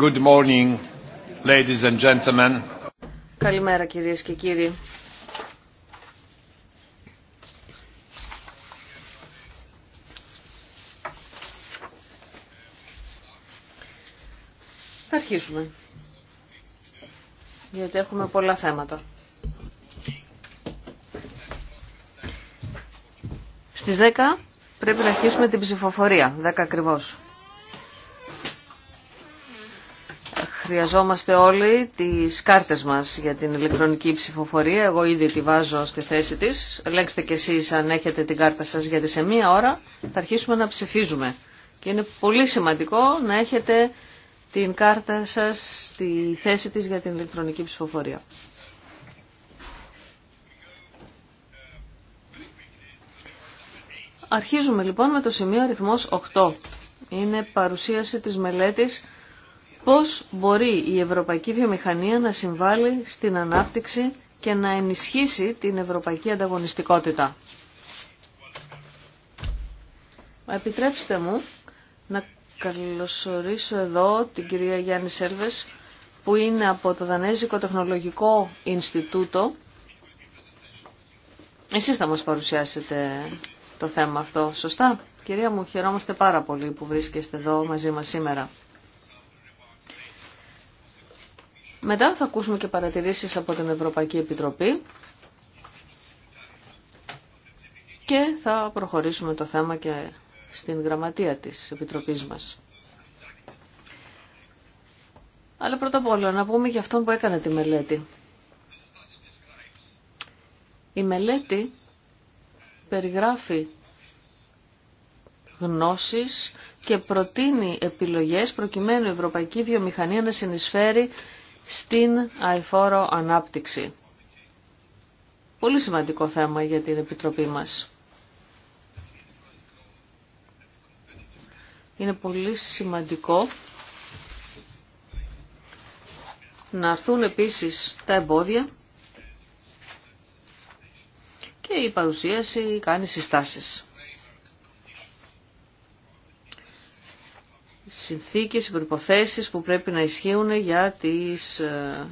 Good morning, ladies and gentlemen. Καλημέρα κυρίες και κύριοι. Θα αρχίσουμε. Γιατί έχουμε πολλά θέματα. Στις 10 πρέπει να αρχίσουμε την ψηφοφορία. 10 ακριβώς. Χρειαζόμαστε όλοι τις κάρτες μας για την ηλεκτρονική ψηφοφορία. Εγώ ήδη τη βάζω στη θέση της. Λέξτε κι εσείς αν έχετε την κάρτα σας γιατί σε μία ώρα θα αρχίσουμε να ψηφίζουμε. Και είναι πολύ σημαντικό να έχετε την κάρτα σας στη θέση της για την ηλεκτρονική ψηφοφορία. Αρχίζουμε λοιπόν με το σημείο αριθμός 8. Είναι παρουσίαση της μελέτης πώς μπορεί η ευρωπαϊκή βιομηχανία να συμβάλλει στην ανάπτυξη και να ενισχύσει την ευρωπαϊκή ανταγωνιστικότητα. Επιτρέψτε μου να καλωσορίσω εδώ την κυρία Γιάννη Σέλβες που είναι από το Δανέζικο Τεχνολογικό Ινστιτούτο. Εσείς θα μας παρουσιάσετε το θέμα αυτό, σωστά. Κυρία μου, χαιρόμαστε πάρα πολύ που βρίσκεστε εδώ μαζί μας σήμερα. Μετά θα ακούσουμε και παρατηρήσεις από την Ευρωπαϊκή Επιτροπή και θα προχωρήσουμε το θέμα και στην γραμματεία της Επιτροπής μας. Αλλά πρώτα απ' όλα να πούμε για αυτόν που έκανε τη μελέτη. Η μελέτη περιγράφει γνώσεις και προτείνει επιλογές προκειμένου η Ευρωπαϊκή Βιομηχανία να συνεισφέρει στην αηφόρο ανάπτυξη. Πολύ σημαντικό θέμα για την Επιτροπή μας. Είναι πολύ σημαντικό να έρθουν επίσης τα εμπόδια και η παρουσίαση κάνει συστάσεις. συνθήκες, οι που πρέπει να ισχύουν για τις ε,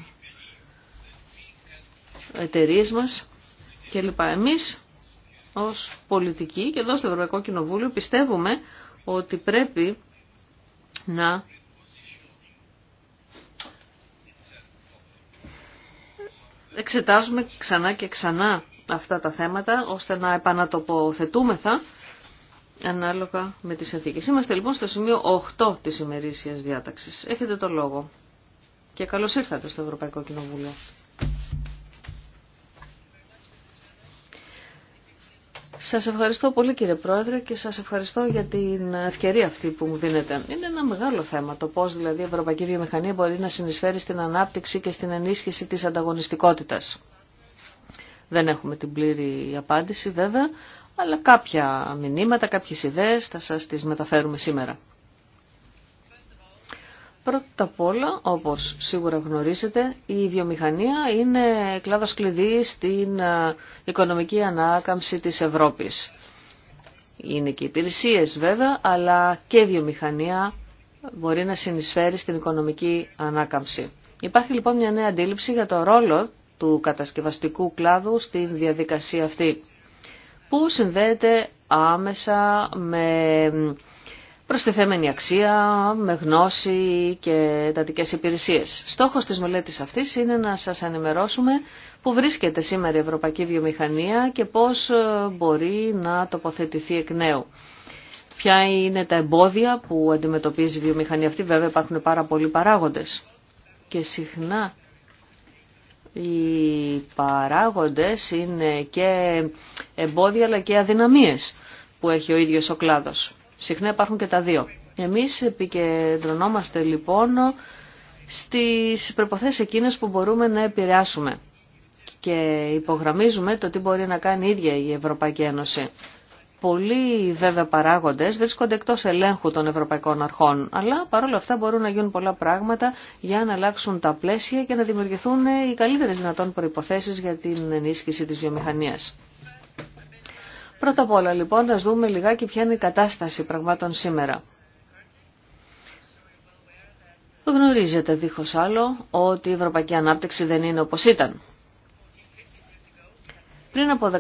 εταιρείε μας κλπ. Εμείς ως πολιτικοί και εδώ στο Ευρωπαϊκό Κοινοβούλιο πιστεύουμε ότι πρέπει να εξετάζουμε ξανά και ξανά αυτά τα θέματα ώστε να επανατοποθετούμεθα ανάλογα με τις συνθήκες. Είμαστε λοιπόν στο σημείο 8 της ημερήσιας διάταξης. Έχετε το λόγο. Και καλώς ήρθατε στο Ευρωπαϊκό Κοινοβούλιο. Σας ευχαριστώ πολύ κύριε Πρόεδρε και σας ευχαριστώ για την ευκαιρία αυτή που μου δίνετε. Είναι ένα μεγάλο θέμα το πώς δηλαδή η Ευρωπαϊκή Βιομηχανία μπορεί να συνεισφέρει στην ανάπτυξη και στην ενίσχυση της ανταγωνιστικότητας. Δεν έχουμε την πλήρη απάντηση βέβαια, αλλά κάποια μηνύματα, κάποιες ιδέες θα σας τις μεταφέρουμε σήμερα. Πρώτα απ' όλα, όπως σίγουρα γνωρίζετε, η βιομηχανία είναι κλάδος κλειδί στην οικονομική ανάκαμψη της Ευρώπης. Είναι και υπηρεσίε βέβαια, αλλά και βιομηχανία μπορεί να συνεισφέρει στην οικονομική ανάκαμψη. Υπάρχει λοιπόν μια νέα αντίληψη για το ρόλο του κατασκευαστικού κλάδου στην διαδικασία αυτή που συνδέεται άμεσα με προστιθέμενη αξία, με γνώση και εντατικές υπηρεσίες. Στόχος της μελέτης αυτής είναι να σας ενημερώσουμε που βρίσκεται σήμερα η Ευρωπαϊκή Βιομηχανία και πώς ε, μπορεί να τοποθετηθεί εκ νέου. Ποια είναι τα εμπόδια που αντιμετωπίζει η βιομηχανία αυτή, βέβαια υπάρχουν πάρα πολλοί παράγοντες. Και συχνά οι παράγοντες είναι και εμπόδια αλλά και αδυναμίες που έχει ο ίδιος ο κλάδος. Συχνά υπάρχουν και τα δύο. Εμείς επικεντρωνόμαστε λοιπόν στις προποθέσεις εκείνες που μπορούμε να επηρεάσουμε και υπογραμμίζουμε το τι μπορεί να κάνει η ίδια η Ευρωπαϊκή Ένωση πολλοί βέβαια παράγοντες βρίσκονται εκτός ελέγχου των ευρωπαϊκών αρχών, αλλά παρόλα αυτά μπορούν να γίνουν πολλά πράγματα για να αλλάξουν τα πλαίσια και να δημιουργηθούν οι καλύτερες δυνατόν προϋποθέσεις για την ενίσχυση της βιομηχανίας. Πρώτα απ' όλα λοιπόν να δούμε λιγάκι ποια είναι η κατάσταση πραγμάτων σήμερα. Γνωρίζετε δίχως άλλο ότι η ευρωπαϊκή ανάπτυξη δεν είναι όπως ήταν. Πριν από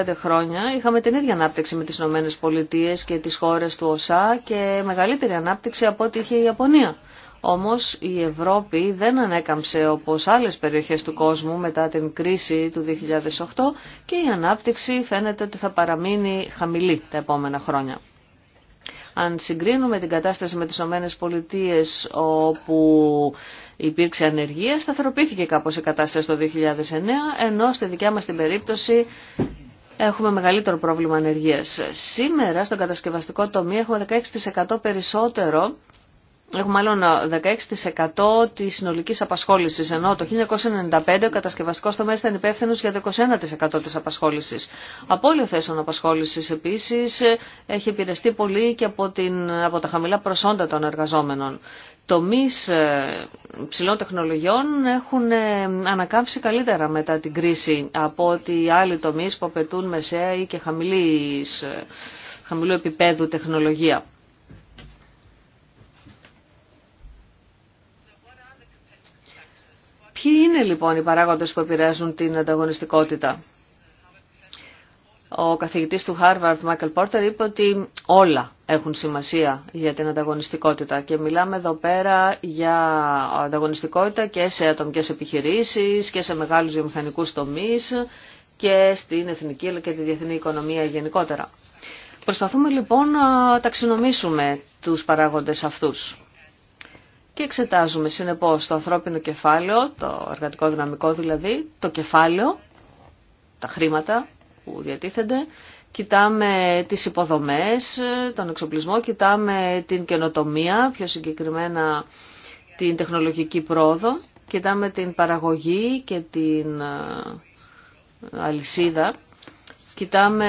14-15 χρόνια είχαμε την ίδια ανάπτυξη με τις Ηνωμένες Πολιτείες και τις χώρες του ΟΣΑ και μεγαλύτερη ανάπτυξη από ό,τι είχε η Ιαπωνία. Όμως η Ευρώπη δεν ανέκαμψε όπως άλλες περιοχές του κόσμου μετά την κρίση του 2008 και η ανάπτυξη φαίνεται ότι θα παραμείνει χαμηλή τα επόμενα χρόνια. Αν συγκρίνουμε την κατάσταση με τις Ομένες Πολιτείες όπου υπήρξε ανεργία, σταθεροποιήθηκε κάπως η κατάσταση το 2009, ενώ στη δικιά μας την περίπτωση έχουμε μεγαλύτερο πρόβλημα ανεργίας. Σήμερα στον κατασκευαστικό τομέα έχουμε 16% περισσότερο έχουμε μάλλον 16% ε, της συνολικής απασχόλησης, ενώ το 1995 ο κατασκευαστικός τομέας ήταν υπεύθυνος για το 21% της απασχόλησης. Από όλη θέσεων απασχόλησης επίσης ε, έχει επηρεαστεί πολύ και από, την, από τα χαμηλά προσόντα των εργαζόμενων. Τομείς ε, ψηλών τεχνολογιών έχουν ανακάμψει καλύτερα μετά την κρίση από ότι άλλοι τομείς που απαιτούν μεσαία ή και χαμηλού επίπεδου τεχνολογία. Ποιοι είναι λοιπόν οι παράγοντες που επηρεάζουν την ανταγωνιστικότητα. Ο καθηγητής του Harvard, Michael Porter, είπε ότι όλα έχουν σημασία για την ανταγωνιστικότητα και μιλάμε εδώ πέρα για ανταγωνιστικότητα και σε ατομικές επιχειρήσεις και σε μεγάλους βιομηχανικού τομείς και στην εθνική αλλά και τη διεθνή οικονομία γενικότερα. Προσπαθούμε λοιπόν να ταξινομήσουμε τους παράγοντες αυτούς και εξετάζουμε συνεπώς το ανθρώπινο κεφάλαιο, το εργατικό δυναμικό δηλαδή, το κεφάλαιο, τα χρήματα που διατίθενται, κοιτάμε τις υποδομές, τον εξοπλισμό, κοιτάμε την καινοτομία, πιο συγκεκριμένα την τεχνολογική πρόοδο, κοιτάμε την παραγωγή και την ε, αλυσίδα, κοιτάμε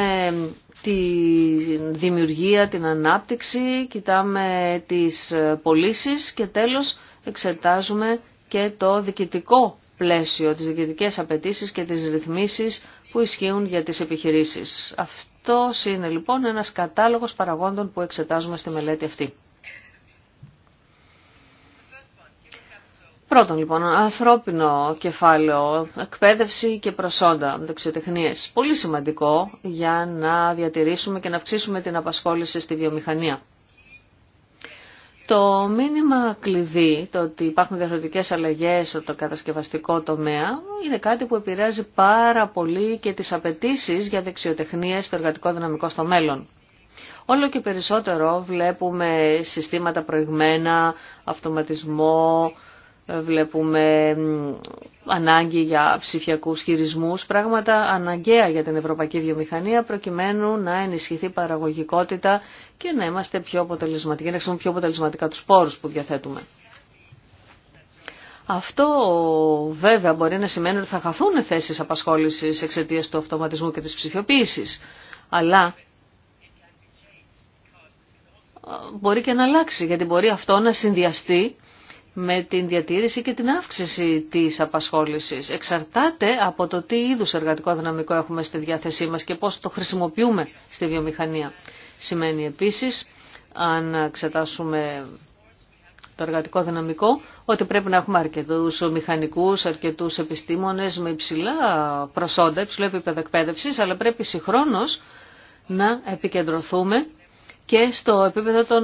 τη δημιουργία, την ανάπτυξη, κοιτάμε τις πωλήσει και τέλος εξετάζουμε και το διοικητικό πλαίσιο, τις διοικητικές απαιτήσεις και τις ρυθμίσεις που ισχύουν για τις επιχειρήσεις. Αυτό είναι λοιπόν ένας κατάλογος παραγόντων που εξετάζουμε στη μελέτη αυτή. Πρώτον λοιπόν, ανθρώπινο κεφάλαιο, εκπαίδευση και προσόντα, δεξιοτεχνίες. Πολύ σημαντικό για να διατηρήσουμε και να αυξήσουμε την απασχόληση στη βιομηχανία. Το μήνυμα κλειδί, το ότι υπάρχουν διαφορετικές αλλαγές στο κατασκευαστικό τομέα, είναι κάτι που επηρεάζει πάρα πολύ και τις απαιτήσει για δεξιοτεχνίες στο εργατικό δυναμικό στο μέλλον. Όλο και περισσότερο βλέπουμε συστήματα προηγμένα, αυτοματισμό, ε, βλέπουμε ανάγκη για ψηφιακούς χειρισμούς, πράγματα αναγκαία για την ευρωπαϊκή βιομηχανία προκειμένου να ενισχυθεί παραγωγικότητα και να είμαστε πιο αποτελεσματικοί, να χρησιμοποιούμε πιο αποτελεσματικά τους πόρους που διαθέτουμε. Αυτό βέβαια μπορεί να σημαίνει ότι θα χαθούν θέσεις απασχόλησης εξαιτία του αυτοματισμού και της ψηφιοποίησης, αλλά ε, μπορεί και να αλλάξει, γιατί μπορεί αυτό να συνδυαστεί με την διατήρηση και την αύξηση της απασχόλησης. Εξαρτάται από το τι είδους εργατικό δυναμικό έχουμε στη διάθεσή μας και πώς το χρησιμοποιούμε στη βιομηχανία. Σημαίνει επίσης, αν εξετάσουμε το εργατικό δυναμικό, ότι πρέπει να έχουμε αρκετούς μηχανικούς, αρκετούς επιστήμονες με υψηλά προσόντα, υψηλό επίπεδο εκπαίδευση, αλλά πρέπει συγχρόνως να επικεντρωθούμε και στο επίπεδο των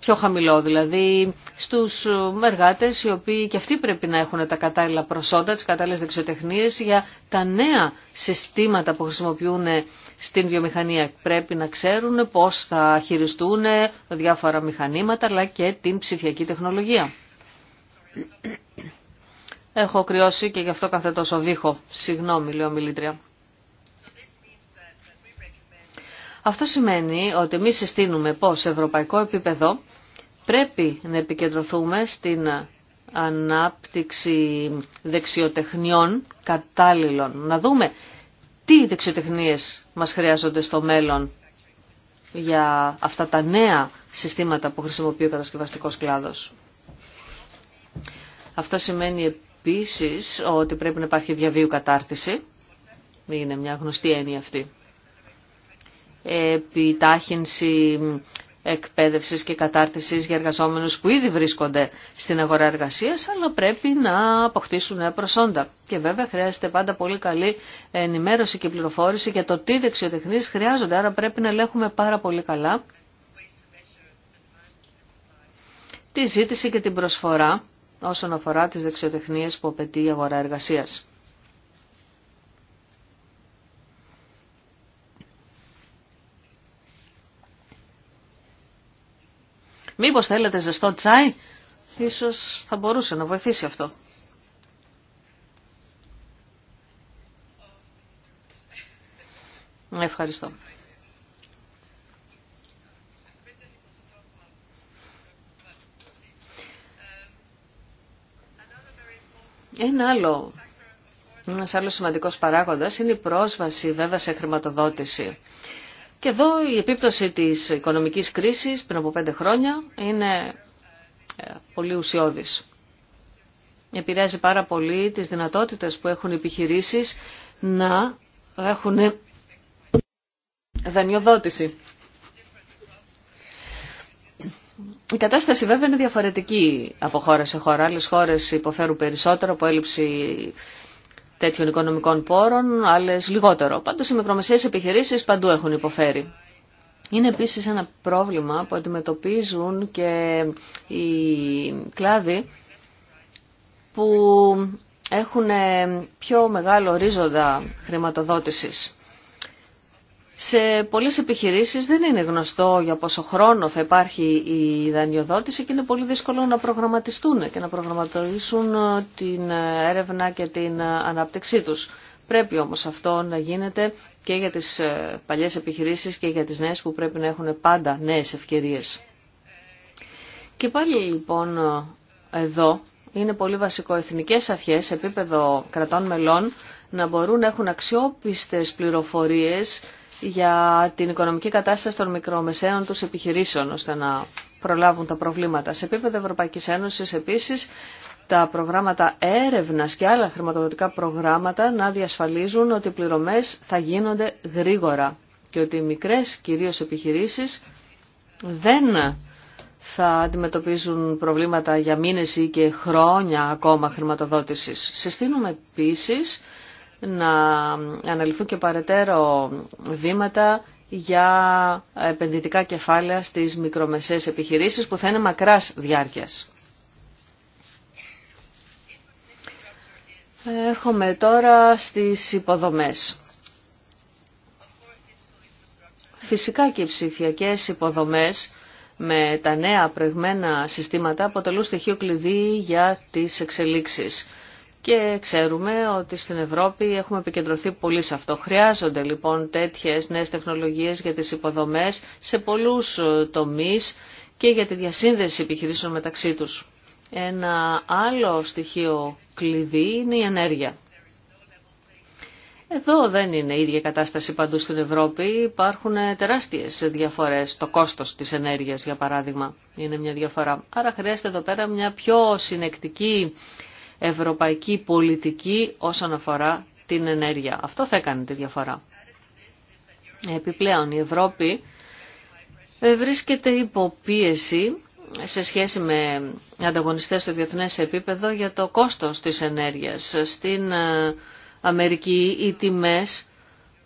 πιο χαμηλό, δηλαδή στους εργάτες οι οποίοι και αυτοί πρέπει να έχουν τα κατάλληλα προσόντα, τις κατάλληλες δεξιοτεχνίες για τα νέα συστήματα που χρησιμοποιούν στην βιομηχανία. Πρέπει να ξέρουν πώς θα χειριστούν διάφορα μηχανήματα αλλά και την ψηφιακή τεχνολογία. Έχω κρυώσει και γι' αυτό κάθε τόσο δίχω. Συγγνώμη, λέω μιλήτρια. Αυτό σημαίνει ότι εμείς συστήνουμε πως σε ευρωπαϊκό επίπεδο πρέπει να επικεντρωθούμε στην ανάπτυξη δεξιοτεχνιών κατάλληλων. Να δούμε τι δεξιοτεχνίες μας χρειάζονται στο μέλλον για αυτά τα νέα συστήματα που χρησιμοποιεί ο κατασκευαστικός κλάδος. Αυτό σημαίνει επίσης ότι πρέπει να υπάρχει διαβίου κατάρτιση. Είναι μια γνωστή έννοια αυτή επιτάχυνση εκπαίδευσης και κατάρτισης για εργαζόμενους που ήδη βρίσκονται στην αγορά εργασίας, αλλά πρέπει να αποκτήσουν νέα προσόντα. Και βέβαια χρειάζεται πάντα πολύ καλή ενημέρωση και πληροφόρηση για το τι δεξιοτεχνίες χρειάζονται, άρα πρέπει να ελέγχουμε πάρα πολύ καλά τη ζήτηση και την προσφορά όσον αφορά τις δεξιοτεχνίες που απαιτεί η αγορά εργασίας. Μήπως θέλετε ζεστό τσάι, ίσως θα μπορούσε να βοηθήσει αυτό. Ευχαριστώ. Ένα άλλο, ένας άλλος σημαντικός παράγοντας είναι η πρόσβαση βέβαια σε χρηματοδότηση. Και εδώ η επίπτωση της οικονομικής κρίσης πριν από πέντε χρόνια είναι ε, πολύ ουσιώδης. Επηρεάζει πάρα πολύ τις δυνατότητες που έχουν οι επιχειρήσεις να έχουν δανειοδότηση. Η κατάσταση βέβαια είναι διαφορετική από χώρα σε χώρα. Άλλες χώρες υποφέρουν περισσότερο από έλλειψη τέτοιων οικονομικών πόρων, άλλες λιγότερο. Πάντως οι μικρομεσαίες επιχειρήσεις παντού έχουν υποφέρει. Είναι επίσης ένα πρόβλημα που αντιμετωπίζουν και οι κλάδοι που έχουν πιο μεγάλο ρίζοδα χρηματοδότησης. Σε πολλές επιχειρήσεις δεν είναι γνωστό για πόσο χρόνο θα υπάρχει η δανειοδότηση και είναι πολύ δύσκολο να προγραμματιστούν και να προγραμματίσουν ε, την ε, έρευνα και την ε, ανάπτυξή τους. Πρέπει όμως αυτό να γίνεται και για τις παλιές επιχειρήσεις και για τις νέες που πρέπει να έχουν πάντα νέες ευκαιρίες. Και πάλι λοιπόν εδώ είναι πολύ βασικό εθνικές αρχές επίπεδο κρατών μελών να μπορούν να έχουν αξιόπιστες πληροφορίες για την οικονομική κατάσταση των μικρομεσαίων τους επιχειρήσεων ώστε να προλάβουν τα προβλήματα. Σε επίπεδο Ευρωπαϊκής Ένωσης επίσης τα προγράμματα έρευνας και άλλα χρηματοδοτικά προγράμματα να διασφαλίζουν ότι οι πληρωμές θα γίνονται γρήγορα και ότι οι μικρές κυρίως επιχειρήσεις δεν θα αντιμετωπίζουν προβλήματα για μήνες ή και χρόνια ακόμα χρηματοδότησης. Συστήνουμε επίσης να αναλυθούν και παρετέρω βήματα για επενδυτικά κεφάλαια στις μικρομεσαίες επιχειρήσεις που θα είναι μακράς διάρκειας. Έρχομαι τώρα στις υποδομές. Φυσικά και οι ψηφιακές υποδομές με τα νέα προηγμένα συστήματα αποτελούν στοιχείο κλειδί για τις εξελίξεις και ξέρουμε ότι στην Ευρώπη έχουμε επικεντρωθεί πολύ σε αυτό. Χρειάζονται λοιπόν τέτοιες νέες τεχνολογίες για τις υποδομές σε πολλούς ε, τομείς και για τη διασύνδεση επιχειρήσεων μεταξύ τους. Ένα άλλο στοιχείο κλειδί είναι η ενέργεια. Εδώ δεν είναι η ίδια κατάσταση παντού στην Ευρώπη. Υπάρχουν τεράστιες διαφορές. Το κόστος της ενέργειας, για παράδειγμα, είναι μια διαφορά. Άρα χρειάζεται εδώ πέρα μια πιο συνεκτική ευρωπαϊκή πολιτική όσον αφορά την ενέργεια. Αυτό θα έκανε τη διαφορά. Επιπλέον η Ευρώπη βρίσκεται υπό πίεση σε σχέση με ανταγωνιστές στο διεθνές επίπεδο για το κόστος της ενέργειας. Στην ε, Αμερική οι τιμές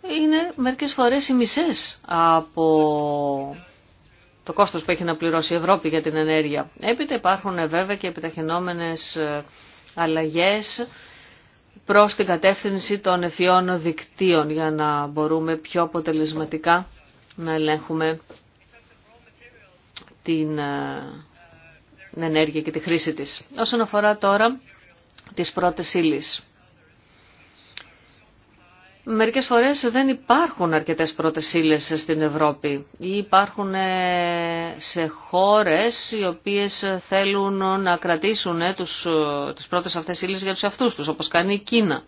είναι μερικές φορές οι μισές από το κόστος που έχει να πληρώσει η Ευρώπη για την ενέργεια. Έπειτα υπάρχουν ε, βέβαια και επιταχυνόμενες ε, αλλαγές προς την κατεύθυνση των ευφυών δικτύων για να μπορούμε πιο αποτελεσματικά να ελέγχουμε την, ε, ενέργεια και τη χρήση της. Όσον αφορά τώρα τις πρώτες ύλες. Μερικές φορές δεν υπάρχουν αρκετές πρώτες ύλες στην Ευρώπη ή υπάρχουν ε, σε χώρες οι οποίες θέλουν να κρατήσουν ε, τους, ε, τις πρώτες αυτές ύλες για τους αυτούς τους, όπως κάνει η Κίνα.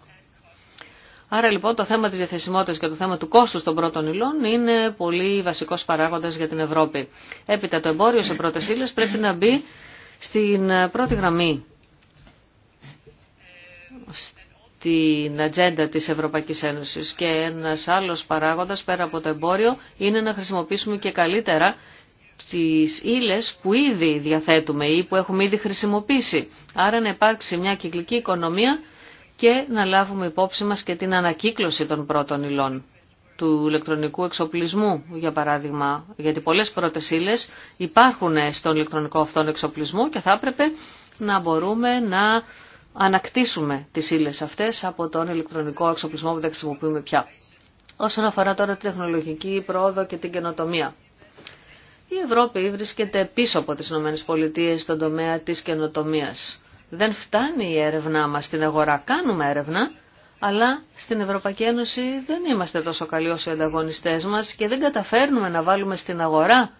Άρα λοιπόν το θέμα της διαθεσιμότητας και το θέμα του κόστους των πρώτων υλών είναι πολύ βασικός παράγοντας για την Ευρώπη. Έπειτα το εμπόριο σε πρώτες ύλες πρέπει να μπει στην πρώτη γραμμή την ατζέντα της Ευρωπαϊκής Ένωσης. Και ένας άλλος παράγοντας πέρα από το εμπόριο είναι να χρησιμοποιήσουμε και καλύτερα τις ύλες που ήδη διαθέτουμε ή που έχουμε ήδη χρησιμοποιήσει. Άρα να υπάρξει μια κυκλική οικονομία και να λάβουμε υπόψη μας και την ανακύκλωση των πρώτων υλών του ηλεκτρονικού εξοπλισμού, για παράδειγμα, γιατί πολλές πρώτες ύλες υπάρχουν στον ηλεκτρονικό αυτόν εξοπλισμό και θα έπρεπε να μπορούμε να ανακτήσουμε τις ύλε αυτές από τον ηλεκτρονικό εξοπλισμό που δεν χρησιμοποιούμε πια. Όσον αφορά τώρα την τεχνολογική πρόοδο και την καινοτομία. Η Ευρώπη βρίσκεται πίσω από τις ΗΠΑ στον τομέα της καινοτομίας. Δεν φτάνει η έρευνά μας στην αγορά. Κάνουμε έρευνα, αλλά στην Ευρωπαϊκή Ένωση δεν είμαστε τόσο καλοί όσοι οι ανταγωνιστές μας και δεν καταφέρνουμε να βάλουμε στην αγορά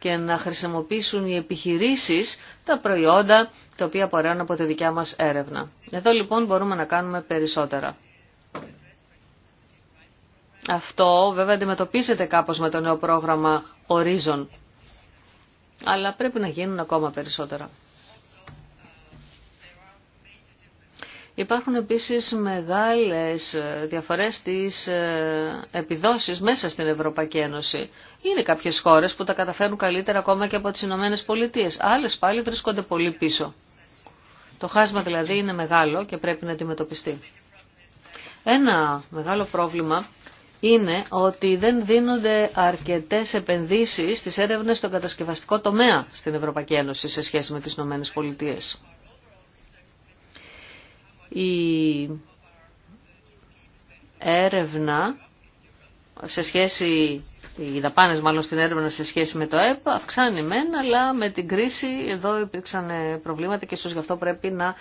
και να χρησιμοποιήσουν οι επιχειρήσεις τα προϊόντα τα οποία απορρέουν από τη δικιά μας έρευνα. Εδώ λοιπόν μπορούμε να κάνουμε περισσότερα. Αυτό βέβαια αντιμετωπίζεται κάπως με το νέο πρόγραμμα Horizon, αλλά πρέπει να γίνουν ακόμα περισσότερα. Υπάρχουν επίσης μεγάλες ε, διαφορές στις ε, επιδόσεις μέσα στην Ευρωπαϊκή Ένωση. Είναι κάποιες χώρες που τα καταφέρουν καλύτερα ακόμα και από τις Ηνωμένε Πολιτείες. Άλλες πάλι βρίσκονται πολύ πίσω. Το χάσμα δηλαδή είναι μεγάλο και πρέπει να αντιμετωπιστεί. Ένα μεγάλο πρόβλημα είναι ότι δεν δίνονται αρκετές επενδύσεις στις έρευνες στον κατασκευαστικό τομέα στην Ευρωπαϊκή Ένωση σε σχέση με τις Ηνωμένε Πολιτείες η έρευνα σε σχέση, οι δαπάνε μάλλον στην έρευνα σε σχέση με το ΕΠ αυξάνει μεν, αλλά με την κρίση εδώ υπήρξαν ε, προβλήματα και ίσως γι' αυτό πρέπει να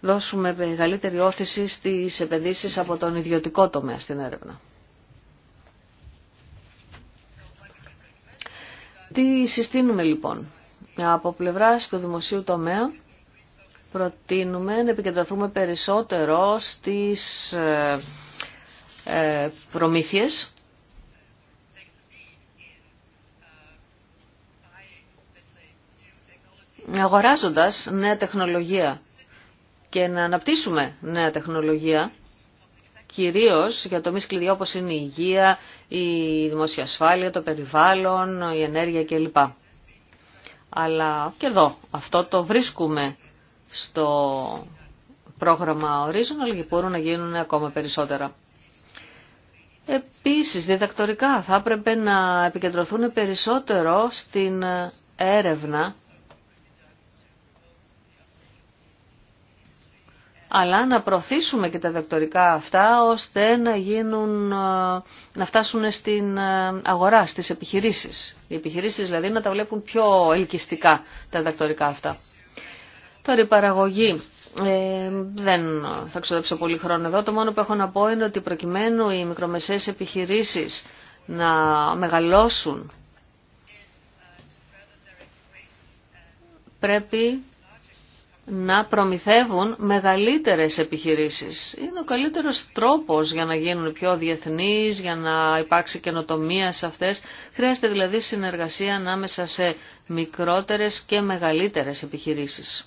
δώσουμε μεγαλύτερη όθηση στις επενδύσει από τον ιδιωτικό τομέα στην έρευνα. Τι συστήνουμε λοιπόν από πλευράς του δημοσίου τομέα προτείνουμε να επικεντρωθούμε περισσότερο στις ε, ε, προμήθειες αγοράζοντας νέα τεχνολογία και να αναπτύσσουμε νέα τεχνολογία κυρίως για τομείς κλειδιά όπως είναι η υγεία, η δημόσια ασφάλεια, το περιβάλλον, η ενέργεια κλπ. Αλλά και εδώ αυτό το βρίσκουμε στο πρόγραμμα ορίζων, αλλά και μπορούν να γίνουν ακόμα περισσότερα. Επίσης, διδακτορικά θα έπρεπε να επικεντρωθούν περισσότερο στην έρευνα, αλλά να προωθήσουμε και τα διδακτορικά αυτά, ώστε να, γίνουν, να φτάσουν στην αγορά, στις επιχειρήσεις. Οι επιχειρήσεις δηλαδή να τα βλέπουν πιο ελκυστικά τα διδακτορικά αυτά. Τώρα η παραγωγή. Ε, δεν θα ξοδέψω πολύ χρόνο εδώ. Το μόνο που έχω να πω είναι ότι προκειμένου οι μικρομεσαίες επιχειρήσεις να μεγαλώσουν πρέπει να προμηθεύουν μεγαλύτερες επιχειρήσεις. Είναι ο καλύτερος τρόπος για να γίνουν πιο διεθνείς, για να υπάρξει καινοτομία σε αυτές. Χρειάζεται δηλαδή συνεργασία ανάμεσα σε μικρότερες και μεγαλύτερες επιχειρήσεις.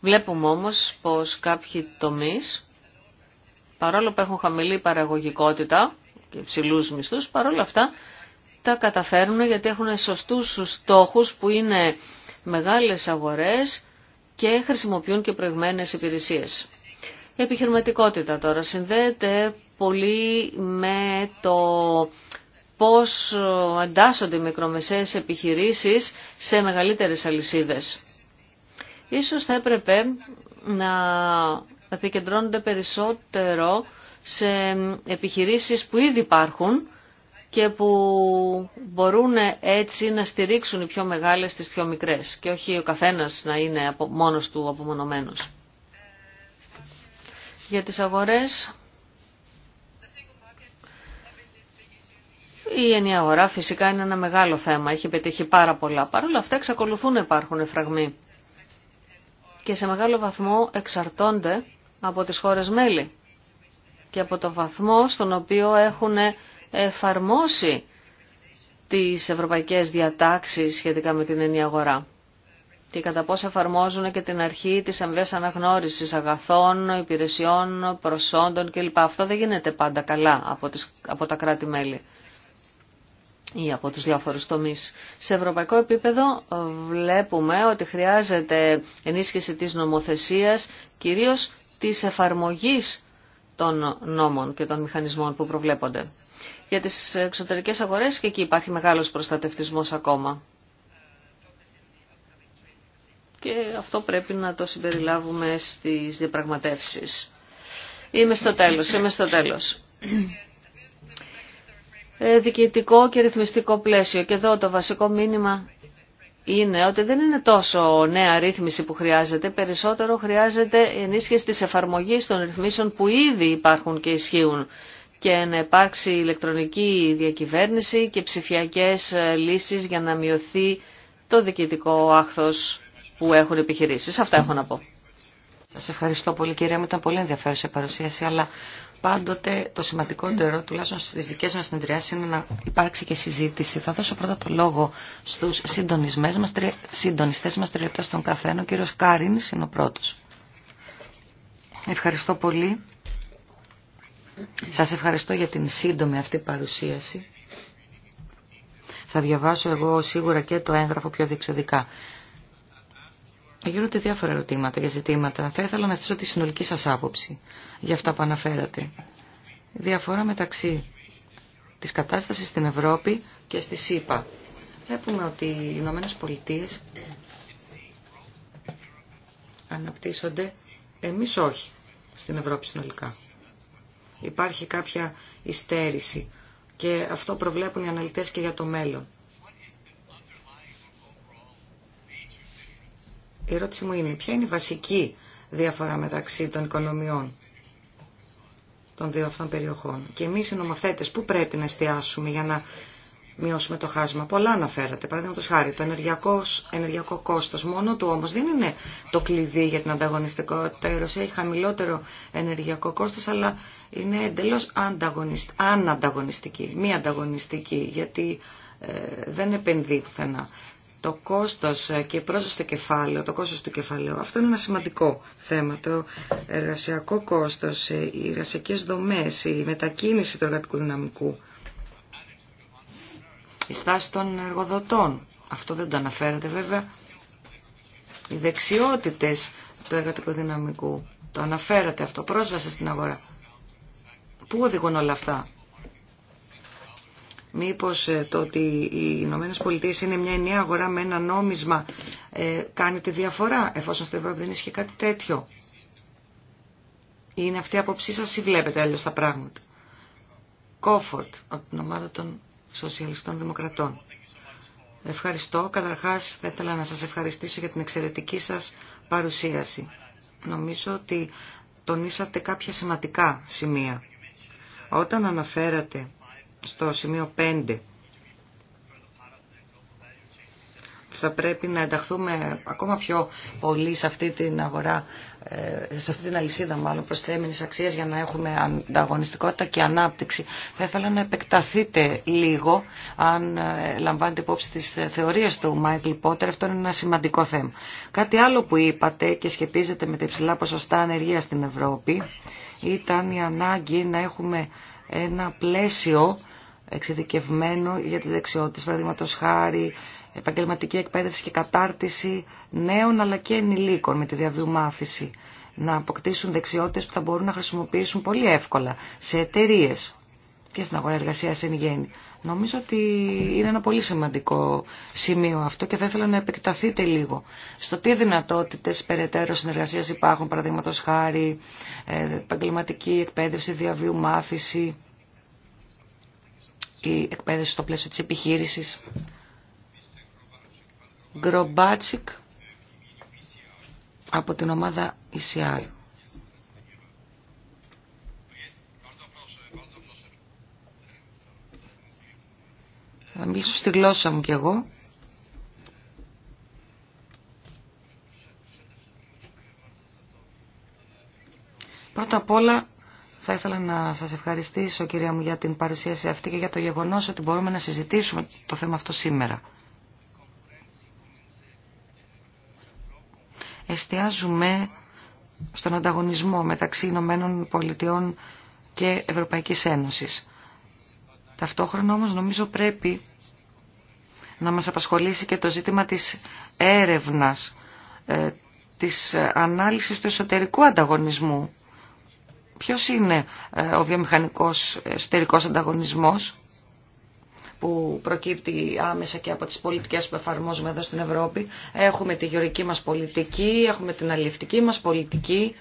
Βλέπουμε όμως πως κάποιοι τομείς, παρόλο που έχουν χαμηλή παραγωγικότητα και ψηλούς μισθούς, παρόλα αυτά τα καταφέρνουν γιατί έχουν σωστούς στόχους που είναι μεγάλες αγορές και χρησιμοποιούν και προηγμένες υπηρεσίες. Η επιχειρηματικότητα τώρα συνδέεται πολύ με το πώς εντάσσονται οι μικρομεσαίες επιχειρήσεις σε μεγαλύτερες αλυσίδες. Ίσως θα έπρεπε να επικεντρώνονται περισσότερο σε επιχειρήσεις που ήδη υπάρχουν και που μπορούν έτσι να στηρίξουν οι πιο μεγάλες τις πιο μικρές και όχι ο καθένας να είναι από, μόνος του απομονωμένος. Για τις αγορές, η ενιαία αγορά φυσικά είναι ένα μεγάλο θέμα, έχει πετύχει πάρα πολλά. Παρ' όλα αυτά εξακολουθούν να υπάρχουν φραγμοί και σε μεγάλο βαθμό εξαρτώνται από τις χώρες μέλη και από το βαθμό στον οποίο έχουν εφαρμόσει τις ευρωπαϊκές διατάξεις σχετικά με την ενή αγορά και κατά πώς εφαρμόζουν και την αρχή της αμοιβές αναγνώρισης αγαθών, υπηρεσιών, προσόντων κλπ. Αυτό δεν γίνεται πάντα καλά από, από τα κράτη-μέλη ή από τους διάφορους τομείς. Σε ευρωπαϊκό επίπεδο ε, βλέπουμε ότι χρειάζεται ενίσχυση της νομοθεσίας, κυρίως της εφαρμογής των νόμων και των μηχανισμών που προβλέπονται. Για τις εξωτερικές αγορές και εκεί υπάρχει μεγάλος προστατευτισμός ακόμα. Και αυτό πρέπει να το συμπεριλάβουμε στις διαπραγματεύσεις. Είμαι στο τέλος, είμαι στο τέλος. Ε, διοικητικό και ρυθμιστικό πλαίσιο. Και εδώ το βασικό μήνυμα είναι ότι δεν είναι τόσο νέα ρύθμιση που χρειάζεται, περισσότερο χρειάζεται ενίσχυση της εφαρμογής των ρυθμίσεων που ήδη υπάρχουν και ισχύουν και να υπάρξει ηλεκτρονική διακυβέρνηση και ψηφιακές ε, λύσεις για να μειωθεί το διοικητικό άχθος που έχουν επιχειρήσεις. Αυτά έχω να πω. Σας ευχαριστώ πολύ κυρία μου, ήταν πολύ ενδιαφέρουσα η παρουσίαση, αλλά πάντοτε το σημαντικότερο, τουλάχιστον στις δικέ μας συνεδριάσει, είναι να υπάρξει και συζήτηση. Θα δώσω πρώτα το λόγο στους συντονιστέ μας, συντονιστές μας στον καθένα. Ο κύριο Κάριν είναι ο πρώτος. Ευχαριστώ πολύ. Σας ευχαριστώ για την σύντομη αυτή παρουσίαση. Θα διαβάσω εγώ σίγουρα και το έγγραφο πιο διεξοδικά. Γίνονται διάφορα ερωτήματα και ζητήματα. Θα ήθελα να στήσω τη συνολική σας άποψη για αυτά που αναφέρατε. Διαφορά μεταξύ της κατάστασης στην Ευρώπη και στη ΣΥΠΑ. Βλέπουμε ότι οι Ηνωμένε Πολιτείες αναπτύσσονται, εμείς όχι, στην Ευρώπη συνολικά. Υπάρχει κάποια ιστέρηση και αυτό προβλέπουν οι αναλυτές και για το μέλλον. Η ερώτηση μου είναι ποια είναι η βασική διαφορά μεταξύ των οικονομιών των δύο αυτών περιοχών. Και εμείς οι νομοθέτες που πρέπει να εστιάσουμε για να μειώσουμε το χάσμα. Πολλά αναφέρατε. Παραδείγματο χάρη, το ενεργειακό, ενεργειακό κόστο μόνο του όμω δεν είναι το κλειδί για την ανταγωνιστικότητα. Η Ρωσία έχει χαμηλότερο ενεργειακό κόστο, αλλά είναι εντελώ ανανταγωνιστική, μη ανταγωνιστική, γιατί ε, δεν επενδύει πουθενά το κόστος και η πρόσβαση στο κεφάλαιο, το κόστος του κεφαλαίου. Αυτό είναι ένα σημαντικό θέμα. Το εργασιακό κόστος, οι εργασιακές δομές, η μετακίνηση του εργατικού δυναμικού, η στάση των εργοδοτών. Αυτό δεν το αναφέρατε βέβαια. Οι δεξιότητες του εργατικού δυναμικού. Το αναφέρατε αυτό. Πρόσβαση στην αγορά. Πού οδηγούν όλα αυτά. Μήπως ε, το ότι οι Ηνωμένε Πολιτείε είναι μια ενιαία αγορά με ένα νόμισμα ε, κάνει τη διαφορά, εφόσον στην Ευρώπη δεν ισχύει κάτι τέτοιο. Είναι αυτή η άποψή σας ή βλέπετε άλλως τα πράγματα. Κόφορτ, από την ομάδα των Σοσιαλιστών Δημοκρατών. Ευχαριστώ. Καταρχάς θα ήθελα να σας ευχαριστήσω για την εξαιρετική σας παρουσίαση. Νομίζω ότι τονίσατε κάποια σημαντικά σημεία. Όταν αναφέρατε στο σημείο 5 θα πρέπει να ενταχθούμε ακόμα πιο πολύ σε αυτή την αγορά, ε, σε αυτή την αλυσίδα μάλλον προσθέμενης αξίας για να έχουμε ανταγωνιστικότητα και ανάπτυξη. Θα ήθελα να επεκταθείτε λίγο αν ε, λαμβάνετε υπόψη τις θεωρίες του Μάικλ Πότερ. Αυτό είναι ένα σημαντικό θέμα. Κάτι άλλο που είπατε και σχετίζεται με τα υψηλά ποσοστά ανεργία στην Ευρώπη ήταν η ανάγκη να έχουμε ένα πλαίσιο εξειδικευμένο για τις δεξιότητες, παραδείγματο χάρη, επαγγελματική εκπαίδευση και κατάρτιση νέων αλλά και ενηλίκων με τη διαβίου να αποκτήσουν δεξιότητες που θα μπορούν να χρησιμοποιήσουν πολύ εύκολα σε εταιρείε και στην αγορά εργασία εν γέννη. Νομίζω ότι είναι ένα πολύ σημαντικό σημείο αυτό και θα ήθελα να επεκταθείτε λίγο στο τι δυνατότητε περαιτέρω συνεργασία υπάρχουν, παραδείγματο χάρη, ε, επαγγελματική εκπαίδευση, διαβίου μάθηση, η εκπαίδευση στο πλαίσιο τη επιχείρηση. Γκρομπάτσικ από την ομάδα ECR. Θα μιλήσω στη γλώσσα μου κι εγώ. Πρώτα απ' όλα θα ήθελα να σας ευχαριστήσω κυρία μου για την παρουσίαση αυτή και για το γεγονός ότι μπορούμε να συζητήσουμε το θέμα αυτό σήμερα. Εστιάζουμε στον ανταγωνισμό μεταξύ Ηνωμένων Πολιτειών και Ευρωπαϊκής Ένωσης. Ταυτόχρονα όμως νομίζω πρέπει να μας απασχολήσει και το ζήτημα της έρευνας, ε, της ανάλυσης του εσωτερικού ανταγωνισμού. Ποιος είναι ε, ο βιομηχανικός εσωτερικός ανταγωνισμός που προκύπτει άμεσα και από τις πολιτικές που εφαρμόζουμε εδώ στην Ευρώπη. Έχουμε τη γεωρική μας πολιτική, έχουμε την αλληλευτική μας πολιτική,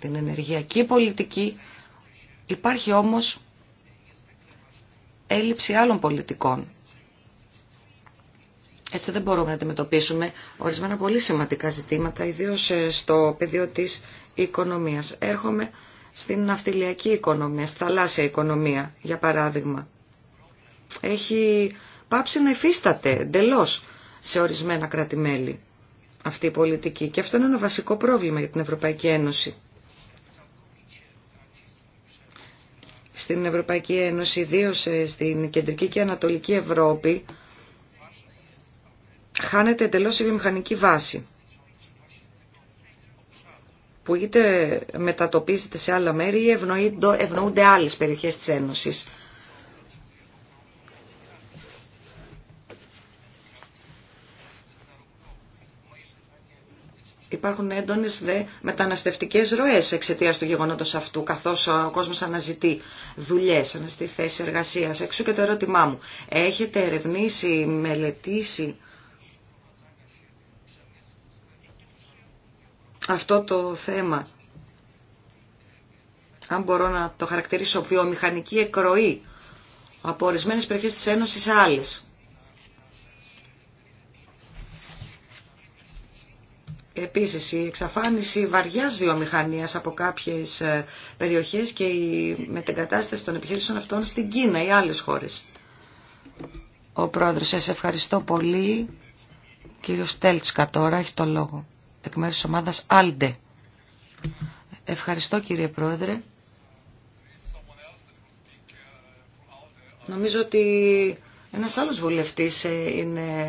την ενεργειακή πολιτική. Υπάρχει όμως έλλειψη άλλων πολιτικών. Έτσι δεν μπορούμε να αντιμετωπίσουμε ορισμένα πολύ σημαντικά ζητήματα, ιδίως ε, στο πεδίο της οικονομίας. Έρχομαι στην ναυτιλιακή οικονομία, στη θαλάσσια οικονομία, για παράδειγμα. Έχει πάψει να υφίσταται εντελώ σε ορισμένα κράτη-μέλη αυτή η πολιτική. Και αυτό είναι ένα βασικό πρόβλημα για την Ευρωπαϊκή Ένωση. στην Ευρωπαϊκή Ένωση, ιδίω ε, στην Κεντρική και Ανατολική Ευρώπη, χάνεται εντελώ η βιομηχανική βάση που είτε μετατοπίζεται σε άλλα μέρη ή ευνοούνται άλλες περιοχές της Ένωσης. Υπάρχουν έντονε δε μεταναστευτικέ ροέ εξαιτία του γεγονότο αυτού, καθώ ο κόσμο αναζητεί δουλειέ, αναζητεί θέσει εργασία. Εξού και το ερώτημά μου. Έχετε ερευνήσει, μελετήσει αυτό το θέμα. Αν μπορώ να το χαρακτηρίσω βιομηχανική εκροή από ορισμένε περιοχέ τη Ένωση σε άλλε. Επίσης, η εξαφάνιση βαριάς βιομηχανίας από κάποιες ε, περιοχές και η μετεγκατάσταση των επιχειρήσεων αυτών στην Κίνα ή άλλες χώρες. Ο πρόεδρος, σας ευχαριστώ πολύ. Κύριος Τέλτσκα τώρα έχει το λόγο. Εκ μέρους της ομάδας Άλντε. Ευχαριστώ κύριε πρόεδρε. Νομίζω ότι ένας άλλος βουλευτής ε, είναι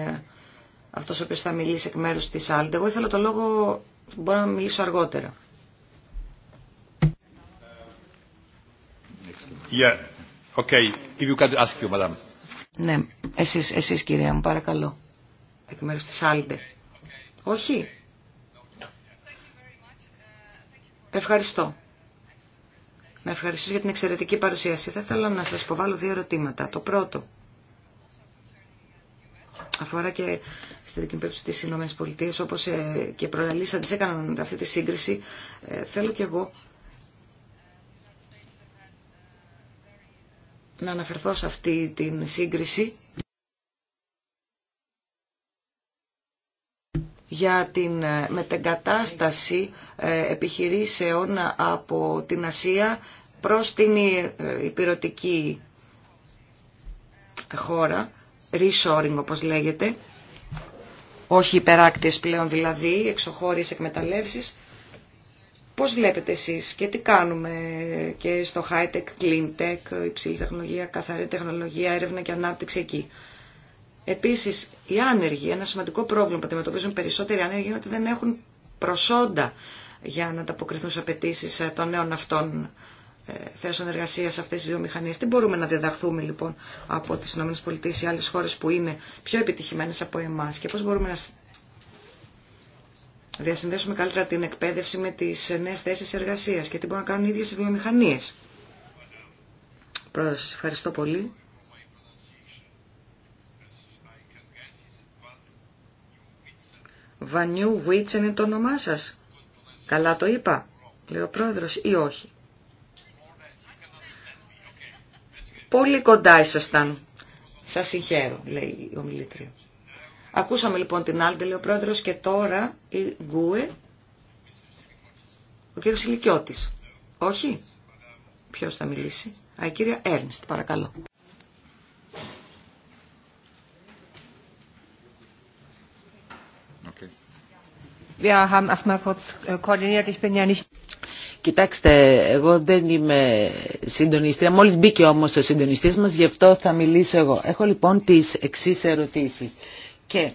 αυτό ο οποίο θα μιλήσει εκ μέρου της Άλντε. Εγώ ήθελα το λόγο, μπορώ να μιλήσω αργότερα. Yeah. Ναι, εσείς, εσείς κυρία μου, παρακαλώ. Εκ μέρους της Άλντε. Όχι. Ευχαριστώ. Να ευχαριστήσω για την εξαιρετική παρουσίαση. Θα ήθελα να σας υποβάλω δύο ερωτήματα. Το πρώτο αφορά και στη δικαιοπέψη της ΗΠΑ, όπως ε, και σε έκαναν αυτή τη σύγκριση, ε, θέλω και εγώ να αναφερθώ σε αυτή την σύγκριση για την ε, μετεγκατάσταση επιχειρήσεων από την Ασία προς την υπηρετική χώρα reshoring όπως λέγεται, όχι υπεράκτης πλέον δηλαδή, εξωχώριες εκμεταλλεύσεις. Πώς βλέπετε εσείς και τι κάνουμε και στο high-tech, clean-tech, υψηλή τεχνολογία, καθαρή τεχνολογία, έρευνα και ανάπτυξη εκεί. Επίσης, οι άνεργοι, ένα σημαντικό πρόβλημα που αντιμετωπίζουν περισσότεροι άνεργοι είναι ότι δεν έχουν προσόντα για να ανταποκριθούν σε απαιτήσει ε, των νέων αυτών ε, θέσεων εργασία σε αυτέ τι βιομηχανίε. Τι μπορούμε να διδαχθούμε λοιπόν από τι ΗΠΑ ή άλλε χώρε που είναι πιο επιτυχημένε από εμά και πώ μπορούμε να διασυνδέσουμε καλύτερα την εκπαίδευση με τι νέε θέσει εργασία και τι μπορούν να κάνουν οι ίδιε οι βιομηχανίε. Πρόεδρε, ευχαριστώ πολύ. Βανιού Βουίτσεν είναι το όνομά σα. Καλά το είπα, λέει ο πρόεδρο ή όχι. Πολύ κοντά ήσασταν. σα συγχαίρω, λέει ο ομιλήτρια. Ακούσαμε λοιπόν την άλλη, λέει ο πρόεδρο και τώρα η Γκούε, ο κύριο Ηλικιώτης. Όχι. ποιο θα μιλήσει. Α, η κυρία Έρνστ, παρακαλώ. Κοιτάξτε, εγώ δεν είμαι συντονιστή, Μόλις μπήκε όμως ο συντονιστής μας, γι' αυτό θα μιλήσω εγώ. Έχω λοιπόν τις εξής ερωτήσεις. Και ε,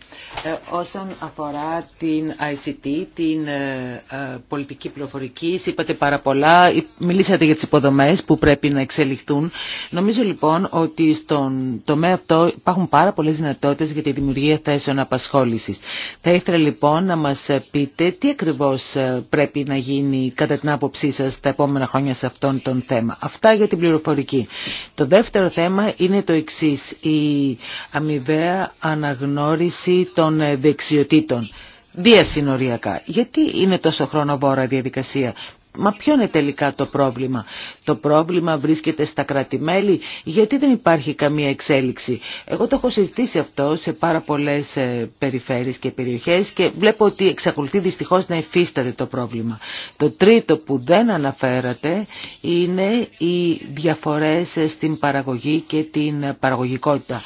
όσον αφορά την ICT, την ε, ε, πολιτική πληροφορική, είπατε πάρα πολλά, μιλήσατε για τις υποδομές που πρέπει να εξελιχθούν. Νομίζω λοιπόν ότι στον τομέα αυτό υπάρχουν πάρα πολλές δυνατότητες για τη δημιουργία θέσεων απασχόλησης. Θα ήθελα λοιπόν να μας πείτε τι ακριβώς πρέπει να γίνει κατά την άποψή σας τα επόμενα χρόνια σε αυτόν τον θέμα. Αυτά για την πληροφορική. Το δεύτερο θέμα είναι το εξής, η αμοιβαία αναγνώριση αναγνώριση των ε, δεξιοτήτων διασυνοριακά. Γιατί είναι τόσο χρονοβόρα διαδικασία. Μα ποιο είναι τελικά το πρόβλημα. Το πρόβλημα βρίσκεται στα κρατημέλη. Γιατί δεν υπάρχει καμία εξέλιξη. Εγώ το έχω συζητήσει αυτό σε πάρα πολλές ε, περιφέρειες και περιοχές και βλέπω ότι εξακολουθεί δυστυχώς να εφίσταται το πρόβλημα. Το τρίτο που δεν αναφέρατε είναι οι διαφορές ε, στην παραγωγή και την παραγωγικότητα.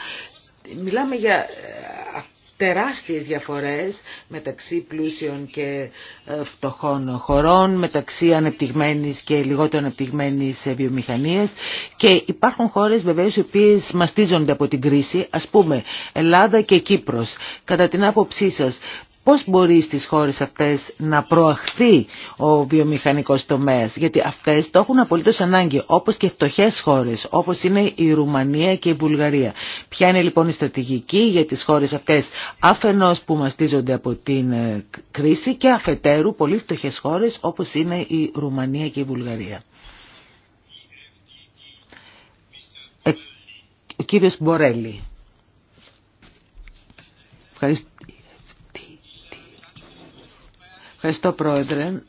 Μιλάμε για ε, τεράστιες διαφορές μεταξύ πλούσιων και ε, φτωχών χωρών, μεταξύ ανεπτυγμένης και λιγότερο ανεπτυγμένης βιομηχανίας και υπάρχουν χώρες βεβαίως οι οποίες μαστίζονται από την κρίση, ας πούμε Ελλάδα και Κύπρος. Κατά την άποψή σας, Πώς μπορεί στις χώρες αυτές να προαχθεί ο βιομηχανικός τομέας, γιατί αυτές το έχουν απολύτως ανάγκη, όπως και φτωχέ χώρες, όπως είναι η Ρουμανία και η Βουλγαρία. Ποια είναι λοιπόν η στρατηγική για τις χώρες αυτές, αφενός που μαστίζονται από την ε, κρίση και αφετέρου πολύ φτωχέ χώρες όπως είναι η Ρουμανία και η Βουλγαρία. Ε, ο κύριος Μπορέλη. Ευχαριστώ. Ευχαριστώ Πρόεδρε.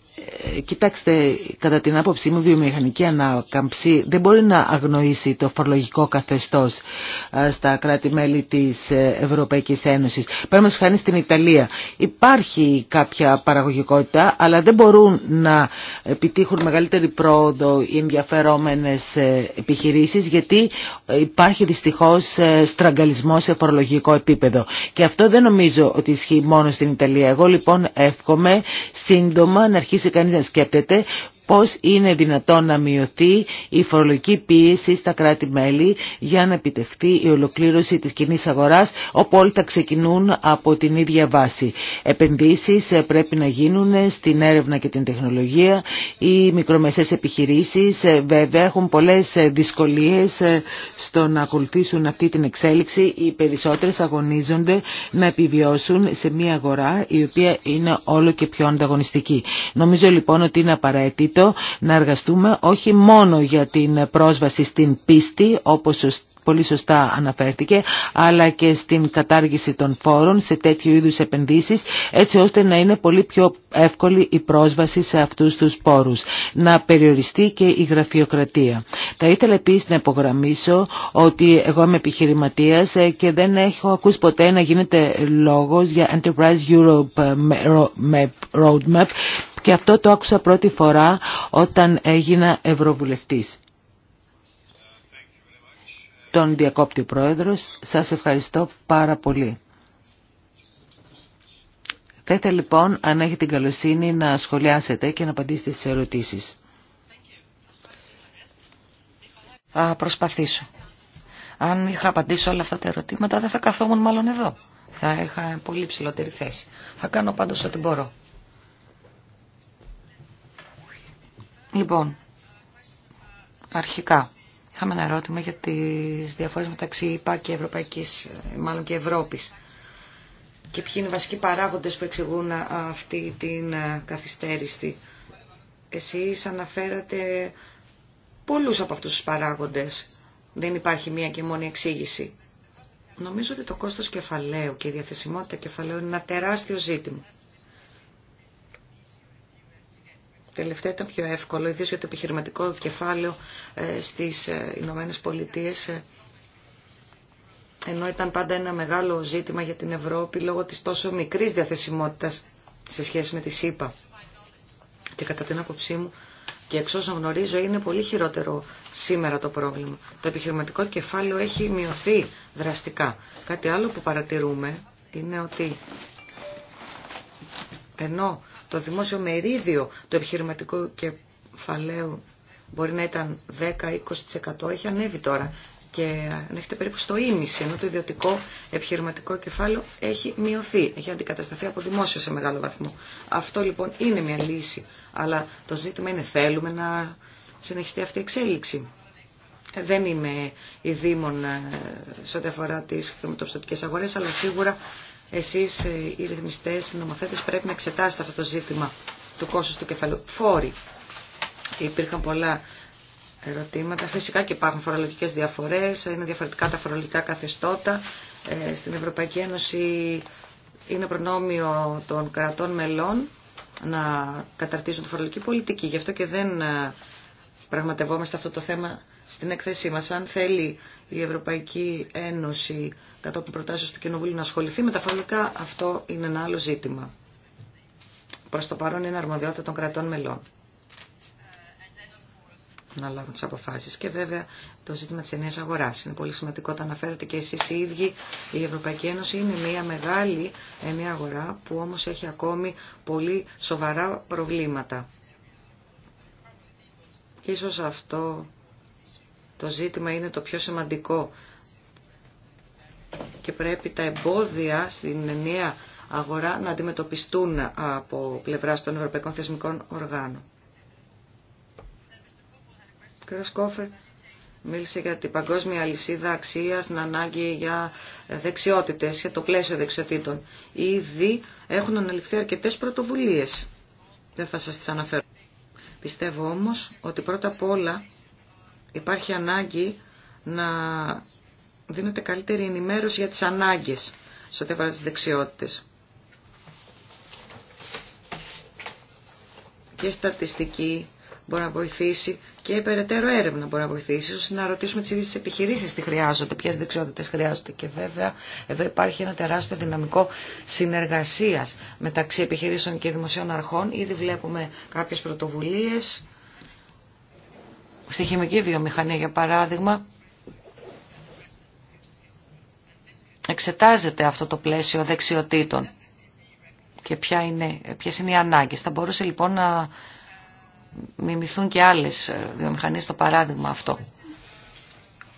Κοιτάξτε, κατά την άποψή μου, η βιομηχανική ανάκαμψη δεν μπορεί να αγνοήσει το φορολογικό καθεστώς ε, στα κράτη-μέλη της ε, Ευρωπαϊκής Ένωσης. Παραδείγματο χάνει στην Ιταλία. Υπάρχει κάποια παραγωγικότητα, αλλά δεν μπορούν να επιτύχουν μεγαλύτερη πρόοδο οι ενδιαφερόμενες ε, επιχειρήσεις, γιατί υπάρχει δυστυχώς στραγγαλισμό σε φορολογικό επίπεδο. Και αυτό δεν νομίζω ότι ισχύει μόνο στην Ιταλία. Εγώ λοιπόν εύχομαι σύντομα να αρχίσει κανείς να σκέπτεται πώς είναι δυνατόν να μειωθεί η φορολογική πίεση στα κράτη-μέλη για να επιτευχθεί η ολοκλήρωση της κοινή αγοράς όπου όλοι θα ξεκινούν από την ίδια βάση. Επενδύσεις ε, πρέπει να γίνουν στην έρευνα και την τεχνολογία. Οι μικρομεσαίες επιχειρήσεις ε, βέβαια έχουν πολλές ε, δυσκολίες στο να ακολουθήσουν αυτή την εξέλιξη. Οι περισσότερες αγωνίζονται να επιβιώσουν σε μια αγορά η οποία είναι όλο και πιο ανταγωνιστική. Νομίζω λοιπόν ότι είναι απαραίτητη απαραίτητο να εργαστούμε όχι μόνο για την πρόσβαση στην πίστη, όπως πολύ σωστά αναφέρθηκε, αλλά και στην κατάργηση των φόρων σε τέτοιου είδους επενδύσεις, έτσι ώστε να είναι πολύ πιο εύκολη η πρόσβαση σε αυτούς τους πόρους, να περιοριστεί και η γραφειοκρατία. Θα ήθελα επίσης να υπογραμμίσω ότι εγώ είμαι επιχειρηματίας ε, και δεν έχω ακούσει ποτέ να γίνεται λόγος για Enterprise Europe ε, Roadmap, και αυτό το άκουσα πρώτη φορά όταν έγινα Ευρωβουλευτής. Τον διακόπτη πρόεδρος, σας ευχαριστώ πάρα πολύ. Θα ήθελα λοιπόν, αν έχετε την καλοσύνη, να σχολιάσετε και να απαντήσετε στις ερωτήσεις. Θα προσπαθήσω. Αν είχα απαντήσει όλα αυτά τα ερωτήματα, δεν θα καθόμουν μάλλον εδώ. Θα είχα πολύ ψηλότερη θέση. Θα κάνω πάντως ό,τι μπορώ. Λοιπόν, αρχικά, είχαμε ένα ερώτημα για τις διαφορές μεταξύ ΙΠΑ και Ευρωπαϊκής, μάλλον και Ευρώπης. Και ποιοι είναι οι βασικοί παράγοντες που εξηγούν αυτή την ε, καθυστέρηση. Εσείς αναφέρατε πολλούς από αυτούς τους παράγοντες. Δεν υπάρχει μία και μόνη εξήγηση. Νομίζω ότι το κόστος κεφαλαίου και η διαθεσιμότητα κεφαλαίου είναι ένα τεράστιο ζήτημα. τελευταία ήταν πιο εύκολο, ιδίως για το επιχειρηματικό κεφάλαιο ε, στις ε, Ηνωμένε Πολιτείες, ε, ενώ ήταν πάντα ένα μεγάλο ζήτημα για την Ευρώπη λόγω της τόσο μικρής διαθεσιμότητας σε σχέση με τη ΣΥΠΑ. Και κατά την άποψή μου, και εξ όσων γνωρίζω, είναι πολύ χειρότερο σήμερα το πρόβλημα. Το επιχειρηματικό κεφάλαιο έχει μειωθεί δραστικά. Κάτι άλλο που παρατηρούμε είναι ότι ενώ το δημόσιο μερίδιο του επιχειρηματικού κεφαλαίου μπορεί να ήταν 10-20% έχει ανέβει τώρα και ανέχεται περίπου στο ίμιση, ενώ το ιδιωτικό επιχειρηματικό κεφάλαιο έχει μειωθεί, έχει αντικατασταθεί από δημόσιο σε μεγάλο βαθμό. Αυτό λοιπόν είναι μια λύση, αλλά το ζήτημα είναι θέλουμε να συνεχιστεί αυτή η εξέλιξη. Δεν είμαι η Δήμων ε, σε ό,τι αφορά τι χρηματοπιστωτικές αγορέ, αλλά σίγουρα εσείς ε, οι ρυθμιστές, οι νομοθέτες πρέπει να εξετάσετε αυτό το ζήτημα του κόσμου του κεφαλού. Φόροι. Υπήρχαν πολλά ερωτήματα. Φυσικά και υπάρχουν φορολογικές διαφορές, είναι διαφορετικά τα φορολογικά καθεστώτα. Ε, στην Ευρωπαϊκή Ένωση είναι προνόμιο των κρατών μελών να καταρτίζουν τη φορολογική πολιτική. Γι' αυτό και δεν ε, πραγματευόμαστε αυτό το θέμα στην έκθεσή μας. Αν θέλει η Ευρωπαϊκή Ένωση κατόπιν προτάσεις του Κοινοβουλίου να ασχοληθεί με αυτό είναι ένα άλλο ζήτημα. Προς το παρόν είναι αρμοδιότητα των κρατών μελών να λάβουν τι αποφάσει. Και βέβαια το ζήτημα τη ενιαία αγορά. Είναι πολύ σημαντικό το αναφέρετε και εσεί οι ίδιοι. Η Ευρωπαϊκή Ένωση είναι μια μεγάλη ενιαία αγορά που όμω έχει ακόμη πολύ σοβαρά προβλήματα. ίσως αυτό το ζήτημα είναι το πιο σημαντικό και πρέπει τα εμπόδια στην ενιαία αγορά να αντιμετωπιστούν από πλευρά των ευρωπαϊκών θεσμικών οργάνων. Ο κ. Σκόφερ μίλησε για την παγκόσμια λυσίδα αξίας, την ανάγκη για δεξιότητες, για το πλαίσιο δεξιοτήτων. Ήδη έχουν αναλυφθεί αρκετές πρωτοβουλίες. Δεν θα σας τις αναφέρω. Πιστεύω όμως ότι πρώτα απ' όλα Υπάρχει ανάγκη να δίνεται καλύτερη ενημέρωση για τις ανάγκες σε ό,τι αφορά δεξιότητες. Και στατιστική μπορεί να βοηθήσει και υπεραιτέρω έρευνα μπορεί να βοηθήσει. ώστε να ρωτήσουμε τις ίδιες επιχειρήσεις τι χρειάζονται, ποιες δεξιότητες χρειάζονται. Και βέβαια εδώ υπάρχει ένα τεράστιο δυναμικό συνεργασίας μεταξύ επιχειρήσεων και δημοσίων αρχών. Ήδη βλέπουμε κάποιες πρωτοβουλίες Στη χημική βιομηχανία, για παράδειγμα, εξετάζεται αυτό το πλαίσιο δεξιοτήτων και ποια είναι, ποιες είναι οι ανάγκες. Θα μπορούσε λοιπόν να μιμηθούν και άλλες ε, βιομηχανίες το παράδειγμα αυτό.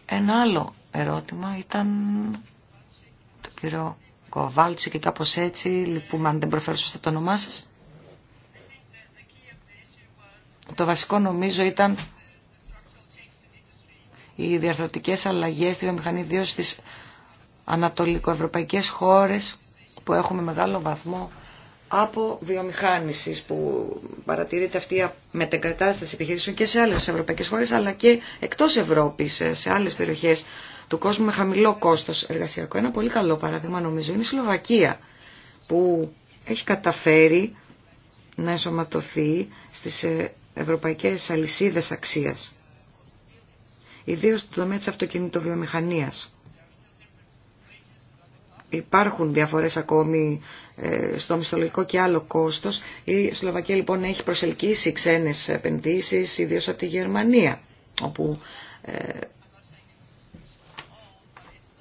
Ένα άλλο ερώτημα ήταν το κύριο Κοβάλτσο και κάπως έτσι, λυπούμε αν δεν προφέρω σωστά το όνομά σας. Το βασικό νομίζω ήταν οι διαρθρωτικές αλλαγές στη βιομηχανία, ιδίω στις ανατολικοευρωπαϊκές χώρες που έχουμε μεγάλο βαθμό από βιομηχάνηση που παρατηρείται αυτή η μετεγκατάσταση επιχειρήσεων και σε άλλες ευρωπαϊκές χώρες αλλά και εκτός Ευρώπης, σε άλλες περιοχές του κόσμου με χαμηλό κόστος εργασιακό. Ένα πολύ καλό παράδειγμα νομίζω είναι η Σλοβακία που έχει καταφέρει να ενσωματωθεί στις ε, ευρωπαϊκές αλυσίδες αξίας ιδίω στο τομέα της αυτοκινητοβιομηχανίας. Υπάρχουν διαφορές ακόμη ε, στο μισθολογικό και άλλο κόστος. Η Σλοβακία λοιπόν έχει προσελκύσει ξένες επενδύσεις, ιδίως από τη Γερμανία, όπου ε,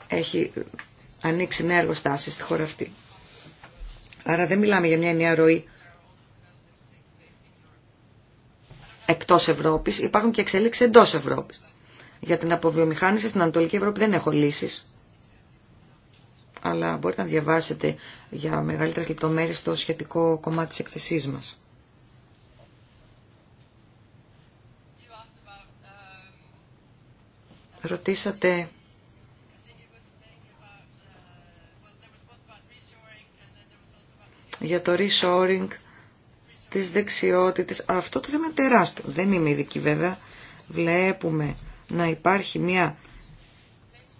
έχει ανοίξει νέα εργοστάσια στη χώρα αυτή. Άρα δεν μιλάμε για μια νέα ροή εκτός Ευρώπης, υπάρχουν και εξέλιξεις εντός Ευρώπης για την αποβιομηχάνηση στην Ανατολική Ευρώπη δεν έχω λύσεις. Αλλά μπορείτε να διαβάσετε για μεγαλύτερες λεπτομέρειες το σχετικό κομμάτι της εκθεσής μας. Ρωτήσατε για το reshoring, της δεξιότητες. Αυτό το θέμα είναι τεράστιο. Δεν είμαι ειδική βέβαια. Βλέπουμε να υπάρχει μια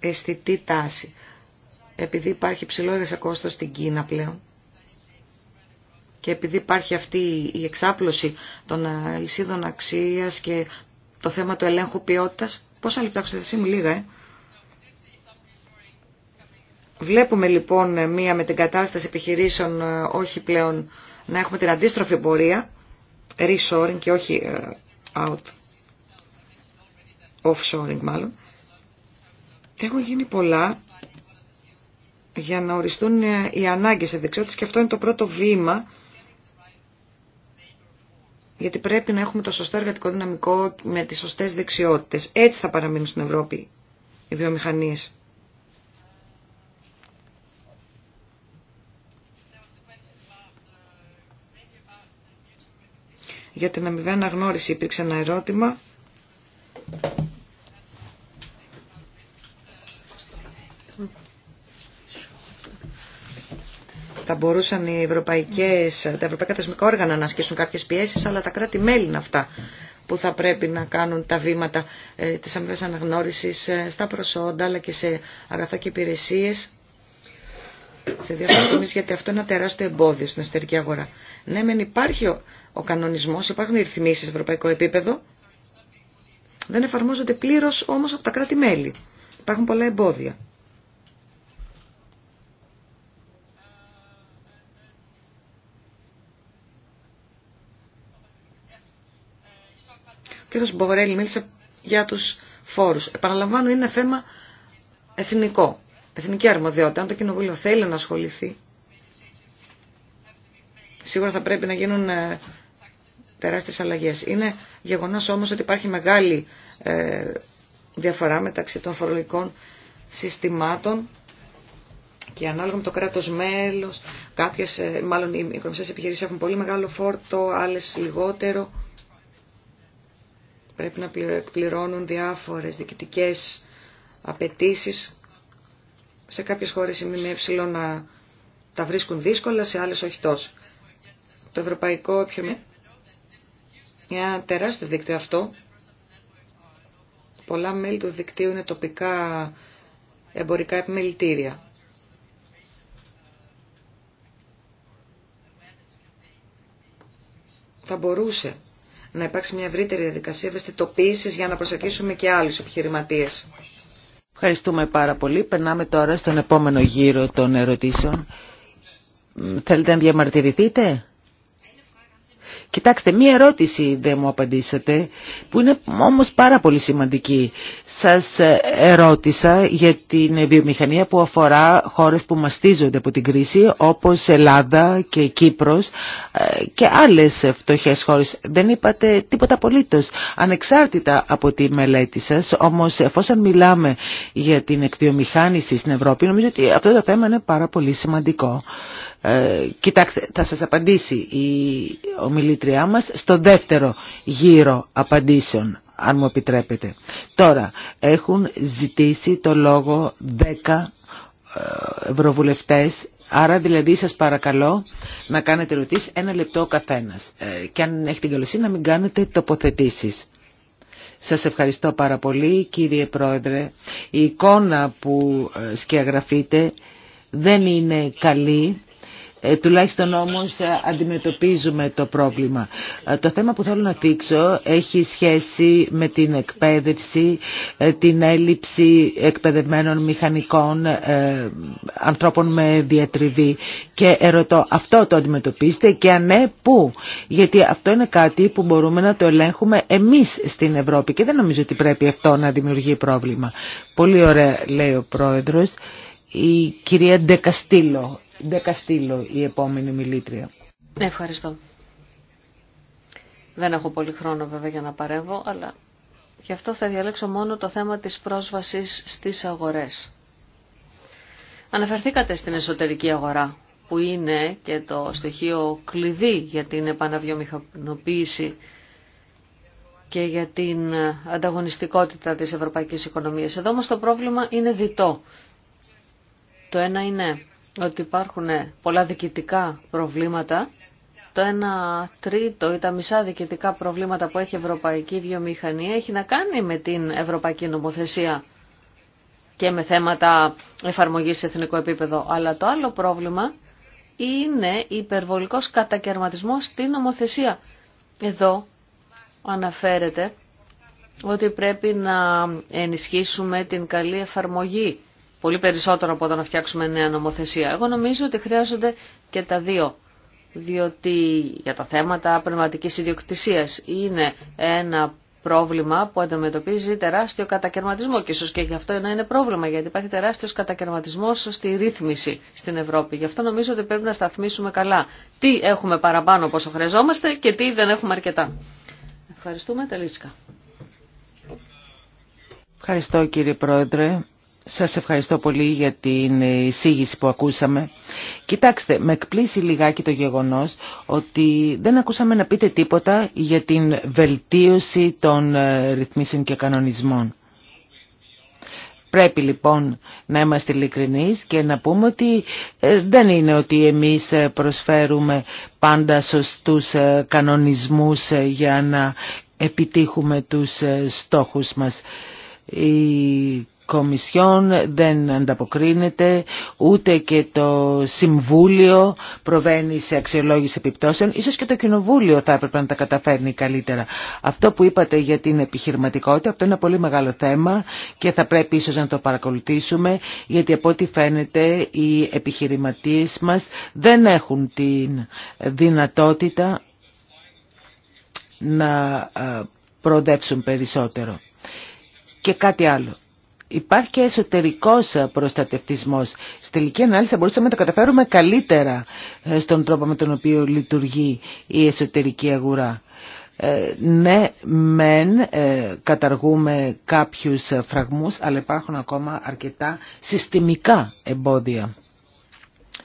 αισθητή τάση. Επειδή υπάρχει ψηλό κόστος στην Κίνα πλέον και επειδή υπάρχει αυτή η εξάπλωση των αλυσίδων αξίας και το θέμα του ελέγχου ποιότητας, πόσα λεπτά έχω εσύ μου, λίγα, ε? Βλέπουμε λοιπόν μία με την κατάσταση επιχειρήσεων ε, όχι πλέον να έχουμε την αντίστροφη πορεία, reshoring και όχι ε, out offshoring μάλλον, έχουν γίνει πολλά για να οριστούν ε, οι ανάγκες σε δεξιότητες και αυτό είναι το πρώτο βήμα γιατί πρέπει να έχουμε το σωστό εργατικό δυναμικό με τις σωστές δεξιότητες. Έτσι θα παραμείνουν στην Ευρώπη οι βιομηχανίες. Για την αμοιβή αναγνώριση υπήρξε ένα ερώτημα Θα μπορούσαν οι ευρωπαϊκές, τα ευρωπαϊκά θεσμικά όργανα να ασκήσουν κάποιες πιέσεις, αλλά τα κράτη-μέλη είναι αυτά που θα πρέπει να κάνουν τα βήματα ε, της αμοιβές αναγνώρισης ε, στα προσόντα, αλλά και σε αγαθά και υπηρεσίες σε διάφορα τομείς, γιατί αυτό είναι ένα τεράστιο εμπόδιο στην εσωτερική αγορά. Ναι, μεν υπάρχει ο, ο κανονισμός, υπάρχουν οι ρυθμίσεις σε ευρωπαϊκό επίπεδο, δεν εφαρμόζονται πλήρως όμως από τα κράτη-μέλη. Υπάρχουν πολλά εμπόδια. κ. Μπορέλη μίλησε για τους φόρους. Επαναλαμβάνω, είναι θέμα εθνικό, εθνική αρμοδιότητα. Αν το Κοινοβούλιο θέλει να ασχοληθεί, σίγουρα θα πρέπει να γίνουν ε, τεράστιες αλλαγές. Είναι γεγονός όμως ότι υπάρχει μεγάλη ε, διαφορά μεταξύ των φορολογικών συστημάτων και ανάλογα με το κράτος μέλος, κάποιες, ε, μάλλον οι μικρομεσαίες επιχειρήσεις έχουν πολύ μεγάλο φόρτο, άλλες λιγότερο πρέπει να πληρώνουν διάφορες διοικητικές απαιτήσει. Σε κάποιες χώρες οι ΜΜΕ να τα βρίσκουν δύσκολα, σε άλλες όχι τόσο. Το ευρωπαϊκό πιο ένα τεράστιο δίκτυο αυτό. Πολλά μέλη του δικτύου είναι τοπικά εμπορικά επιμελητήρια. Θα μπορούσε να υπάρξει μια ευρύτερη διαδικασία ευαισθητοποίηση για να προσεγγίσουμε και άλλου επιχειρηματίες. Ευχαριστούμε πάρα πολύ. Περνάμε τώρα στον επόμενο γύρο των ερωτήσεων. Θέλετε να διαμαρτυρηθείτε? Κοιτάξτε, μία ερώτηση δεν μου απαντήσατε, που είναι όμως πάρα πολύ σημαντική. Σας ε, ερώτησα για την βιομηχανία που αφορά χώρες που μαστίζονται από την κρίση, όπως Ελλάδα και Κύπρος ε, και άλλες φτωχές χώρες. Δεν είπατε τίποτα απολύτως, ανεξάρτητα από τη μελέτη σας, όμως εφόσον μιλάμε για την εκβιομηχάνηση στην Ευρώπη, νομίζω ότι αυτό το θέμα είναι πάρα πολύ σημαντικό. Ε, κοιτάξτε, θα σας απαντήσει η ομιλήτριά μας στο δεύτερο γύρο απαντήσεων, αν μου επιτρέπετε. Τώρα, έχουν ζητήσει το λόγο 10 ε, ευρωβουλευτές Άρα δηλαδή σας παρακαλώ να κάνετε ερωτήσεις ένα λεπτό ο καθένας ε, και αν έχει την να μην κάνετε τοποθετήσεις. Σας ευχαριστώ πάρα πολύ κύριε Πρόεδρε. Η εικόνα που ε, σκιαγραφείτε δεν είναι καλή ε, τουλάχιστον όμως ε, αντιμετωπίζουμε το πρόβλημα. Ε, το θέμα που θέλω να δείξω έχει σχέση με την εκπαίδευση, την έλλειψη εκπαιδευμένων μηχανικών ανθρώπων με διατριβή και ερωτώ αυτό το αντιμετωπίζετε και αν ναι πού. Γιατί αυτό είναι κάτι που μπορούμε να το ελέγχουμε εμείς στην Ευρώπη και δεν νομίζω ότι πρέπει αυτό να δημιουργεί πρόβλημα. Πολύ ωραία λέει ο Πρόεδρος. Η κυρία Ντεκαστήλο Ντεκαστήλο η επόμενη μιλήτρια. Ευχαριστώ. Δεν έχω πολύ χρόνο βέβαια για να παρέμβω, αλλά γι' αυτό θα διαλέξω μόνο το θέμα της πρόσβασης στις αγορές. Αναφερθήκατε στην εσωτερική αγορά, που είναι και το στοιχείο κλειδί για την επαναβιομηχανοποίηση και για την ανταγωνιστικότητα της ευρωπαϊκής οικονομίας. Εδώ όμως το πρόβλημα είναι διτό. Το ένα είναι ότι υπάρχουν ναι, πολλά διοικητικά προβλήματα. Το ένα τρίτο ή τα τρίτο ή τα μισά διοικητικά προβλήματα που έχει η ευρωπαϊκή βιομηχανία έχει να κάνει με την ευρωπαϊκή νομοθεσία και με θέματα εφαρμογής σε εθνικό επίπεδο. Αλλά το άλλο πρόβλημα είναι υπερβολικός κατακαιρματισμός στην νομοθεσία. Εδώ αναφέρεται ότι πρέπει να ενισχύσουμε την καλή εφαρμογή πολύ περισσότερο από όταν να φτιάξουμε νέα νομοθεσία. Εγώ νομίζω ότι χρειάζονται και τα δύο διότι για τα θέματα πνευματικής ιδιοκτησίας είναι ένα πρόβλημα που αντιμετωπίζει τεράστιο κατακαιρματισμό και ίσως και γι' αυτό να είναι πρόβλημα γιατί υπάρχει τεράστιος κατακαιρματισμός στη ρύθμιση στην Ευρώπη. Γι' αυτό νομίζω ότι πρέπει να σταθμίσουμε καλά τι έχουμε παραπάνω πόσο χρειαζόμαστε και τι δεν έχουμε αρκετά. Ευχαριστούμε. Τελίσκα. Ευχαριστώ κύριε Πρόεδρε. Σας ευχαριστώ πολύ για την εισήγηση που ακούσαμε. Κοιτάξτε, με εκπλήσει λιγάκι το γεγονός ότι δεν ακούσαμε να πείτε τίποτα για την βελτίωση των ε, ρυθμίσεων και κανονισμών. Πρέπει λοιπόν να είμαστε ειλικρινεί και να πούμε ότι ε, δεν είναι ότι εμείς ε, προσφέρουμε πάντα σωστούς κανονισμούς για να επιτύχουμε τους στόχους μας η Κομισιόν δεν ανταποκρίνεται, ούτε και το Συμβούλιο προβαίνει σε αξιολόγηση επιπτώσεων. Ίσως και το Κοινοβούλιο θα έπρεπε να τα καταφέρνει καλύτερα. Αυτό που είπατε για την επιχειρηματικότητα, αυτό είναι ένα πολύ μεγάλο θέμα και θα πρέπει ίσως να το παρακολουθήσουμε, γιατί από ό,τι φαίνεται οι επιχειρηματίες μας δεν έχουν την δυνατότητα να ε, προοδεύσουν περισσότερο. Και κάτι άλλο. Υπάρχει και εσωτερικός προστατευτισμός. Στη τελική ανάλυση θα μπορούσαμε να τα καταφέρουμε καλύτερα ε, στον τρόπο με τον οποίο λειτουργεί η εσωτερική αγορά. Ε, ναι, μεν ε, καταργούμε κάποιους φραγμούς, αλλά υπάρχουν ακόμα αρκετά συστημικά εμπόδια.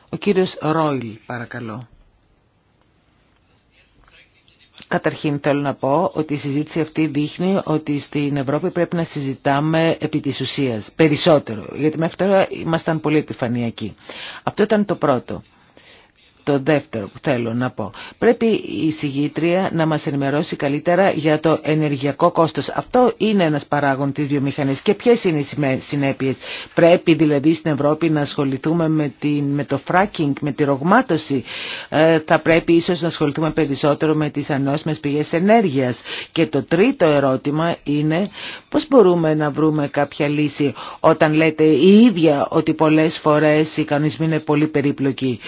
Ο κύριος Ρόιλ, παρακαλώ. Καταρχήν θέλω να πω ότι η συζήτηση αυτή δείχνει ότι στην Ευρώπη πρέπει να συζητάμε επί της ουσίας περισσότερο, γιατί μέχρι τώρα ήμασταν πολύ επιφανειακοί. Αυτό ήταν το πρώτο το δεύτερο που θέλω να πω. Πρέπει η συγγήτρια να μας ενημερώσει καλύτερα για το ενεργειακό κόστος. Αυτό είναι ένας παράγον της βιομηχανίας. Και ποιες είναι οι συνέπειες. Πρέπει δηλαδή στην Ευρώπη να ασχοληθούμε με, την, με το fracking, με τη ρογμάτωση. Ε, θα πρέπει ίσως να ασχοληθούμε περισσότερο με τις ανώσιμες πηγές ενέργειας. Και το τρίτο ερώτημα είναι πώς μπορούμε να βρούμε κάποια λύση όταν λέτε η ίδια ότι πολλές φορές οι κανονισμοί είναι πολύ περίπλοκοι.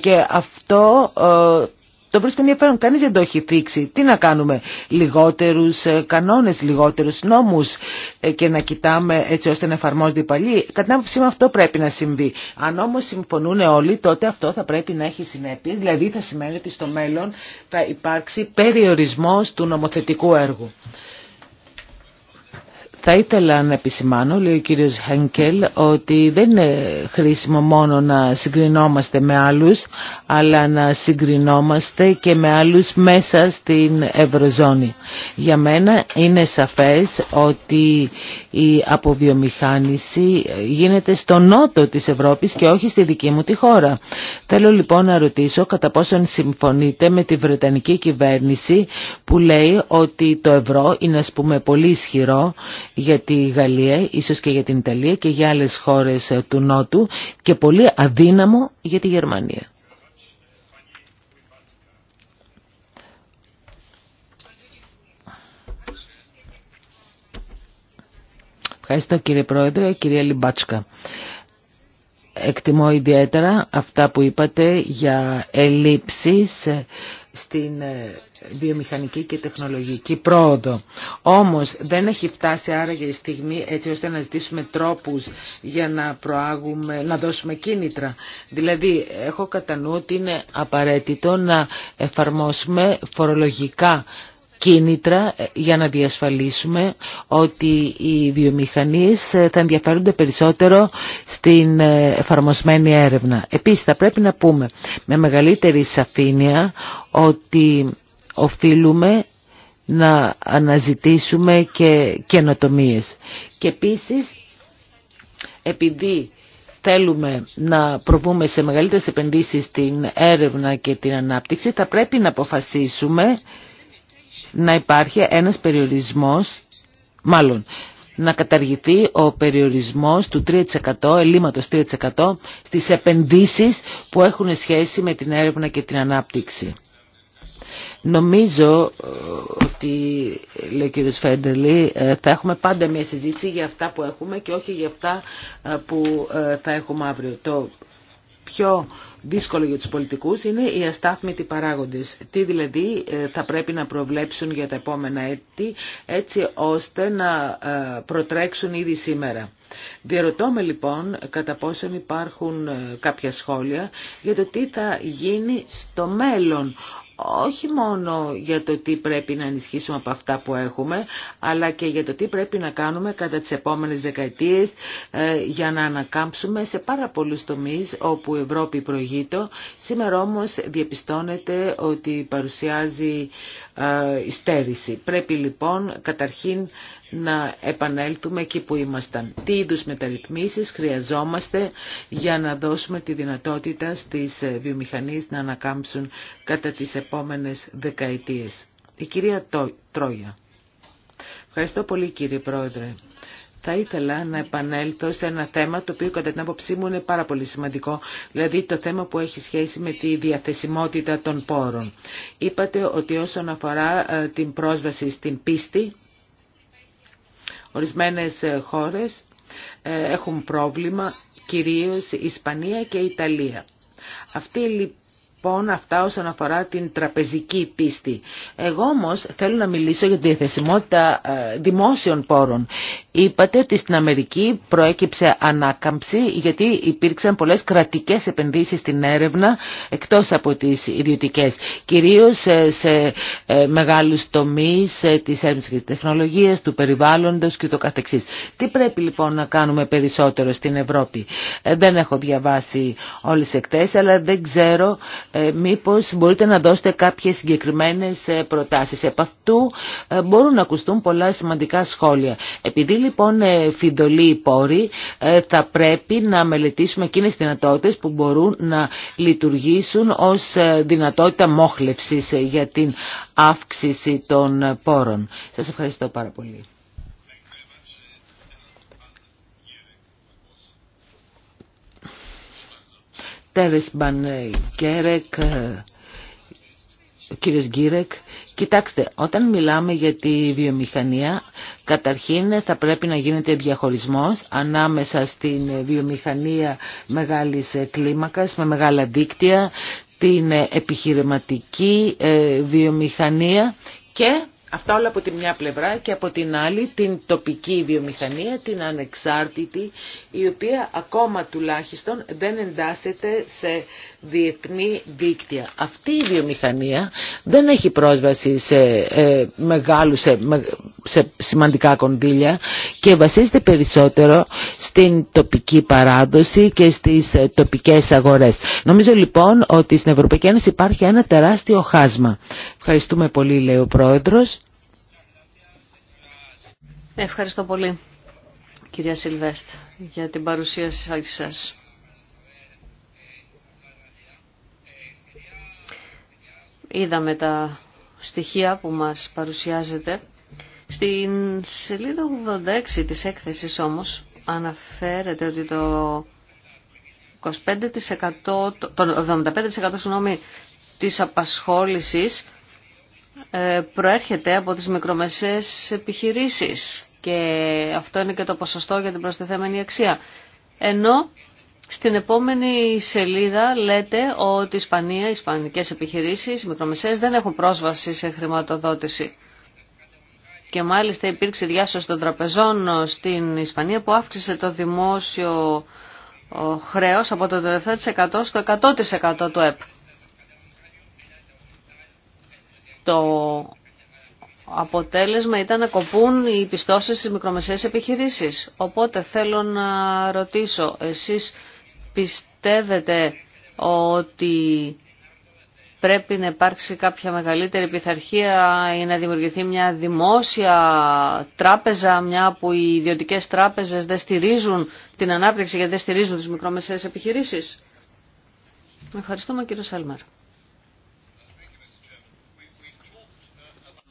Και αυτό ε, το βρίσκεται ενδιαφέρον. Κανεί δεν το έχει θίξει. Τι να κάνουμε, λιγότερους ε, κανόνες, λιγότερους νόμους ε, και να κοιτάμε έτσι ώστε να εφαρμόζονται οι παλιοί. Κατά την άποψή μου αυτό πρέπει να συμβεί. Αν όμως συμφωνούν όλοι, τότε αυτό θα πρέπει να έχει συνέπειε. Δηλαδή θα σημαίνει ότι στο μέλλον θα υπάρξει περιορισμός του νομοθετικού έργου. Θα ήθελα να επισημάνω, λέει ο κύριος Χένκελ, ότι δεν είναι χρήσιμο μόνο να συγκρινόμαστε με άλλους, αλλά να συγκρινόμαστε και με άλλους μέσα στην Ευρωζώνη. Για μένα είναι σαφές ότι η αποβιομηχάνηση γίνεται στο νότο της Ευρώπης και όχι στη δική μου τη χώρα. Θέλω λοιπόν να ρωτήσω κατά πόσον συμφωνείτε με τη Βρετανική κυβέρνηση που λέει ότι το ευρώ είναι ας πούμε πολύ ισχυρό για τη Γαλλία, ίσως και για την Ιταλία και για άλλες χώρες ε, του Νότου και πολύ αδύναμο για τη Γερμανία. Ευχαριστώ κύριε Πρόεδρε, κυρία Λιμπάτσκα. Εκτιμώ ιδιαίτερα αυτά που είπατε για ελλείψεις ε, στην ε, βιομηχανική και τεχνολογική πρόοδο. Όμως δεν έχει φτάσει άραγε η στιγμή έτσι ώστε να ζητήσουμε τρόπους για να προάγουμε, να δώσουμε κίνητρα. Δηλαδή έχω κατά νου ότι είναι απαραίτητο να εφαρμόσουμε φορολογικά κίνητρα ε, για να διασφαλίσουμε ότι οι βιομηχανίες ε, θα ενδιαφέρονται περισσότερο στην ε, εφαρμοσμένη έρευνα. Επίσης θα πρέπει να πούμε με μεγαλύτερη σαφήνεια ότι οφείλουμε να αναζητήσουμε και καινοτομίες. Και επίσης επειδή θέλουμε να προβούμε σε μεγαλύτερες επενδύσεις στην έρευνα και την ανάπτυξη θα πρέπει να αποφασίσουμε να υπάρχει ένας περιορισμός, μάλλον να καταργηθεί ο περιορισμός του 3%, ελλείμματος 3% στις επενδύσεις που έχουν σχέση με την έρευνα και την ανάπτυξη. Νομίζω ε, ότι, λέει ο κύριος Φέντελη ε, θα έχουμε πάντα μια συζήτηση για αυτά που έχουμε και όχι για αυτά ε, που θα έχουμε αύριο. Το πιο δύσκολο για τους πολιτικούς είναι οι αστάθμητοι παράγοντες. Τι δηλαδή ε, θα πρέπει να προβλέψουν για τα επόμενα έτη έτσι ώστε να ε, προτρέξουν ήδη σήμερα. Διερωτώμε λοιπόν κατά πόσο υπάρχουν ε, κάποια σχόλια για το τι θα γίνει στο μέλλον όχι μόνο για το τι πρέπει να ενισχύσουμε από αυτά που έχουμε, αλλά και για το τι πρέπει να κάνουμε κατά τις επόμενες δεκαετίες ε, για να ανακάμψουμε σε πάρα πολλούς τομείς όπου η Ευρώπη προηγείται. Σήμερα όμως διαπιστώνεται ότι παρουσιάζει ε, στέρηση. Πρέπει λοιπόν καταρχήν να επανέλθουμε εκεί που ήμασταν. Τι είδου μεταρρυθμίσεις χρειαζόμαστε για να δώσουμε τη δυνατότητα στις ε, βιομηχανίες να ανακάμψουν κατά τις επόμενες δεκαετίες. Η κυρία Τρόγια. Ευχαριστώ πολύ κύριε Πρόεδρε. Θα ήθελα να επανέλθω σε ένα θέμα το οποίο κατά την άποψή μου είναι πάρα πολύ σημαντικό, δηλαδή το θέμα που έχει σχέση με τη διαθεσιμότητα των πόρων. Είπατε ότι όσον αφορά ε, την πρόσβαση στην πίστη, Ορισμένες ε, χώρες ε, έχουν πρόβλημα, κυρίως η Ισπανία και η Ιταλία λοιπόν αυτά όσον αφορά την τραπεζική πίστη. Εγώ όμω θέλω να μιλήσω για τη διαθεσιμότητα ε, δημόσιων πόρων. Είπατε ότι στην Αμερική προέκυψε ανάκαμψη γιατί υπήρξαν πολλέ κρατικές επενδύσει στην έρευνα εκτό από τι ιδιωτικέ. Κυρίως ε, σε ε, μεγάλους τομείς τη έρευνας και της τεχνολογίας, του περιβάλλοντο και το καθεξής. Τι πρέπει λοιπόν να κάνουμε περισσότερο στην Ευρώπη. Δεν έχω διαβάσει όλε τις εκθέσει, αλλά δεν ξέρω ε, μήπως μπορείτε να δώσετε κάποιες συγκεκριμένες ε, προτάσεις. Επ' αυτού ε, μπορούν να ακουστούν πολλά σημαντικά σχόλια. Επειδή λοιπόν φιδωλοί οι πόροι θα πρέπει να μελετήσουμε εκείνες τις δυνατότητες που μπορούν να λειτουργήσουν ως δυνατότητα μόχλευσης για την αύξηση των πόρων. Σας ευχαριστώ πάρα πολύ. Τέρες Γκέρεκ, Κέρεκ, κύριος Γκίρεκ. Κοιτάξτε, όταν μιλάμε για τη βιομηχανία, καταρχήν θα πρέπει να γίνεται διαχωρισμός ανάμεσα στην βιομηχανία μεγάλης κλίμακας, με μεγάλα δίκτυα, την επιχειρηματική ε, βιομηχανία και Αυτά όλα από τη μια πλευρά και από την άλλη την τοπική βιομηχανία, την ανεξάρτητη, η οποία ακόμα τουλάχιστον δεν εντάσσεται σε διεθνή δίκτυα. Αυτή η βιομηχανία δεν έχει πρόσβαση σε, ε, σε, σημαντικά κονδύλια και βασίζεται περισσότερο στην τοπική παράδοση και στις ε, τοπικές αγορές. Νομίζω λοιπόν ότι στην Ευρωπαϊκή Ένωση υπάρχει ένα τεράστιο χάσμα. Ευχαριστούμε πολύ, λέει ο Πρόεδρος. Ευχαριστώ πολύ, κυρία Σιλβέστ, για την παρουσίαση σας. Είδαμε τα στοιχεία που μας παρουσιάζεται. Στην σελίδα 86 της έκθεσης όμως αναφέρεται ότι το 25%, το 75% συγγνώμη, της απασχόλησης ε, προέρχεται από τις μικρομεσαίες επιχειρήσεις και αυτό είναι και το ποσοστό για την προστιθέμενη αξία. Ενώ στην επόμενη σελίδα λέτε ότι η Ισπανία, οι ισπανικές επιχειρήσεις, οι μικρομεσαίες δεν έχουν πρόσβαση σε χρηματοδότηση. Και μάλιστα υπήρξε διάσωση των τραπεζών στην Ισπανία που αύξησε το δημόσιο χρέος από το 7% στο 100% του ΕΠ. Το αποτέλεσμα ήταν να κοπούν οι πιστώσεις στις μικρομεσαίες επιχειρήσεις. Οπότε θέλω να ρωτήσω, εσείς πιστεύετε ότι πρέπει να υπάρξει κάποια μεγαλύτερη πειθαρχία ή να δημιουργηθεί μια δημόσια τράπεζα, μια που οι ιδιωτικές τράπεζες δεν στηρίζουν την ανάπτυξη γιατί δεν στηρίζουν τις μικρομεσαίες επιχειρήσεις. Ευχαριστούμε κύριο Σέλμερ.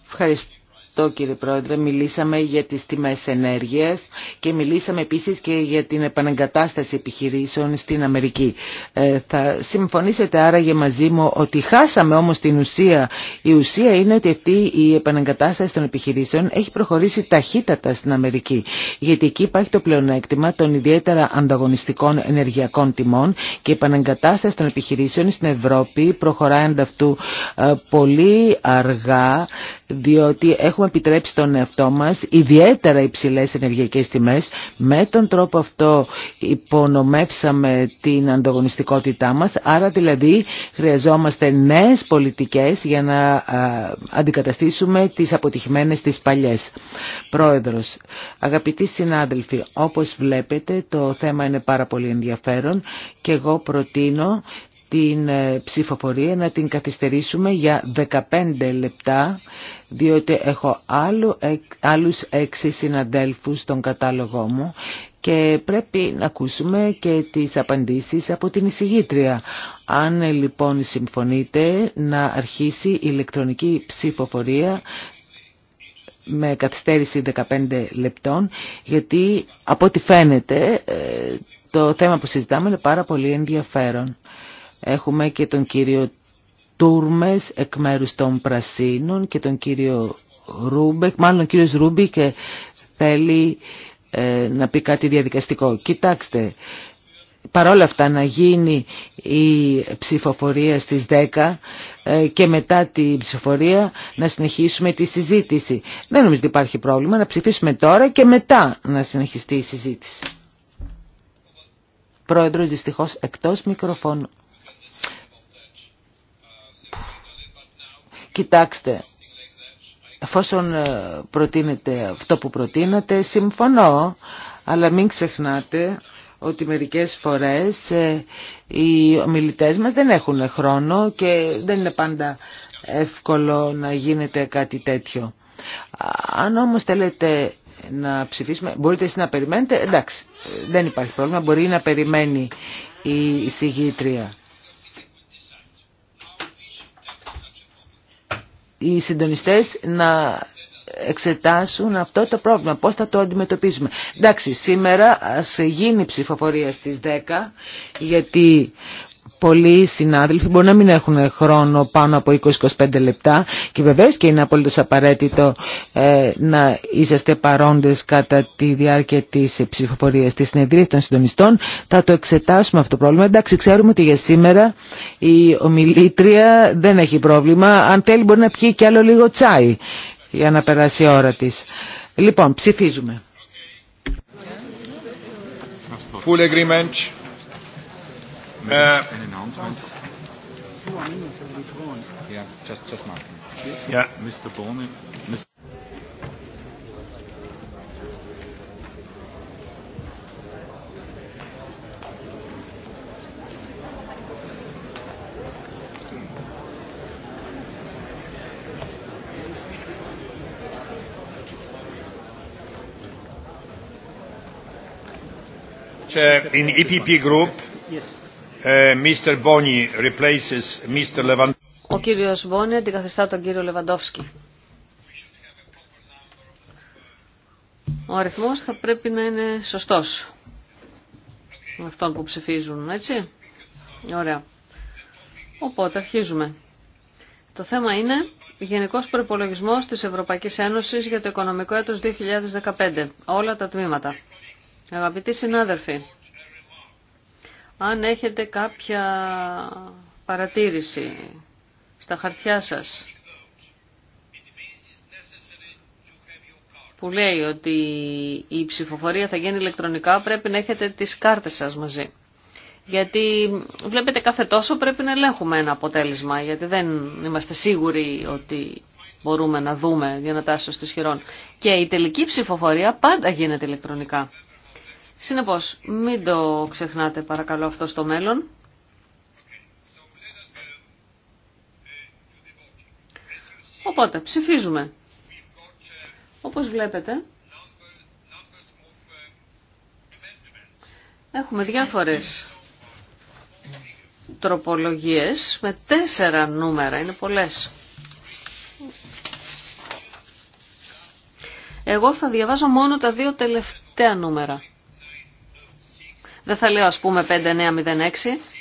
Ευχαριστώ. Ευχαριστώ κύριε Πρόεδρε. Μιλήσαμε για τις τιμές ενέργειας και μιλήσαμε επίσης και για την επαναγκατάσταση επιχειρήσεων στην Αμερική. Ε, θα συμφωνήσετε άραγε μαζί μου ότι χάσαμε όμως την ουσία. Η ουσία είναι ότι αυτή η επαναγκατάσταση των επιχειρήσεων έχει προχωρήσει ταχύτατα στην Αμερική. Γιατί εκεί υπάρχει το πλεονέκτημα των ιδιαίτερα ανταγωνιστικών ενεργειακών τιμών και η επαναγκατάσταση των επιχειρήσεων στην Ευρώπη προχωράει ανταυτού ε, πολύ αργά διότι έχουμε επιτρέψει τον εαυτό μας ιδιαίτερα υψηλές ενεργειακές τιμές. Με τον τρόπο αυτό υπονομεύσαμε την ανταγωνιστικότητά μας, άρα δηλαδή χρειαζόμαστε νέες πολιτικές για να αντικαταστήσουμε τις αποτυχημένες τις παλιές. Πρόεδρος, αγαπητοί συνάδελφοι, όπως βλέπετε το θέμα είναι πάρα πολύ ενδιαφέρον και εγώ προτείνω την ε, ψηφοφορία να την καθυστερήσουμε για 15 λεπτά διότι έχω άλλου, άλλους έξι συναντέλφους στον κατάλογό μου και πρέπει να ακούσουμε και τις απαντήσεις από την εισηγήτρια. Αν ε, λοιπόν συμφωνείτε να αρχίσει η ηλεκτρονική ψηφοφορία με καθυστέρηση 15 λεπτών, γιατί από ό,τι φαίνεται ε, το θέμα που συζητάμε είναι πάρα πολύ ενδιαφέρον. Έχουμε και τον κύριο Τούρμες εκ μέρους των Πρασίνων και τον κύριο Ρούμπεκ, μάλλον ο κύριος Ρούμπι και θέλει ε, να πει κάτι διαδικαστικό. Κοιτάξτε, παρόλα αυτά να γίνει η ψηφοφορία στις 10 ε, και μετά τη ψηφοφορία να συνεχίσουμε τη συζήτηση. Δεν νομίζω ότι υπάρχει πρόβλημα να ψηφίσουμε τώρα και μετά να συνεχιστεί η συζήτηση. Πρόεδρος δυστυχώς εκτός μικροφώνου. Κοιτάξτε, εφόσον ε, προτείνετε αυτό που προτείνατε, συμφωνώ, αλλά μην ξεχνάτε ότι μερικές φορές ε, οι ομιλητές μας δεν έχουν χρόνο και δεν είναι πάντα εύκολο να γίνεται κάτι τέτοιο. Αν όμως θέλετε να ψηφίσουμε, μπορείτε εσείς να περιμένετε, εντάξει, δεν υπάρχει πρόβλημα, μπορεί να περιμένει η συγγήτρια. οι συντονιστές να εξετάσουν αυτό το πρόβλημα, πώς θα το αντιμετωπίζουμε. Εντάξει, σήμερα ας γίνει ψηφοφορία στις 10, γιατί πολλοί συνάδελφοι μπορεί να μην έχουν χρόνο πάνω από 20-25 λεπτά και βεβαίως και είναι απόλυτος απαραίτητο ε, να είσαστε παρόντες κατά τη διάρκεια της ψηφοφορίας της συνεδρίας των συντονιστών. Θα το εξετάσουμε αυτό το πρόβλημα. Εντάξει, ξέρουμε ότι για σήμερα η ομιλήτρια δεν έχει πρόβλημα. Αν θέλει μπορεί να πιει κι άλλο λίγο τσάι για να περάσει η ώρα της. Λοιπόν, ψηφίζουμε. Full agreement. Uh, yeah, just just Mr. in EPP group ε, Ο κύριος Μπόνι αντικαθιστά τον κύριο Λεβαντόφσκι. Ο αριθμός θα πρέπει να είναι σωστός. Με αυτόν που ψηφίζουν, έτσι. Ωραία. Οπότε αρχίζουμε. Το θέμα είναι Γενικός Προπολογισμός της Ευρωπαϊκής Ένωσης για το οικονομικό έτος 2015. Όλα τα τμήματα. Αγαπητοί συνάδελφοι, αν έχετε κάποια παρατήρηση στα χαρτιά σας που λέει ότι η ψηφοφορία θα γίνει ηλεκτρονικά πρέπει να έχετε τις κάρτες σας μαζί. Γιατί βλέπετε κάθε τόσο πρέπει να ελέγχουμε ένα αποτέλεσμα, γιατί δεν είμαστε σίγουροι ότι μπορούμε να δούμε διανατάσεις στους χειρών. Και η τελική ψηφοφορία πάντα γίνεται ηλεκτρονικά. Συνεπώς, μην το ξεχνάτε παρακαλώ αυτό στο μέλλον. Οπότε, ψηφίζουμε. Όπως βλέπετε, έχουμε διάφορες τροπολογίες με τέσσερα νούμερα, είναι πολλές. Εγώ θα διαβάζω μόνο τα δύο τελευταία νούμερα. Δεν θα λέω ας πούμε 5906,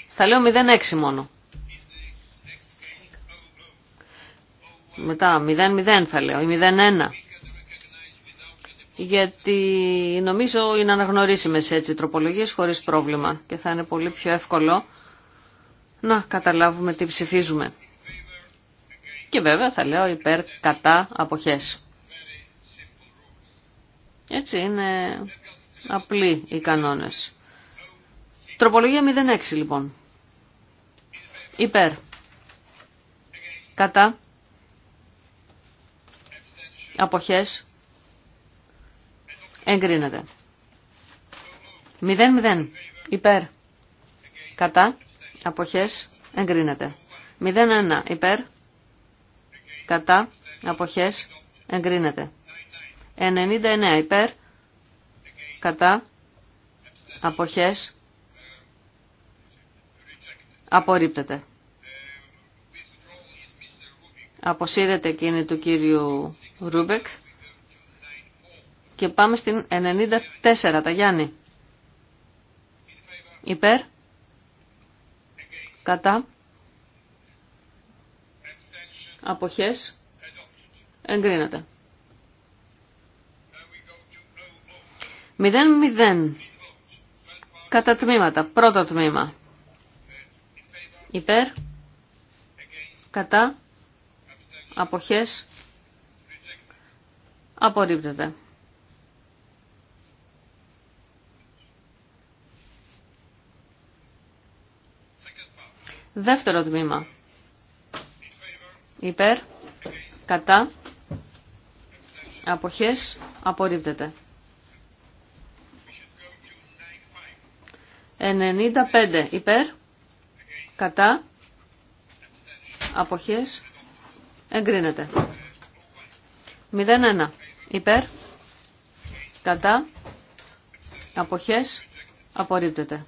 θα λέω 06 μόνο. Μετά 00 θα λέω ή 01. Γιατί νομίζω είναι αναγνωρίσιμες έτσι οι τροπολογίες χωρίς πρόβλημα και θα είναι πολύ πιο εύκολο να καταλάβουμε τι ψηφίζουμε. Και βέβαια θα λέω υπέρ κατά αποχές. Έτσι είναι απλοί οι κανόνες. Τροπολογία 06 λοιπόν. Υπέρ. Κατά. Αποχές. Εγκρίνεται. 00. Υπέρ. Κατά. Αποχές. Εγκρίνεται. 01. Υπέρ. Κατά. Αποχές. Εγκρίνεται. 99. Υπέρ. Κατά. Αποχές. Απορρίπτεται. Αποσύρεται εκείνη του κύριου Ρούμπεκ. Και πάμε στην 94, τα Γιάννη. Υπέρ. Κατά. Αποχές. Εγκρίνεται. 0-0. Κατά τμήματα. Πρώτο τμήμα υπέρ, κατά, αποχές, απορρίπτεται. Δεύτερο τμήμα. Υπέρ, κατά, αποχές, απορρίπτεται. 95 υπέρ, κατά, αποχές, εγκρίνεται. 0-1 υπέρ, κατά, αποχές, απορρίπτεται.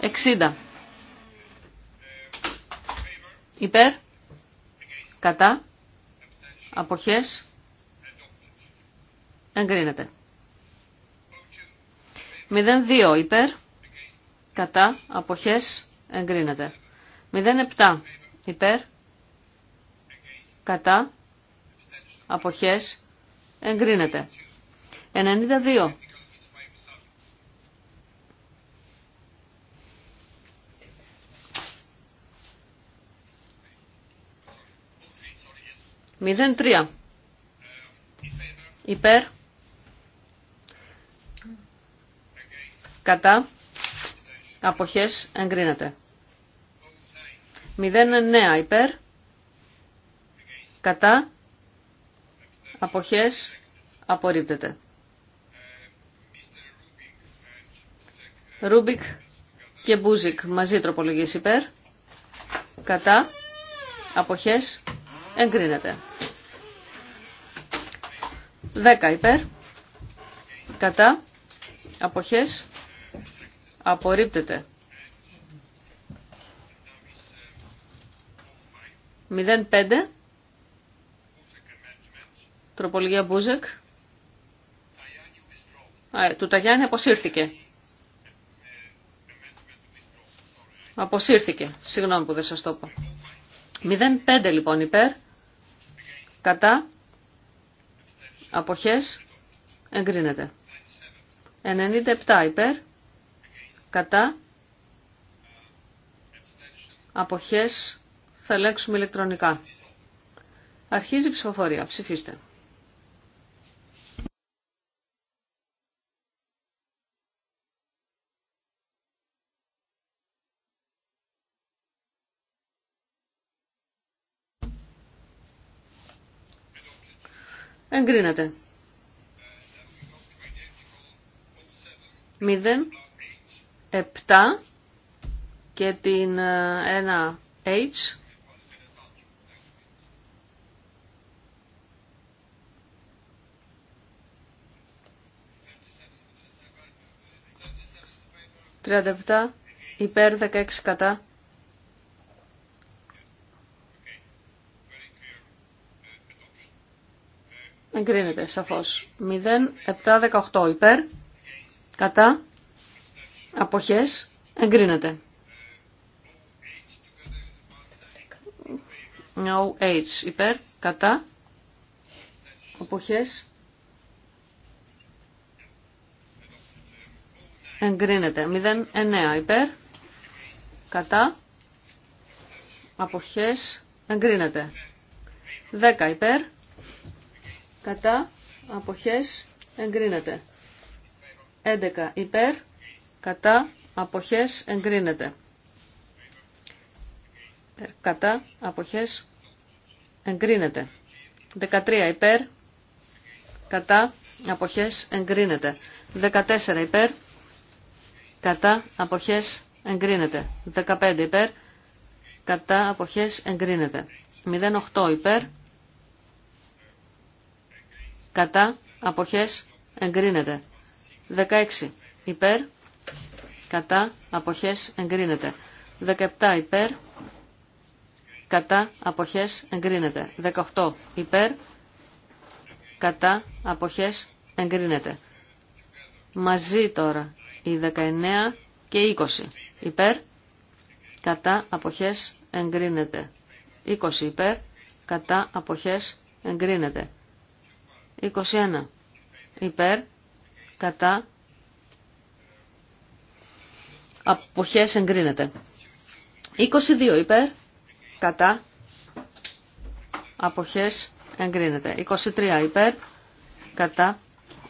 60 υπέρ, κατά, αποχές, εγκρίνεται. 02 υπέρ, κατά, αποχές, εγκρίνεται. 07 υπέρ, κατά, αποχές, εγκρίνεται. 92 03. Υπέρ, Κατά. Αποχές εγκρίνεται. 09 υπέρ. Κατά. Αποχές απορρίπτεται. Ρούμπικ και Μπούζικ μαζί τροπολογίες υπέρ. Κατά. Αποχές εγκρίνεται. 10 υπέρ. Κατά. Αποχές Απορρίπτεται. 05. Τροπολογία Μπούζεκ. Α, ε, του Ταγιάννη αποσύρθηκε. Αποσύρθηκε. Συγγνώμη που δεν σας το πω. 05 λοιπόν υπέρ. Κατά. Αποχές. Εγκρίνεται. 97 υπέρ κατά, αποχές, θα ελέγξουμε ηλεκτρονικά. Αρχίζει η ψηφοφορία. Ψηφίστε. Εγκρίνεται. Μηδέν. 7 και την 1H. Ε, Τριάντα υπέρ 16 κατά. Εγκρίνεται σαφώς. μηδεν επτά δεκαοχτώ υπέρ, κατά. Αποχές. Εγκρίνεται. No H. Υπέρ. Κατά. Αποχές. Εγκρίνεται. 0,9 υπέρ. Κατά. Αποχές. Εγκρίνεται. 10 υπέρ. Κατά. Αποχές. Εγκρίνεται. 11 υπέρ κατά αποχές εγκρίνεται. Ε, κατά αποχές εγκρίνεται. 13 υπέρ κατά αποχές εγκρίνεται. 14 υπέρ κατά αποχές εγκρίνεται. 15 υπέρ κατά αποχές εγκρίνεται. 08 υπέρ κατά αποχές εγκρίνεται. 16 υπέρ κατά αποχές εγκρίνεται. 17 υπέρ κατά αποχές εγκρίνεται. 18 υπέρ κατά αποχές εγκρίνεται. Μαζί τώρα οι 19 και 20 υπέρ κατά αποχές εγκρίνεται. 20 υπέρ κατά αποχές εγκρίνεται. 21 υπέρ κατά Αποχές εγκρίνεται. 22 υπέρ. Κατά. Αποχές εγκρίνεται. 23 υπέρ. Κατά.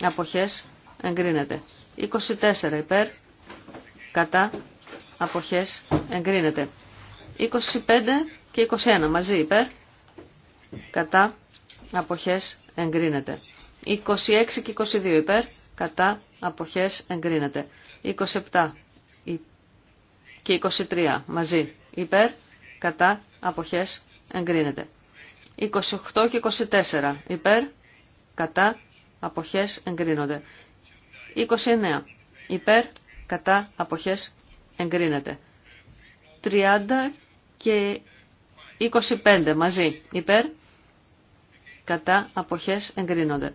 Αποχές εγκρίνεται. 24 υπέρ. Κατά. Αποχές εγκρίνεται. 25 και 21 μαζί υπέρ. Κατά. Αποχές εγκρίνεται. 26 και 22 υπέρ. Κατά. Αποχές εγκρίνεται. 27 και 23 μαζί. Υπέρ, κατά, αποχές, εγκρίνεται. 28 και 24 υπέρ, κατά, αποχές, εγκρίνονται. 29 υπέρ, κατά, αποχές, εγκρίνεται. 30 και 25 μαζί υπέρ, κατά, αποχές, εγκρίνονται.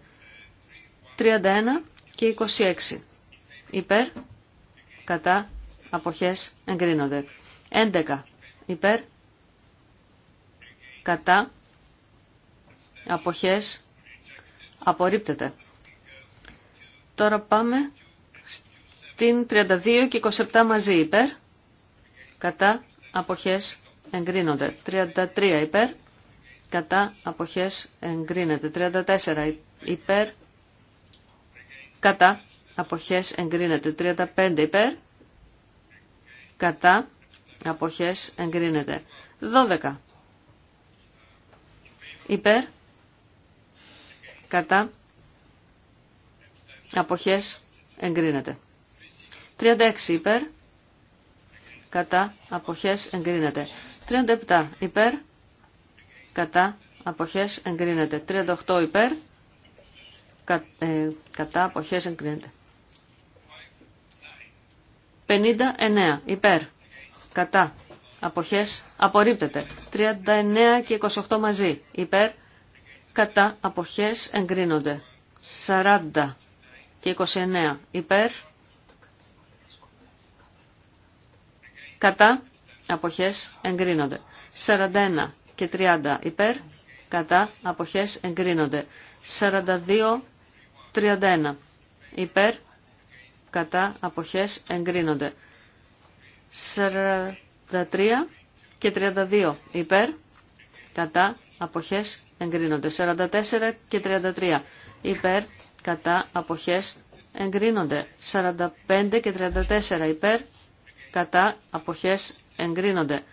31 και 26 υπέρ, κατά, αποχές εγκρίνονται. 11 υπέρ, κατά, αποχές απορρίπτεται. Τώρα πάμε στην 32 και 27 μαζί υπέρ, κατά, αποχές εγκρίνονται. 33 υπέρ, κατά, αποχές εγκρίνεται. 34 υπέρ, κατά, αποχές εγκρίνεται. 35 υπέρ, κατά αποχές εγκρίνεται. 12. Υπέρ κατά αποχές εγκρίνεται. 36 υπέρ κατά αποχές εγκρίνεται. 37 υπέρ κατά αποχές εγκρίνεται. 38 υπέρ ε, κατά αποχές εγκρίνεται. 59 υπέρ. Κατά. Αποχές απορρίπτεται. 39 και 28 μαζί υπέρ. Κατά. Αποχές εγκρίνονται. 40 και 29 υπέρ. Κατά. Αποχές εγκρίνονται. 41 και 30 υπέρ. Κατά. Αποχές εγκρίνονται. 42, 31 υπέρ κατά αποχές εγκρίνονται. 43 και 32 υπέρ κατά αποχές εγκρίνονται. 44 και 33 υπέρ κατά αποχές εγκρίνονται. 45 και 34 υπέρ κατά αποχές εγκρίνονται.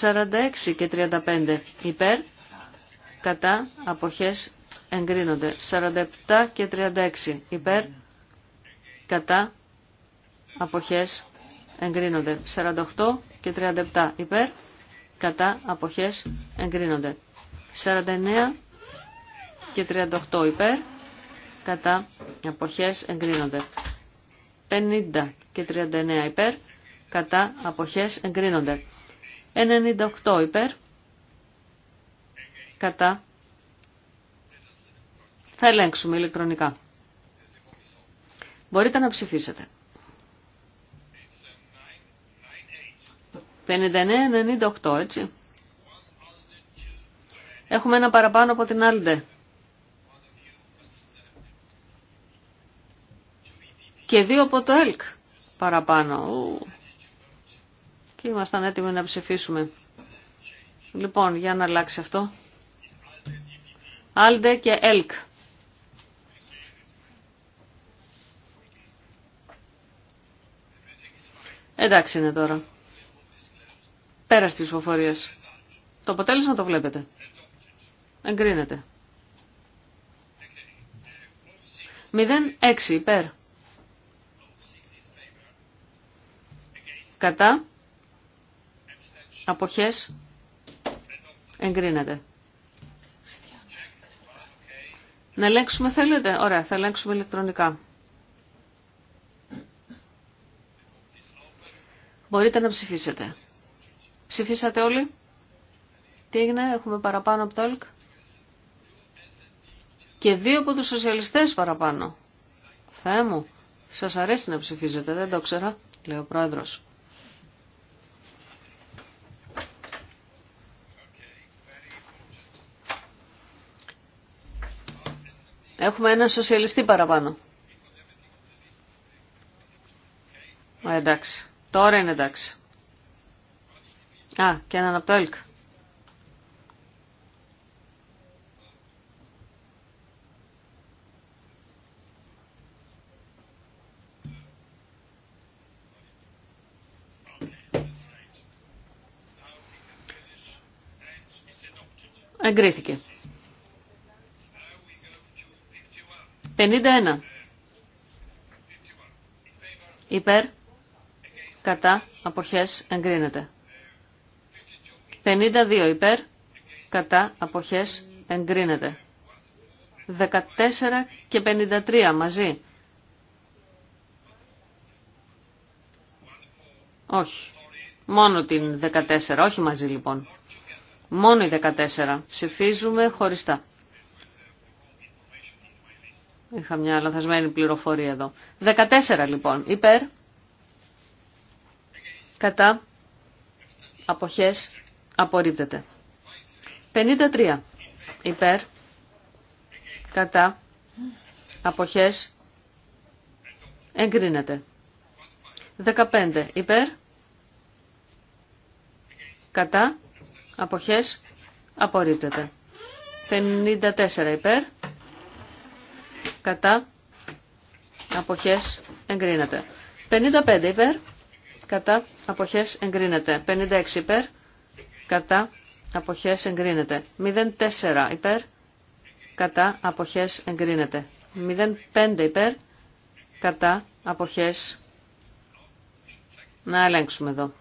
46 και 35 υπέρ κατά αποχές εγκρίνονται. 47 και 36 υπέρ, κατά, αποχές, εγκρίνονται. 48 και 37 υπέρ, κατά, αποχές, εγκρίνονται. 49 και 38 υπέρ, κατά, αποχές, εγκρίνονται. 50 και 39 υπέρ, κατά, αποχές, εγκρίνονται. 98 υπέρ, κατά, θα ελέγξουμε ηλεκτρονικά. Μπορείτε να ψηφίσετε. 59-98, έτσι. Έχουμε ένα παραπάνω από την Άλντε. Και δύο από το ΕΛΚ παραπάνω. Και ήμασταν έτοιμοι να ψηφίσουμε. Λοιπόν, για να αλλάξει αυτό. Άλντε και ΕΛΚ. Εντάξει είναι τώρα. Πέρα στις ψηφοφορίες. Το αποτέλεσμα το βλέπετε. Εγκρίνεται. 0,6 υπέρ. Κατά. Αποχές. Εγκρίνεται. Να ελέγξουμε θέλετε. Ωραία, θα ελέγξουμε ηλεκτρονικά. Μπορείτε να ψηφίσετε. Ψηφίσατε όλοι. Τι έγινε, έχουμε παραπάνω από το Και δύο από τους σοσιαλιστές παραπάνω. Θεέ μου, σας αρέσει να ψηφίζετε, δεν το ξέρα, λέει ο πρόεδρος. Έχουμε ένα σοσιαλιστή παραπάνω. εντάξει. Τώρα είναι εντάξει. Α, και έναν από το ΕΛΚ. Εγκρίθηκε. 51. Υπέρ κατά αποχές εγκρίνεται. 52 υπέρ κατά αποχές εγκρίνεται. 14 και 53 μαζί. Όχι. Μόνο την 14, όχι μαζί λοιπόν. Μόνο η 14. Ψηφίζουμε χωριστά. Είχα μια λαθασμένη πληροφορία εδώ. 14 λοιπόν. Υπέρ, κατά αποχές απορρίπτεται. 53 υπέρ κατά αποχές εγκρίνεται. 15 υπέρ κατά αποχές απορρίπτεται. 54 υπέρ κατά αποχές εγκρίνεται. 55 υπέρ κατά αποχές εγκρίνεται. 56 υπέρ, κατά αποχές εγκρίνεται. 04 υπέρ, κατά αποχές εγκρίνεται. 05 υπέρ, κατά αποχές να ελέγξουμε εδώ.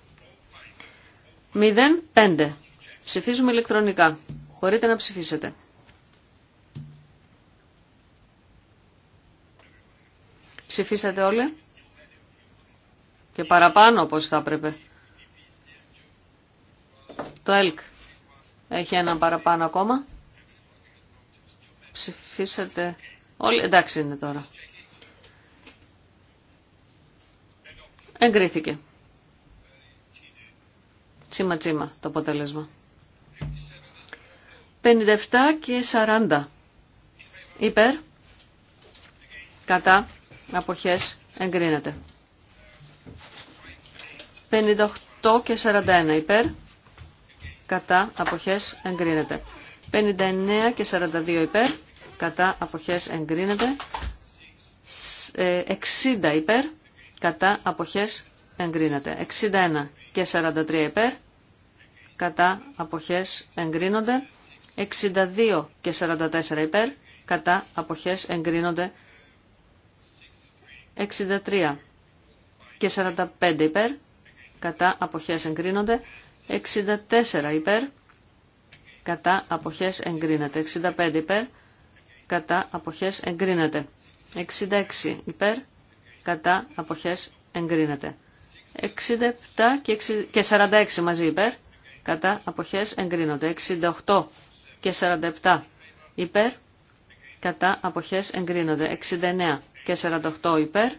05. Ψηφίζουμε ηλεκτρονικά. Μπορείτε να ψηφίσετε. Ψηφίσατε όλοι και παραπάνω όπως θα έπρεπε. Το ΕΛΚ έχει έναν παραπάνω ακόμα. Ψηφίσατε όλοι. Εντάξει είναι τώρα. Εγκρίθηκε. Τσίμα τσίμα το αποτέλεσμα. 57 και 40. Υπέρ. Κατά. Αποχές. Εγκρίνεται. 58 και 41 υπέρ, κατά αποχές εγκρίνεται. 59 και 42 υπέρ, κατά αποχές εγκρίνεται. 60 ε, υπέρ, κατά αποχές εγκρίνεται. 61 και 43 υπέρ, κατά αποχές εγκρίνονται. 62 και 44 υπέρ, κατά αποχές εγκρίνονται. 63 και 45 υπέρ, κατά αποχές εγκρίνονται, 64 υπέρ, κατά αποχές εγκρίνεται, 65 υπέρ, κατά αποχές εγκρίνεται, 66 υπέρ, κατά αποχές εγκρίνεται, 67 και 46 μαζί υπέρ, κατά αποχές εγκρίνονται, 68 και 47 υπέρ, κατά αποχές εγκρίνονται, 69 και 48 υπέρ,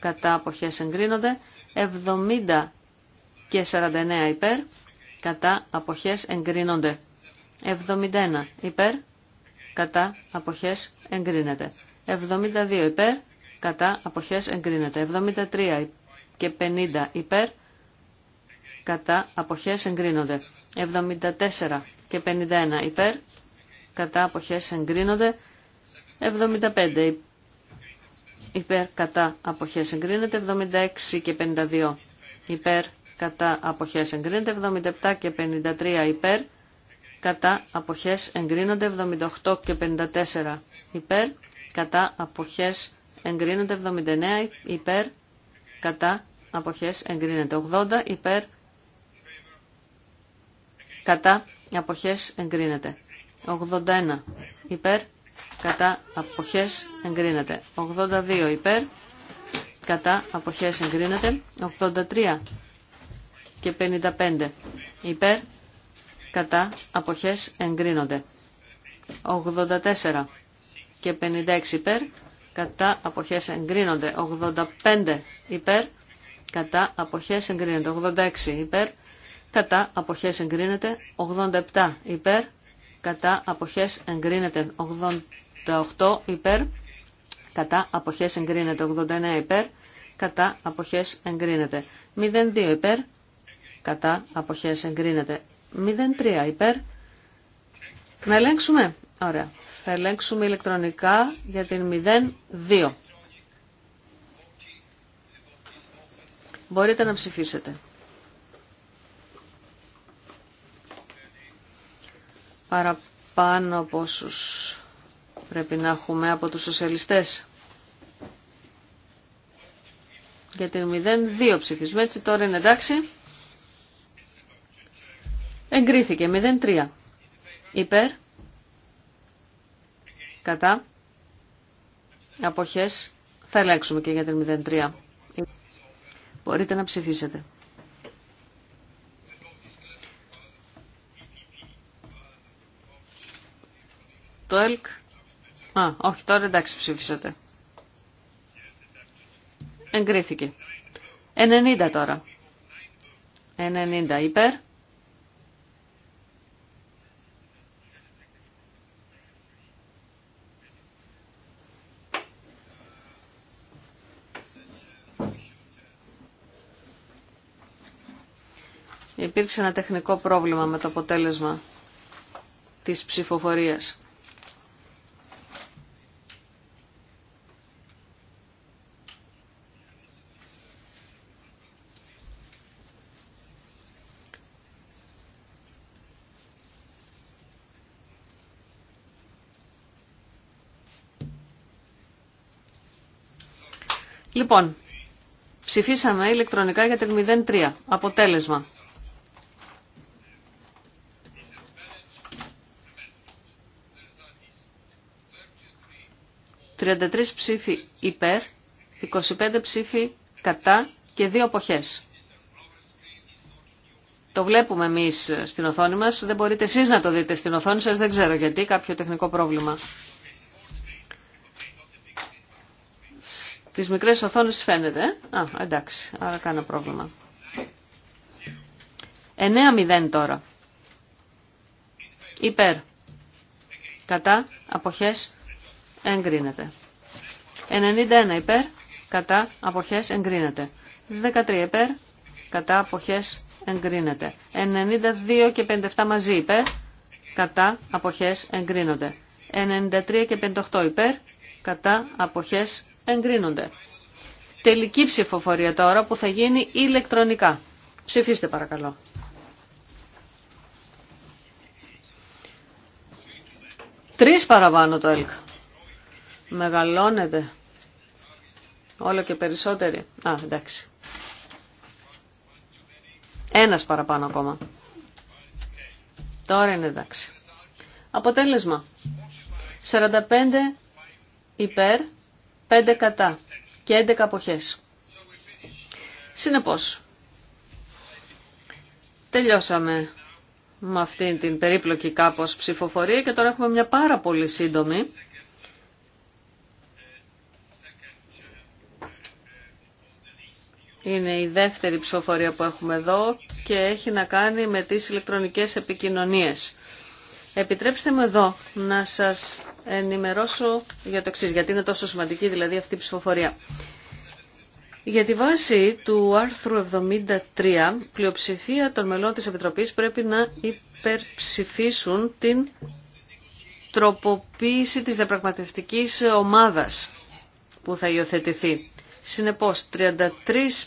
κατά αποχές εγκρίνονται, 70 και 49 υπέρ, κατά αποχές εγκρίνονται. 71 υπέρ, κατά αποχές εγκρίνεται. 72 υπέρ, κατά αποχές εγκρίνεται. 73 και 50 υπέρ, κατά αποχές εγκρίνονται. 74 και 51 υπέρ, κατά αποχές εγκρίνονται. 75 υπέρ κατά αποχές εγκρίνεται 76 και 52 υπέρ κατά αποχές εγκρίνεται 77 και 53 υπέρ κατά αποχές εγκρίνονται 78 και 54 υπέρ κατά αποχές εγκρίνονται 79 υπέρ κατά αποχές εγκρίνεται 80 υπέρ κατά αποχές εγκρίνεται 81 υπέρ κατά αποχές εγκρίνεται. 82 υπέρ, κατά αποχές εγκρίνεται. 83 και 55 υπέρ, κατά αποχές εγκρίνονται. 84 και 56 υπέρ, κατά αποχές εγκρίνονται. 85 υπέρ, κατά αποχές εγκρίνεται. 86 υπέρ, κατά αποχές εγκρίνεται. 87 υπέρ, κατά αποχές εγκρίνεται 88 υπέρ, κατά αποχές εγκρίνεται 89 υπέρ, κατά αποχές εγκρίνεται 02 υπέρ, κατά αποχές εγκρίνεται 03 υπέρ. Να ελέγξουμε. Ωραία. Θα ελέγξουμε ηλεκτρονικά για την 02. Μπορείτε να ψηφίσετε. παραπάνω από όσους πρέπει να έχουμε από τους σοσιαλιστές. Για την 0-2 ψηφισμό, έτσι τώρα είναι εντάξει. Εγκρίθηκε 0-3. Υπέρ. Κατά. Αποχές. Θα ελέγξουμε και για την 0-3. Μπορείτε να ψηφίσετε. ΕΛΚ. Α, όχι, τώρα εντάξει ψήφισατε. Εγκρίθηκε. 90 τώρα. 90 υπέρ. Υπήρξε ένα τεχνικό πρόβλημα με το αποτέλεσμα της ψηφοφορίας. Λοιπόν, ψηφίσαμε ηλεκτρονικά για την 03. Αποτέλεσμα. ...33 ψήφοι υπέρ, 25 ψήφοι κατά και δύο αποχές. Το βλέπουμε εμείς στην οθόνη μας, δεν μπορείτε εσείς να το δείτε στην οθόνη σας, δεν ξέρω γιατί, κάποιο τεχνικό πρόβλημα. τις μικρές οθόνες φαίνεται. Ε? Α, εντάξει, άρα κάνα πρόβλημα. 9-0 τώρα. Υπέρ. Κατά. Αποχές. Εγκρίνεται. 91 υπέρ. Κατά. Αποχές. Εγκρίνεται. 13 υπέρ. Κατά. Αποχές. Εγκρίνεται. 92 και 57 μαζί υπέρ. Κατά. Αποχές. Εγκρίνονται. 93 και 58 υπέρ. Κατά. Αποχές εγκρίνονται. Τελική ψηφοφορία τώρα που θα γίνει ηλεκτρονικά. Ψηφίστε παρακαλώ. Τρεις παραπάνω το ΕΛΚ. Μεγαλώνεται. Όλο και περισσότεροι. Α, εντάξει. Ένας παραπάνω ακόμα. Τώρα είναι εντάξει. Αποτέλεσμα. 45 υπέρ, Πέντε κατά και 11 αποχές. Συνεπώς, τελειώσαμε με αυτήν την περίπλοκη κάπως ψηφοφορία και τώρα έχουμε μια πάρα πολύ σύντομη Είναι η δεύτερη ψηφοφορία που έχουμε εδώ και έχει να κάνει με τις ηλεκτρονικές επικοινωνίες. Επιτρέψτε μου εδώ να σας ενημερώσω για το εξή, γιατί είναι τόσο σημαντική δηλαδή αυτή η ψηφοφορία. Για τη βάση του άρθρου 73, πλειοψηφία των μελών της Επιτροπής πρέπει να υπερψηφίσουν την τροποποίηση της διαπραγματευτικής ομάδας που θα υιοθετηθεί. Συνεπώς, 33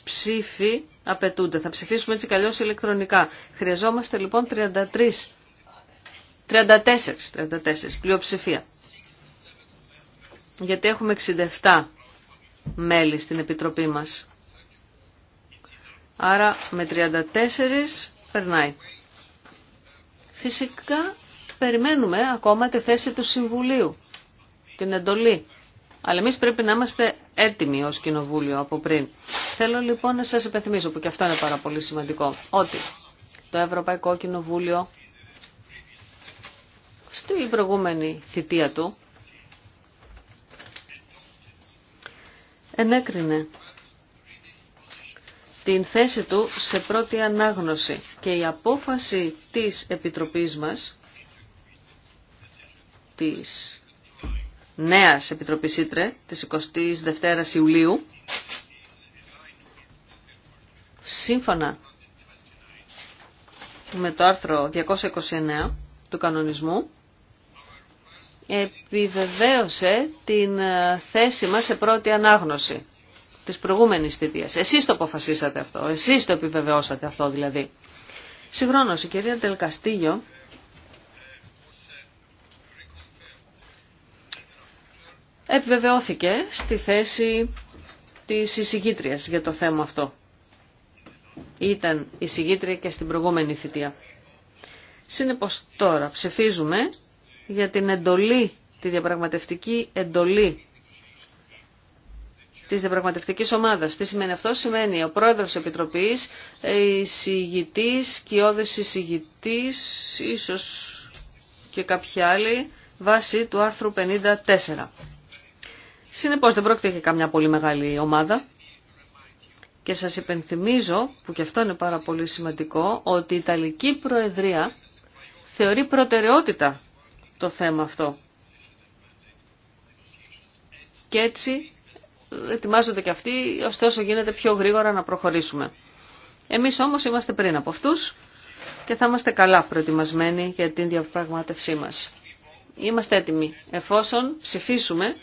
ψήφοι απαιτούνται. Θα ψηφίσουμε έτσι καλώς ηλεκτρονικά. Χρειαζόμαστε λοιπόν 33 34, 34, πλειοψηφία γιατί έχουμε 67 μέλη στην Επιτροπή μας. Άρα με 34 περνάει. Φυσικά περιμένουμε ακόμα τη θέση του Συμβουλίου, την εντολή. Αλλά εμεί πρέπει να είμαστε έτοιμοι ως Κοινοβούλιο από πριν. Θέλω λοιπόν να σας υπενθυμίσω, που και αυτό είναι πάρα πολύ σημαντικό, ότι το Ευρωπαϊκό Κοινοβούλιο στην προηγούμενη θητεία του ενέκρινε την θέση του σε πρώτη ανάγνωση και η απόφαση της Επιτροπής μας, της νέας Επιτροπής Ήτρε, της 22ης Ιουλίου, σύμφωνα με το άρθρο 229 του κανονισμού, επιβεβαίωσε την ε, θέση μας σε πρώτη ανάγνωση της προηγούμενης θητείας. Εσείς το αποφασίσατε αυτό, εσείς το επιβεβαιώσατε αυτό δηλαδή. Συγχρόνως η κυρία Τελκαστήγιο επιβεβαιώθηκε στη θέση της εισηγήτριας για το θέμα αυτό. Ήταν εισηγήτρια και στην προηγούμενη θητεία. Συνεπώς τώρα ψηφίζουμε για την εντολή, τη διαπραγματευτική εντολή τη διαπραγματευτική ομάδα. Τι σημαίνει αυτό, σημαίνει ο πρόεδρος της Επιτροπής, και σκιώδη συγητής, ίσως και κάποιοι άλλοι, βάσει του άρθρου 54. Συνεπώς δεν πρόκειται για καμιά πολύ μεγάλη ομάδα. Και σας υπενθυμίζω, που και αυτό είναι πάρα πολύ σημαντικό, ότι η Ιταλική Προεδρία θεωρεί προτεραιότητα το θέμα αυτό. Και έτσι ετοιμάζονται και αυτοί ώστε όσο γίνεται πιο γρήγορα να προχωρήσουμε. Εμείς όμως είμαστε πριν από αυτούς και θα είμαστε καλά προετοιμασμένοι για την διαπραγμάτευσή μας. Είμαστε έτοιμοι εφόσον ψηφίσουμε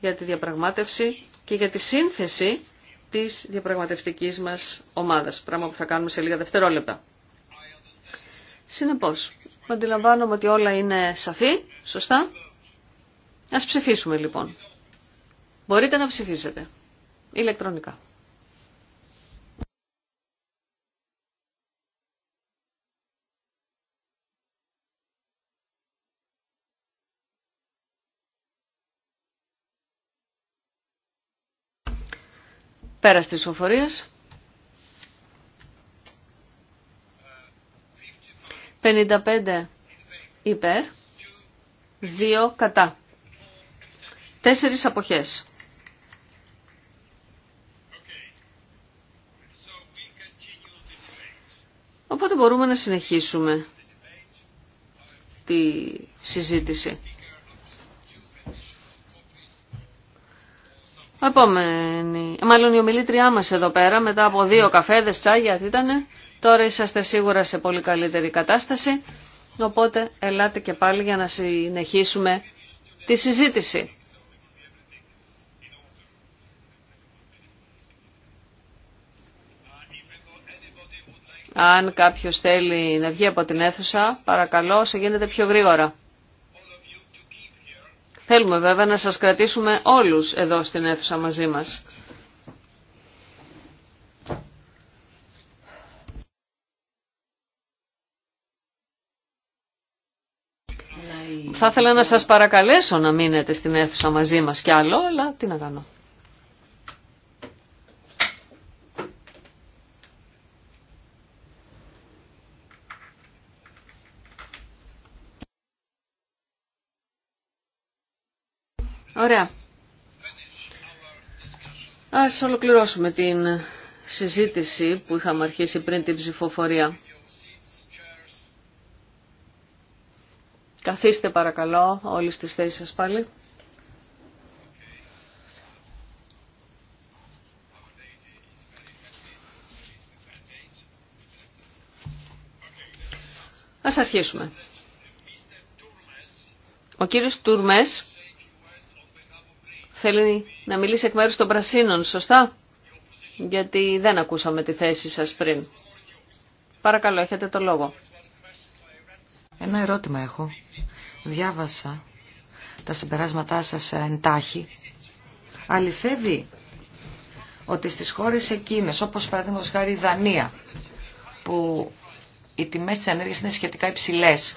για τη διαπραγμάτευση και για τη σύνθεση της διαπραγματευτικής μας ομάδας, πράγμα που θα κάνουμε σε λίγα δευτερόλεπτα. Συνεπώς, Αντιλαμβάνομαι ότι όλα είναι σαφή, σωστά. Ας ψηφίσουμε λοιπόν. Μπορείτε να ψηφίσετε ηλεκτρονικά. Πέρα στις 55 υπέρ, 2 κατά. Τέσσερις αποχές. Οπότε μπορούμε να συνεχίσουμε τη συζήτηση. Επόμενη, μάλλον η ομιλήτριά μας εδώ πέρα, μετά από δύο καφέδες, τσάγια, τι ήταν. Τώρα είσαστε σίγουρα σε πολύ καλύτερη κατάσταση, οπότε ελάτε και πάλι για να συνεχίσουμε τη συζήτηση. Αν κάποιος θέλει να βγει από την αίθουσα, παρακαλώ, όσο γίνεται πιο γρήγορα. Θέλουμε βέβαια να σας κρατήσουμε όλους εδώ στην αίθουσα μαζί μας. Θα ήθελα να σας παρακαλέσω να μείνετε στην αίθουσα μαζί μας κι άλλο, αλλά τι να κάνω. Ωραία. Ας ολοκληρώσουμε την συζήτηση που είχαμε αρχίσει πριν την ψηφοφορία. Καθίστε παρακαλώ όλοι στις θέσεις σας πάλι. Ας αρχίσουμε. Ο κύριος Τουρμές θέλει να μιλήσει εκ μέρους των Πρασίνων, σωστά? Γιατί δεν ακούσαμε τη θέση σας πριν. Παρακαλώ, έχετε το λόγο. Ένα ερώτημα έχω. Διάβασα τα συμπεράσματά σας εντάχει. Αληθεύει ότι στις χώρες εκείνες, όπως παραδείγματος χάρη η Δανία, που οι τιμές της ανέργειας είναι σχετικά υψηλές,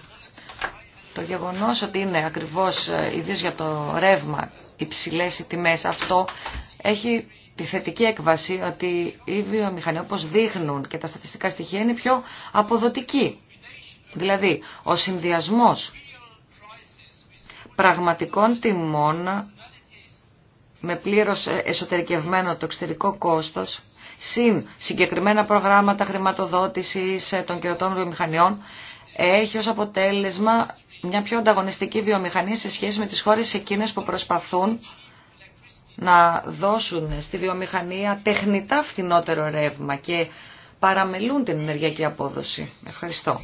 το γεγονός ότι είναι ακριβώς, ε, ιδίως για το ρεύμα, υψηλές οι τιμές, αυτό έχει τη θετική έκβαση ότι οι βιομηχανία όπως δείχνουν και τα στατιστικά στοιχεία είναι πιο αποδοτικοί. Δηλαδή, ο συνδυασμός πραγματικών τιμών με πλήρως ε, εσωτερικευμένο το εξωτερικό κόστος, συν συγκεκριμένα προγράμματα χρηματοδότησης ε, των κυρωτών βιομηχανιών, έχει ως αποτέλεσμα μια πιο ανταγωνιστική βιομηχανία σε σχέση με τις χώρες εκείνες που προσπαθούν να δώσουν στη βιομηχανία τεχνητά φθηνότερο ρεύμα και παραμελούν την ενεργειακή απόδοση. Ευχαριστώ.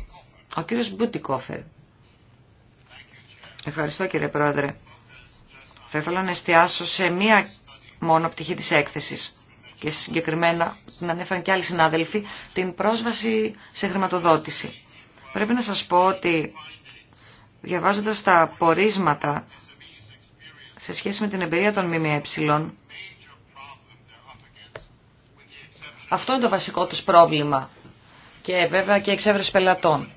Ο κύριος Μπουτικόφερ. Ευχαριστώ κύριε Πρόεδρε. Θα ήθελα να εστιάσω σε μία μόνο πτυχή της έκθεσης και συγκεκριμένα την ανέφεραν και άλλοι συνάδελφοι, την πρόσβαση σε χρηματοδότηση. Πρέπει να σας πω ότι διαβάζοντας τα πορίσματα σε σχέση με την εμπειρία των ΜΜΕ, αυτό είναι το βασικό τους πρόβλημα και βέβαια και εξέβρεση πελατών.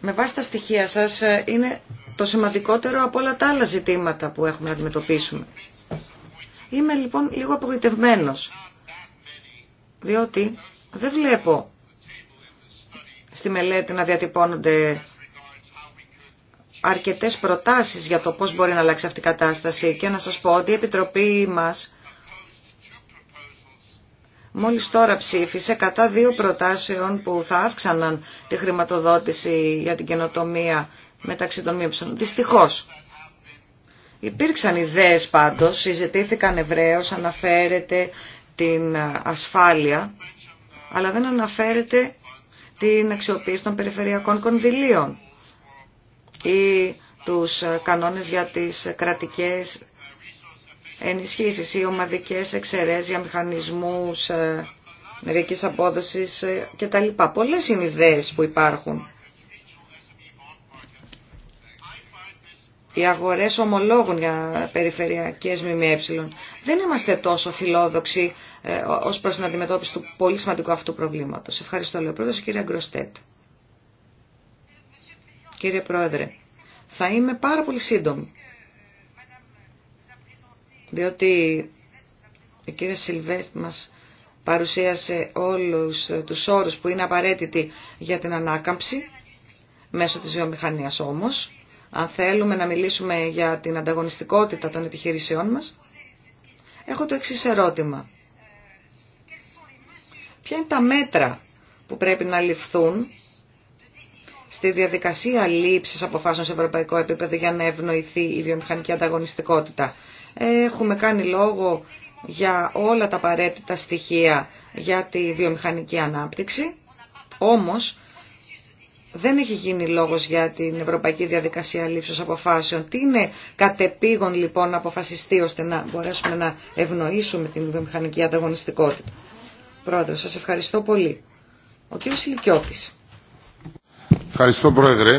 Με βάση τα στοιχεία σας είναι το σημαντικότερο από όλα τα άλλα ζητήματα που έχουμε να αντιμετωπίσουμε. Είμαι λοιπόν λίγο απογοητευμένος, διότι δεν βλέπω στη μελέτη να διατυπώνονται αρκετές προτάσεις για το πώς μπορεί να αλλάξει αυτή η κατάσταση και να σας πω ότι η Επιτροπή μας μόλις τώρα ψήφισε κατά δύο προτάσεων που θα αύξαναν τη χρηματοδότηση για την καινοτομία μεταξύ των μείων. Δυστυχώς. Υπήρξαν ιδέες πάντως, συζητήθηκαν ευρέως, αναφέρεται την ασφάλεια, αλλά δεν αναφέρεται την αξιοποίηση των περιφερειακών κονδυλίων ή τους κανόνες για τις κρατικές ενισχύσεις ή ομαδικές εξαιρέσεις για μηχανισμούς μερικής ε, απόδοσης ε, κτλ. Πολλές είναι ιδέες που υπάρχουν. Οι αγορές ομολόγουν για περιφερειακές ΜΜΕ. Δεν είμαστε τόσο φιλόδοξοι ε, ως προς την αντιμετώπιση του πολύ σημαντικού αυτού προβλήματος. Ευχαριστώ, λέω πρώτος κύριε Γκροστέτ κύριε Πρόεδρε. Θα είμαι πάρα πολύ σύντομη. Διότι η κυρία Σιλβέστ μας παρουσίασε όλους τους όρους που είναι απαραίτητοι για την ανάκαμψη μέσω της βιομηχανίας όμως. Αν θέλουμε να μιλήσουμε για την ανταγωνιστικότητα των επιχειρήσεών μας, έχω το εξής ερώτημα. Ποια είναι τα μέτρα που πρέπει να ληφθούν στη διαδικασία λήψης αποφάσεων σε ευρωπαϊκό επίπεδο για να ευνοηθεί η βιομηχανική ανταγωνιστικότητα. Έχουμε κάνει λόγο για όλα τα απαραίτητα στοιχεία για τη βιομηχανική ανάπτυξη, όμως δεν έχει γίνει λόγος για την Ευρωπαϊκή Διαδικασία Λήψης Αποφάσεων. Τι είναι κατεπήγον λοιπόν να αποφασιστεί ώστε να μπορέσουμε να ευνοήσουμε την βιομηχανική ανταγωνιστικότητα. Πρόεδρε, σας ευχαριστώ πολύ. Ο κύριος Ηλικιώτης. Ευχαριστώ Πρόεδρε.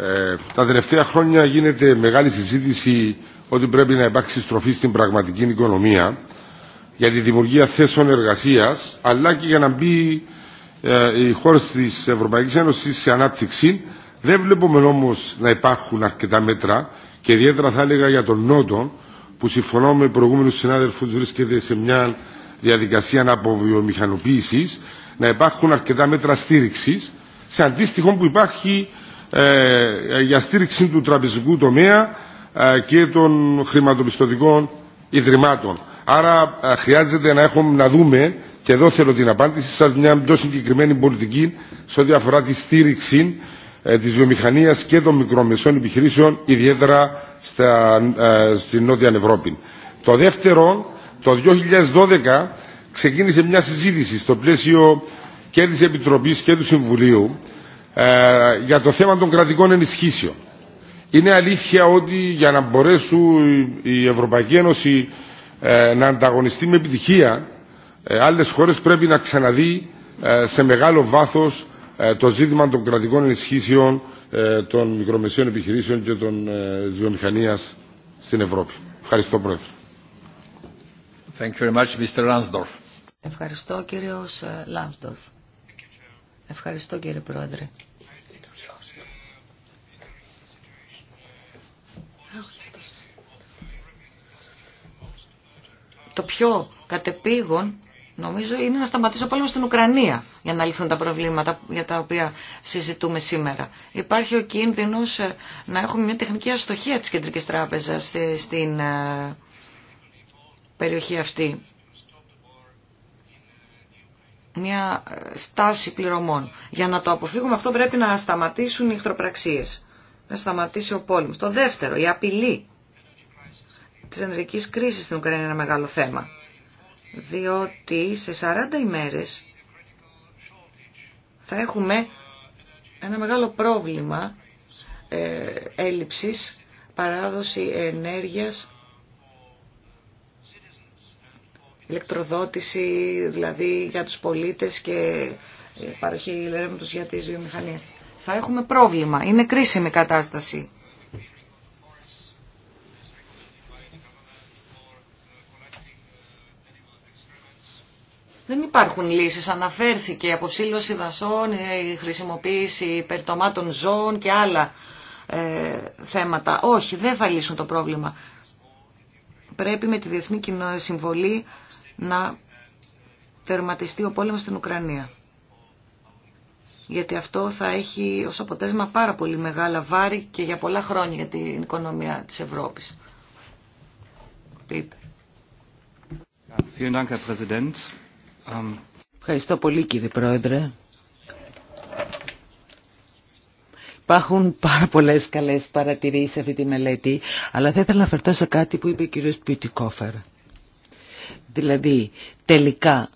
Ε, τα τελευταία χρόνια γίνεται μεγάλη συζήτηση ότι πρέπει να υπάρξει στροφή στην πραγματική οικονομία για τη δημιουργία θέσεων εργασίας αλλά και για να μπει ε, οι χώρε τη Ευρωπαϊκή Ένωση σε ανάπτυξη. Δεν βλέπουμε όμω να υπάρχουν αρκετά μέτρα και ιδιαίτερα θα έλεγα για τον Νότο που συμφωνώ με προηγούμενου συνάδελφου βρίσκεται σε μια διαδικασία αναποβιομηχανοποίηση να υπάρχουν αρκετά μέτρα στήριξη σε αντίστοιχο που υπάρχει ε, για στήριξη του τραπεζικού τομέα ε, και των χρηματοπιστωτικών ιδρυμάτων. Άρα ε, χρειάζεται να, έχουμε, να δούμε, και εδώ θέλω την απάντηση σας, μια πιο συγκεκριμένη πολιτική σε ό,τι αφορά τη στήριξη της βιομηχανίας και των μικρομεσών επιχειρήσεων, ιδιαίτερα στην Νότια Ευρώπη. Το δεύτερο, το 2012 ξεκίνησε μια συζήτηση στο πλαίσιο και της Επιτροπής και του Συμβουλίου ε, για το θέμα των κρατικών ενισχύσεων. Είναι αλήθεια ότι για να μπορέσουν η Ευρωπαϊκή Ένωση ε, να ανταγωνιστεί με επιτυχία ε, άλλες χώρες πρέπει να ξαναδεί ε, σε μεγάλο βάθος το ζήτημα των κρατικών ενισχύσεων των μικρομεσαίων επιχειρήσεων και των, ε, στην Ευρώπη. Ευχαριστώ Πρόεδρε. Thank you Ευχαριστώ κύριος Λάμστορφ. Ευχαριστώ κύριε Πρόεδρε. Το πιο κατεπήγον νομίζω είναι να σταματήσω πάλι στην Ουκρανία για να λυθούν τα προβλήματα για τα οποία συζητούμε σήμερα. Υπάρχει ο κίνδυνος ε, να έχουμε μια τεχνική αστοχία της Κεντρικής Τράπεζας στην ε, περιοχή αυτή μια ε, στάση πληρωμών. Για να το αποφύγουμε αυτό πρέπει να σταματήσουν οι εχθροπραξίες, να σταματήσει ο πόλεμος. Το δεύτερο, η απειλή της ενεργικής κρίσης στην Ουκρανία είναι ένα μεγάλο θέμα, διότι σε 40 ημέρες θα έχουμε ένα μεγάλο πρόβλημα ε, έλλειψης, παράδοση ενέργειας ηλεκτροδότηση δηλαδή για τους πολίτες και ε, παροχή ηλεκτροδότηση για τις βιομηχανίες. Θα έχουμε πρόβλημα. Είναι κρίσιμη κατάσταση. Δεν υπάρχουν λύσεις. Αναφέρθηκε η αποψήλωση δασών, η χρησιμοποίηση υπερτομάτων ζώων και άλλα ε, θέματα. Όχι, δεν θα λύσουν το πρόβλημα πρέπει με τη διεθνή συμβολή να τερματιστεί ο πόλεμος στην Ουκρανία. Γιατί αυτό θα έχει ως αποτέλεσμα πάρα πολύ μεγάλα βάρη και για πολλά χρόνια για την οικονομία της Ευρώπης. Ähm, Ευχαριστώ πολύ κύριε Πρόεδρε. Υπάρχουν πάρα πολλέ καλέ παρατηρήσει σε αυτή τη μελέτη, αλλά θα ήθελα να φερθώ σε κάτι που είπε ο κ. Πιουτικόφερ. Δηλαδή, τελικά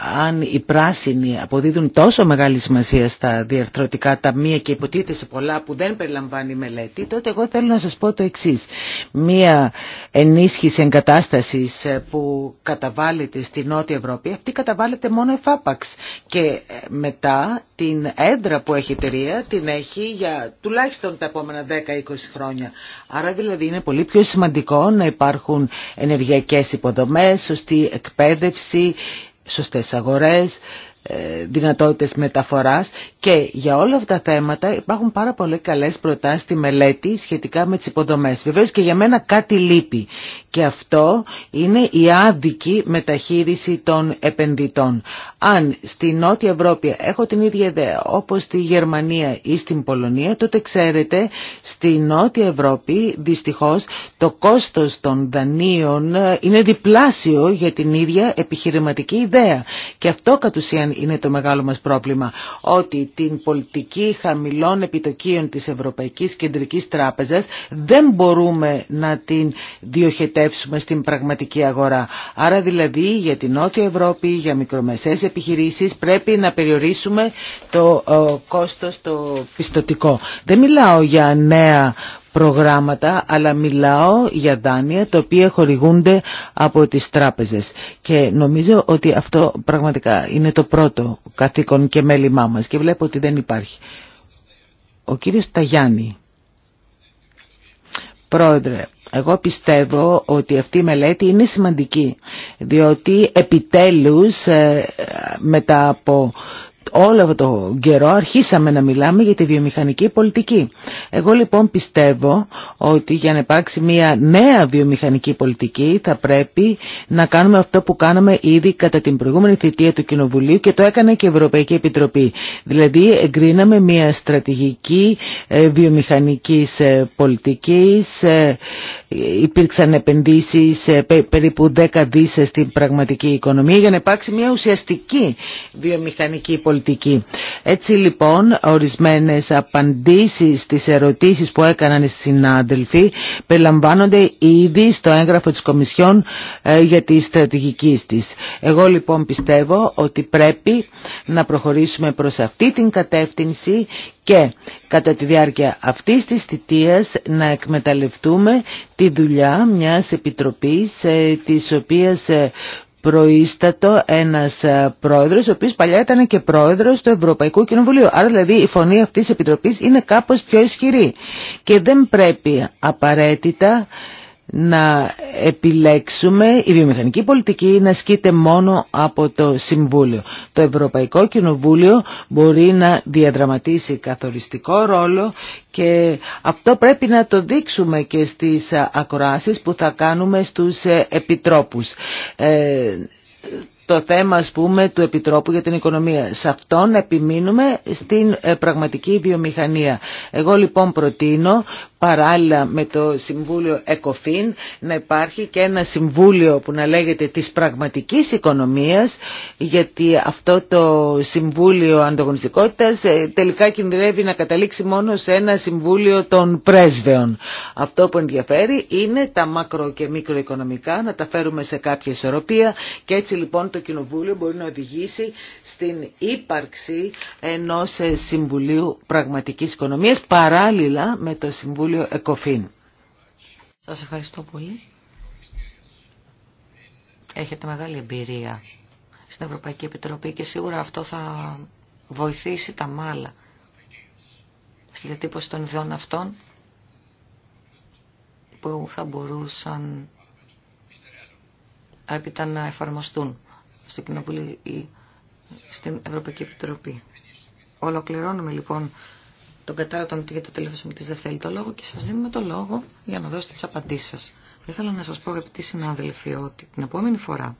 αν οι πράσινοι αποδίδουν τόσο μεγάλη σημασία στα διαρθρωτικά ταμεία και υποτίθεται σε πολλά που δεν περιλαμβάνει η μελέτη, τότε εγώ θέλω να σας πω το εξής. Μία ενίσχυση εγκατάστασης ε, που καταβάλλεται στη Νότια Ευρώπη, αυτή καταβάλλεται μόνο εφάπαξ και ε, μετά την έντρα που έχει η εταιρεία την έχει για τουλάχιστον τα επόμενα 10-20 χρόνια. Άρα δηλαδή είναι πολύ πιο σημαντικό να υπάρχουν ενεργειακές υποδομές, σωστή εκπαίδευση, σωστές αγορές, ε, δυνατότητες μεταφοράς και για όλα αυτά τα θέματα υπάρχουν πάρα πολύ καλές προτάσεις στη μελέτη σχετικά με τις υποδομές. Βεβαίως και για μένα κάτι λείπει και αυτό είναι η άδικη μεταχείριση των επενδυτών. Αν στη Νότια Ευρώπη έχω την ίδια ιδέα όπως στη Γερμανία ή στην Πολωνία, τότε ξέρετε στη Νότια Ευρώπη δυστυχώς το κόστος των δανείων ε, είναι διπλάσιο για την ίδια επιχειρηματική ιδέα. Και αυτό κατ' ουσίαν είναι το μεγάλο μας πρόβλημα, ότι την πολιτική χαμηλών επιτοκίων της Ευρωπαϊκής Κεντρικής Τράπεζας δεν μπορούμε να την διοχετεύσουμε στην πραγματική αγορά. Άρα δηλαδή για την Νότια Ευρώπη, για μικρομεσαίες επιχειρήσεις πρέπει να περιορίσουμε το ε, κόστος το πιστοτικό. Δεν μιλάω για νέα προγράμματα, αλλά μιλάω για δάνεια τα οποία χορηγούνται από τις τράπεζες. Και νομίζω ότι αυτό πραγματικά είναι το πρώτο καθήκον και μέλημά μας και βλέπω ότι δεν υπάρχει. Ο κύριος Ταγιάννη. Πρόεδρε, εγώ πιστεύω ότι αυτή η μελέτη είναι σημαντική, διότι επιτέλους ε, μετά από όλο αυτό το καιρό αρχίσαμε να μιλάμε για τη βιομηχανική πολιτική. Εγώ λοιπόν πιστεύω ότι για να υπάρξει μια νέα βιομηχανική πολιτική θα πρέπει να κάνουμε αυτό που κάναμε ήδη κατά την προηγούμενη θητεία του Κοινοβουλίου και το έκανε και η Ευρωπαϊκή Επιτροπή. Δηλαδή εγκρίναμε μια στρατηγική ε, βιομηχανικής ε, πολιτικής, ε, υπήρξαν επενδύσεις περίπου 10 δις στην πραγματική οικονομία για να υπάρξει μια ουσιαστική βιομηχανική πολιτική έτσι λοιπόν ορισμένες απαντήσεις στις ερωτήσεις που έκαναν οι συνάδελφοι περιλαμβάνονται ήδη στο έγγραφο της Κομισιόν ε, για τη στρατηγική της. Εγώ λοιπόν πιστεύω ότι πρέπει να προχωρήσουμε προς αυτή την κατεύθυνση και κατά τη διάρκεια αυτής της θητείας να εκμεταλλευτούμε τη δουλειά μιας επιτροπής ε, της οποίας ε, προείστατο ένας ε, πρόεδρος, ο οποίος παλιά ήταν και πρόεδρος του Ευρωπαϊκού Κοινοβουλίου. Άρα δηλαδή η φωνή αυτής της Επιτροπής είναι κάπως πιο ισχυρή και δεν πρέπει απαραίτητα να επιλέξουμε η βιομηχανική πολιτική να ασκείται μόνο από το Συμβούλιο. Το Ευρωπαϊκό Κοινοβούλιο μπορεί να διαδραματίσει καθοριστικό ρόλο και αυτό πρέπει να το δείξουμε και στις ακροάσεις που θα κάνουμε στους επιτρόπους ε, το θέμα ας πούμε του Επιτρόπου για την Οικονομία. Σε αυτόν επιμείνουμε στην ε, πραγματική βιομηχανία. Εγώ λοιπόν προτείνω παράλληλα με το Συμβούλιο ΕΚΟΦΗΝ να υπάρχει και ένα Συμβούλιο που να λέγεται της πραγματικής οικονομίας γιατί αυτό το Συμβούλιο Ανταγωνιστικότητας ε, τελικά κινδυνεύει να καταλήξει μόνο σε ένα Συμβούλιο των Πρέσβεων. Αυτό που ενδιαφέρει είναι τα μακρο και μικροοικονομικά να τα φέρουμε σε κάποια ισορροπία και έτσι λοιπόν το Κοινοβούλιο μπορεί να οδηγήσει στην ύπαρξη ενός ε, Συμβουλίου Πραγματικής Οικονομίας παράλληλα με το Συμβούλιο Σας ευχαριστώ πολύ. Έχετε μεγάλη εμπειρία στην Ευρωπαϊκή Επιτροπή και σίγουρα αυτό θα βοηθήσει τα μάλα στη διατύπωση των ιδιών αυτών που θα μπορούσαν έπειτα να εφαρμοστούν στο Κοινοβούλιο στην Ευρωπαϊκή Επιτροπή. Ολοκληρώνουμε λοιπόν τον κατάρα τον για το τελευταίο τη δεν θέλει το λόγο και σα δίνουμε το λόγο για να δώσετε τι απαντήσει σα. Θα ήθελα να σα πω αγαπητοί συνάδελφοι ότι την επόμενη φορά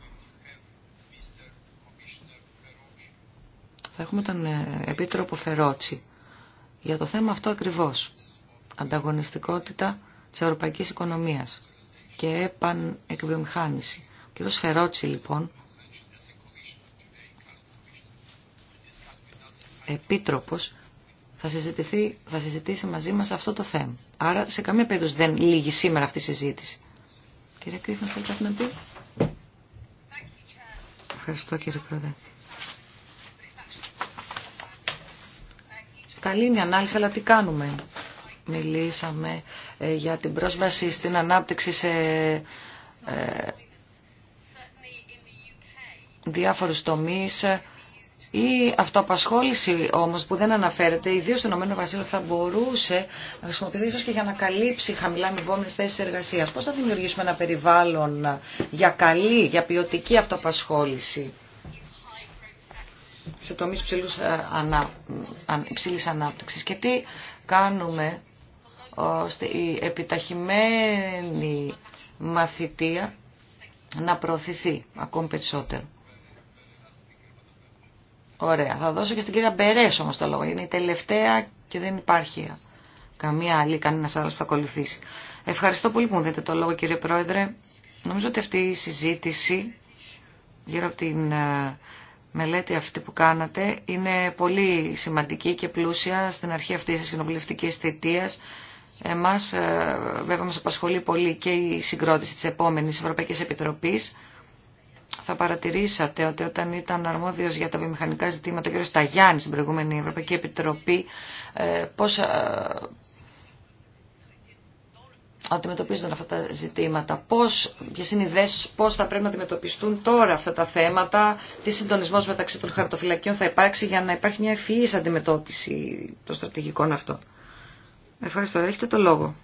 θα έχουμε τον ε, Επίτροπο Φερότσι για το θέμα αυτό ακριβώ. Ανταγωνιστικότητα τη Ευρωπαϊκή οικονομίας και επαν Ο κ. Φερότσι λοιπόν Επίτροπος θα, συζητηθεί, θα συζητήσει μαζί μας αυτό το θέμα. Άρα σε καμία περίπτωση δεν λύγει σήμερα αυτή η συζήτηση. Κύριε Κρίφαν, θέλετε να πει. Ευχαριστώ κύριε Πρόεδρε. Καλή είναι η ανάλυση, αλλά τι κάνουμε. Μιλήσαμε ε, για την πρόσβαση στην ανάπτυξη σε ε, διάφορους τομείς η αυτοαπασχόληση όμως που δεν αναφέρεται, ιδίω στον Ηνωμένο Βασίλειο, θα μπορούσε να χρησιμοποιηθεί ίσω και για να καλύψει χαμηλά αμοιβόμενε θέσει εργασία. Πώς θα δημιουργήσουμε ένα περιβάλλον για καλή, για ποιοτική αυτοαπασχόληση σε τομεί ψηλή ανά, και τι κάνουμε ώστε η επιταχυμένη μαθητεία να προωθηθεί ακόμη περισσότερο. Ωραία. Θα δώσω και στην κυρία Μπερέ όμω το λόγο. Είναι η τελευταία και δεν υπάρχει καμία άλλη, κανένα άλλο που θα ακολουθήσει. Ευχαριστώ πολύ που μου δίνετε το λόγο κύριε Πρόεδρε. Νομίζω ότι αυτή η συζήτηση γύρω από την ε, μελέτη αυτή που κάνατε είναι πολύ σημαντική και πλούσια στην αρχή αυτής της κοινοβουλευτικής θητείας. Εμάς ε, βέβαια μας απασχολεί πολύ και η συγκρότηση της επόμενης Ευρωπαϊκής Επιτροπής θα παρατηρήσατε ότι όταν ήταν αρμόδιος για τα βιομηχανικά ζητήματα ο κ. Σταγιάννη στην προηγούμενη Ευρωπαϊκή Επιτροπή, ε, πώς ε, αντιμετωπίζονταν αυτά τα ζητήματα, πώς, ποιες είναι οι πώς θα πρέπει να αντιμετωπιστούν τώρα αυτά τα θέματα, τι συντονισμός μεταξύ των χαρτοφυλακίων θα υπάρξει για να υπάρχει μια ευφυής αντιμετώπιση των στρατηγικών αυτών. Ευχαριστώ. Έχετε το λόγο.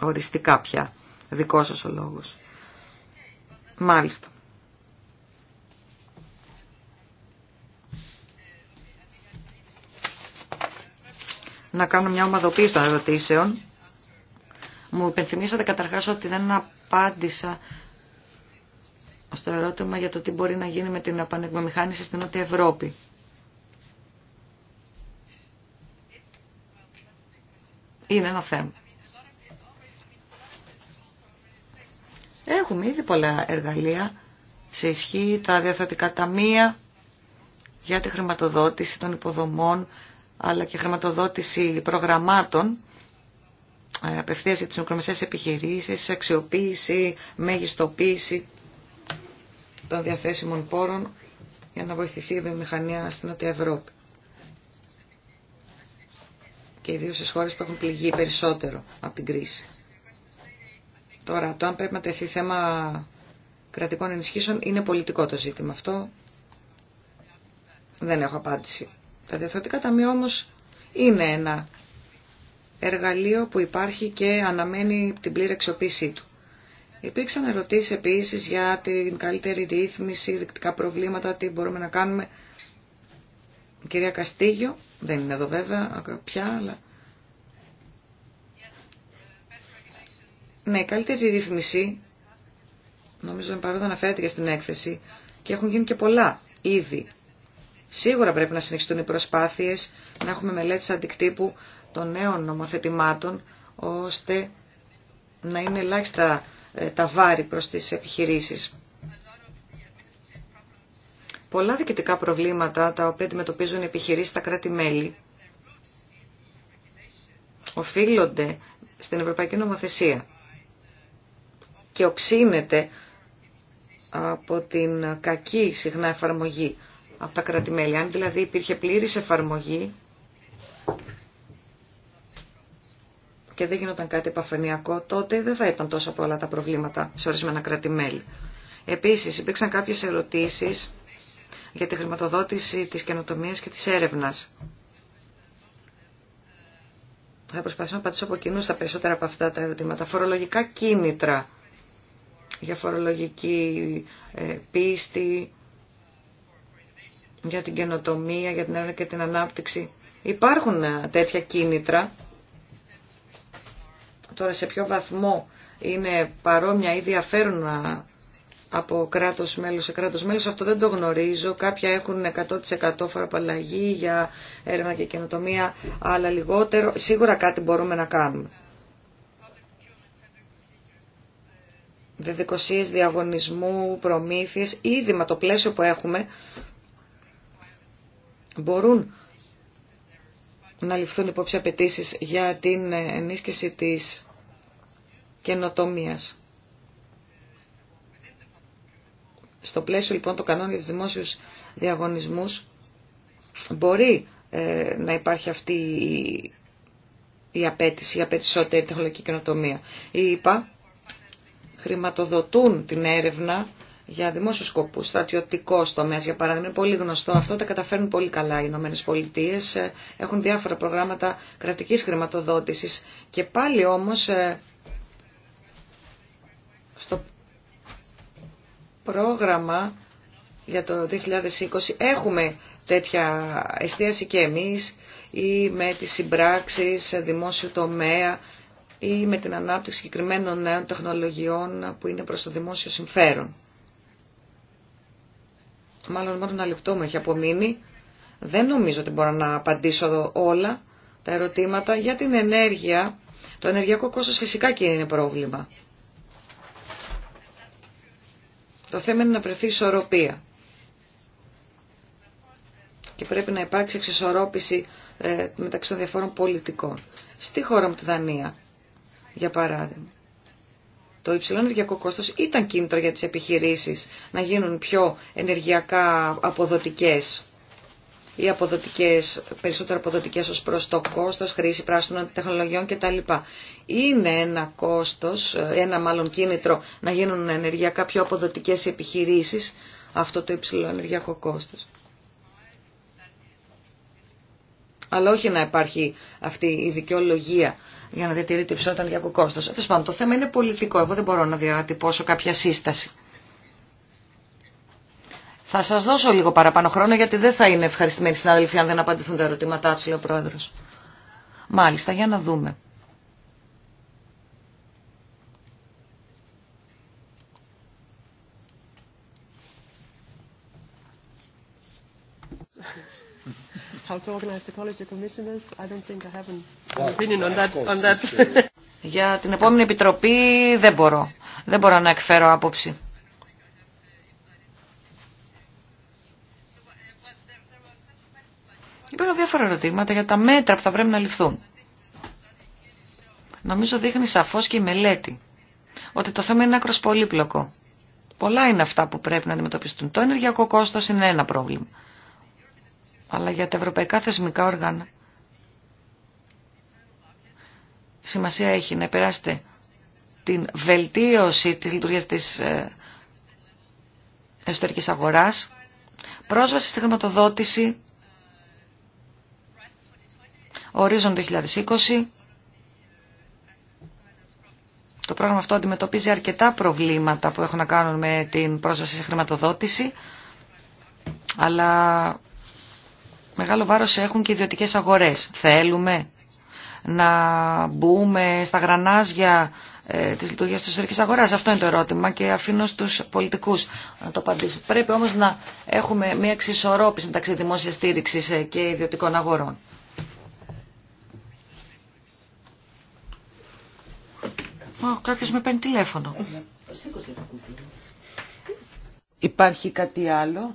Οριστικά πια. Δικό σας ο λόγος. Μάλιστα. Να κάνω μια ομαδοποίηση των ερωτήσεων. Μου υπενθυμίσατε καταρχάς ότι δεν απάντησα στο ερώτημα για το τι μπορεί να γίνει με την επανεγκομηχάνηση στην Νότια Ευρώπη. Είναι ένα θέμα. Έχουμε ήδη πολλά εργαλεία σε ισχύ, τα διαθετικά ταμεία για τη χρηματοδότηση των υποδομών, αλλά και χρηματοδότηση προγραμμάτων ε, απευθείας για τις μικρομεσαίες επιχειρήσεις, αξιοποίηση, μέγιστοποίηση των διαθέσιμων πόρων για να βοηθηθεί η βιομηχανία στην Νότια Ευρώπη. Και ιδίως στις χώρες που έχουν πληγεί περισσότερο από την κρίση. Τώρα, το αν πρέπει να τεθεί θέμα κρατικών ενισχύσεων είναι πολιτικό το ζήτημα. Αυτό δεν έχω απάντηση. Τα διαθωτικά ταμεία όμως είναι ένα εργαλείο που υπάρχει και αναμένει την πλήρη του. Υπήρξαν ερωτήσεις επίσης για την καλύτερη διήθμιση, δικτικά προβλήματα, τι μπορούμε να κάνουμε. Η κυρία Καστίγιο, δεν είναι εδώ βέβαια πια, αλλά Ναι, καλύτερη ρύθμιση, νομίζω είναι παρόν αναφέρεται και στην έκθεση, και έχουν γίνει και πολλά ήδη. Σίγουρα πρέπει να συνεχιστούν οι προσπάθειες, να έχουμε μελέτες αντικτύπου των νέων νομοθετημάτων, ώστε να είναι ελάχιστα ε, τα βάρη προς τις επιχειρήσεις. Πολλά διοικητικά προβλήματα τα οποία αντιμετωπίζουν οι επιχειρήσεις στα κράτη-μέλη οφείλονται στην Ευρωπαϊκή Νομοθεσία και οξύνεται από την κακή συχνά εφαρμογή από τα κράτη-μέλη. Αν δηλαδή υπήρχε πλήρης εφαρμογή και δεν γινόταν κάτι επαφενειακό, τότε δεν θα ήταν τόσο πολλά τα προβλήματα σε ορισμένα κρατημέλη. Επίσης, υπήρξαν κάποιες ερωτήσεις για τη χρηματοδότηση της καινοτομίας και της έρευνας. Θα προσπαθήσω να απαντήσω από κοινού στα περισσότερα από αυτά τα ερωτήματα. Φορολογικά κίνητρα για φορολογική ε, πίστη, για την καινοτομία, για την έρευνα και την ανάπτυξη. Υπάρχουν ε, τέτοια κίνητρα. Τώρα σε ποιο βαθμό είναι παρόμοια ή διαφέρουν ε, από κράτος μέλος σε κράτος μέλος, αυτό δεν το γνωρίζω. Κάποια έχουν 100% φοροπαλλαγή για έρευνα και καινοτομία, αλλά λιγότερο. Σίγουρα κάτι μπορούμε να κάνουμε. διδικοσίες διαγωνισμού, προμήθειες, ήδη με το πλαίσιο που έχουμε μπορούν να ληφθούν υπόψη απαιτήσει για την ενίσχυση της καινοτομίας. Στο πλαίσιο λοιπόν των κανόνων για τους δημόσιους διαγωνισμούς μπορεί ε, να υπάρχει αυτή η, η απέτηση, η απαιτησότητα, τεχνολογική καινοτομία. Η χρηματοδοτούν την έρευνα για δημόσιου σκοπού, στρατιωτικό τομέα για παράδειγμα. Είναι πολύ γνωστό αυτό, τα καταφέρνουν πολύ καλά οι Ηνωμένε Πολιτείε. Ε, έχουν διάφορα προγράμματα κρατική χρηματοδότηση. Και πάλι όμω ε, στο πρόγραμμα για το 2020 έχουμε τέτοια εστίαση και εμείς ή με τις συμπράξεις δημόσιου τομέα ή με την ανάπτυξη συγκεκριμένων νέων τεχνολογιών που είναι προς το δημόσιο συμφέρον. Μάλλον μόνο ένα λεπτό μου έχει απομείνει. Δεν νομίζω ότι μπορώ να απαντήσω όλα τα ερωτήματα. Για την ενέργεια, το ενεργειακό κόστος φυσικά και είναι πρόβλημα. Το θέμα είναι να βρεθεί ισορροπία. Και πρέπει να υπάρξει εξισορρόπηση ε, μεταξύ των διαφόρων πολιτικών. Στη χώρα μου τη Δανία για παράδειγμα. Το υψηλό ενεργειακό κόστο ήταν κίνητρο για τι επιχειρήσει να γίνουν πιο ενεργειακά αποδοτικέ ή αποδοτικές, περισσότερο αποδοτικέ ω προ το κόστο, χρήση πράσινων τεχνολογιών κτλ. Είναι ένα κόστο, ένα μάλλον κίνητρο να γίνουν ενεργειακά πιο αποδοτικέ οι επιχειρήσει, αυτό το υψηλό ενεργειακό κόστο. Αλλά όχι να υπάρχει αυτή η δικαιολογία για να διατηρείται η για ενεργειακού κόστο. Τέλο πάντων, το θέμα είναι πολιτικό. Εγώ δεν μπορώ να διατυπώσω κάποια σύσταση. Θα σα δώσω λίγο παραπάνω χρόνο γιατί δεν θα είναι ευχαριστημένοι συνάδελφοι αν δεν απαντηθούν τα ερωτήματά του, λέει ο Πρόεδρο. Μάλιστα, για να δούμε. I don't think I have an opinion on that. On that. Για την επόμενη επιτροπή δεν μπορώ. Δεν μπορώ να εκφέρω άποψη. Υπήρχαν διάφορα ερωτήματα για τα μέτρα που θα πρέπει να ληφθούν. Νομίζω δείχνει σαφώς και η μελέτη ότι το θέμα είναι άκρος πολύπλοκο. Πολλά είναι αυτά που πρέπει να αντιμετωπιστούν. Το ενεργειακό κόστος είναι ένα πρόβλημα αλλά για τα ευρωπαϊκά θεσμικά όργανα σημασία έχει να περάσετε την βελτίωση της λειτουργίας της ε, εσωτερικής αγοράς, πρόσβαση στη χρηματοδότηση, ορίζον 2020, το πρόγραμμα αυτό αντιμετωπίζει αρκετά προβλήματα που έχουν να κάνουν με την πρόσβαση στη χρηματοδότηση, αλλά μεγάλο βάρος έχουν και ιδιωτικέ αγορές. Θέλουμε να μπούμε στα γρανάζια ε, τη λειτουργία τη εσωτερική αγορά. Αυτό είναι το ερώτημα και αφήνω στους πολιτικού να το απαντήσουν. Πρέπει όμω να έχουμε μια εξισορρόπηση μεταξύ δημόσια στήριξη ε, και ιδιωτικών αγορών. Κάποιο με παίρνει τηλέφωνο. Υπάρχει κάτι άλλο.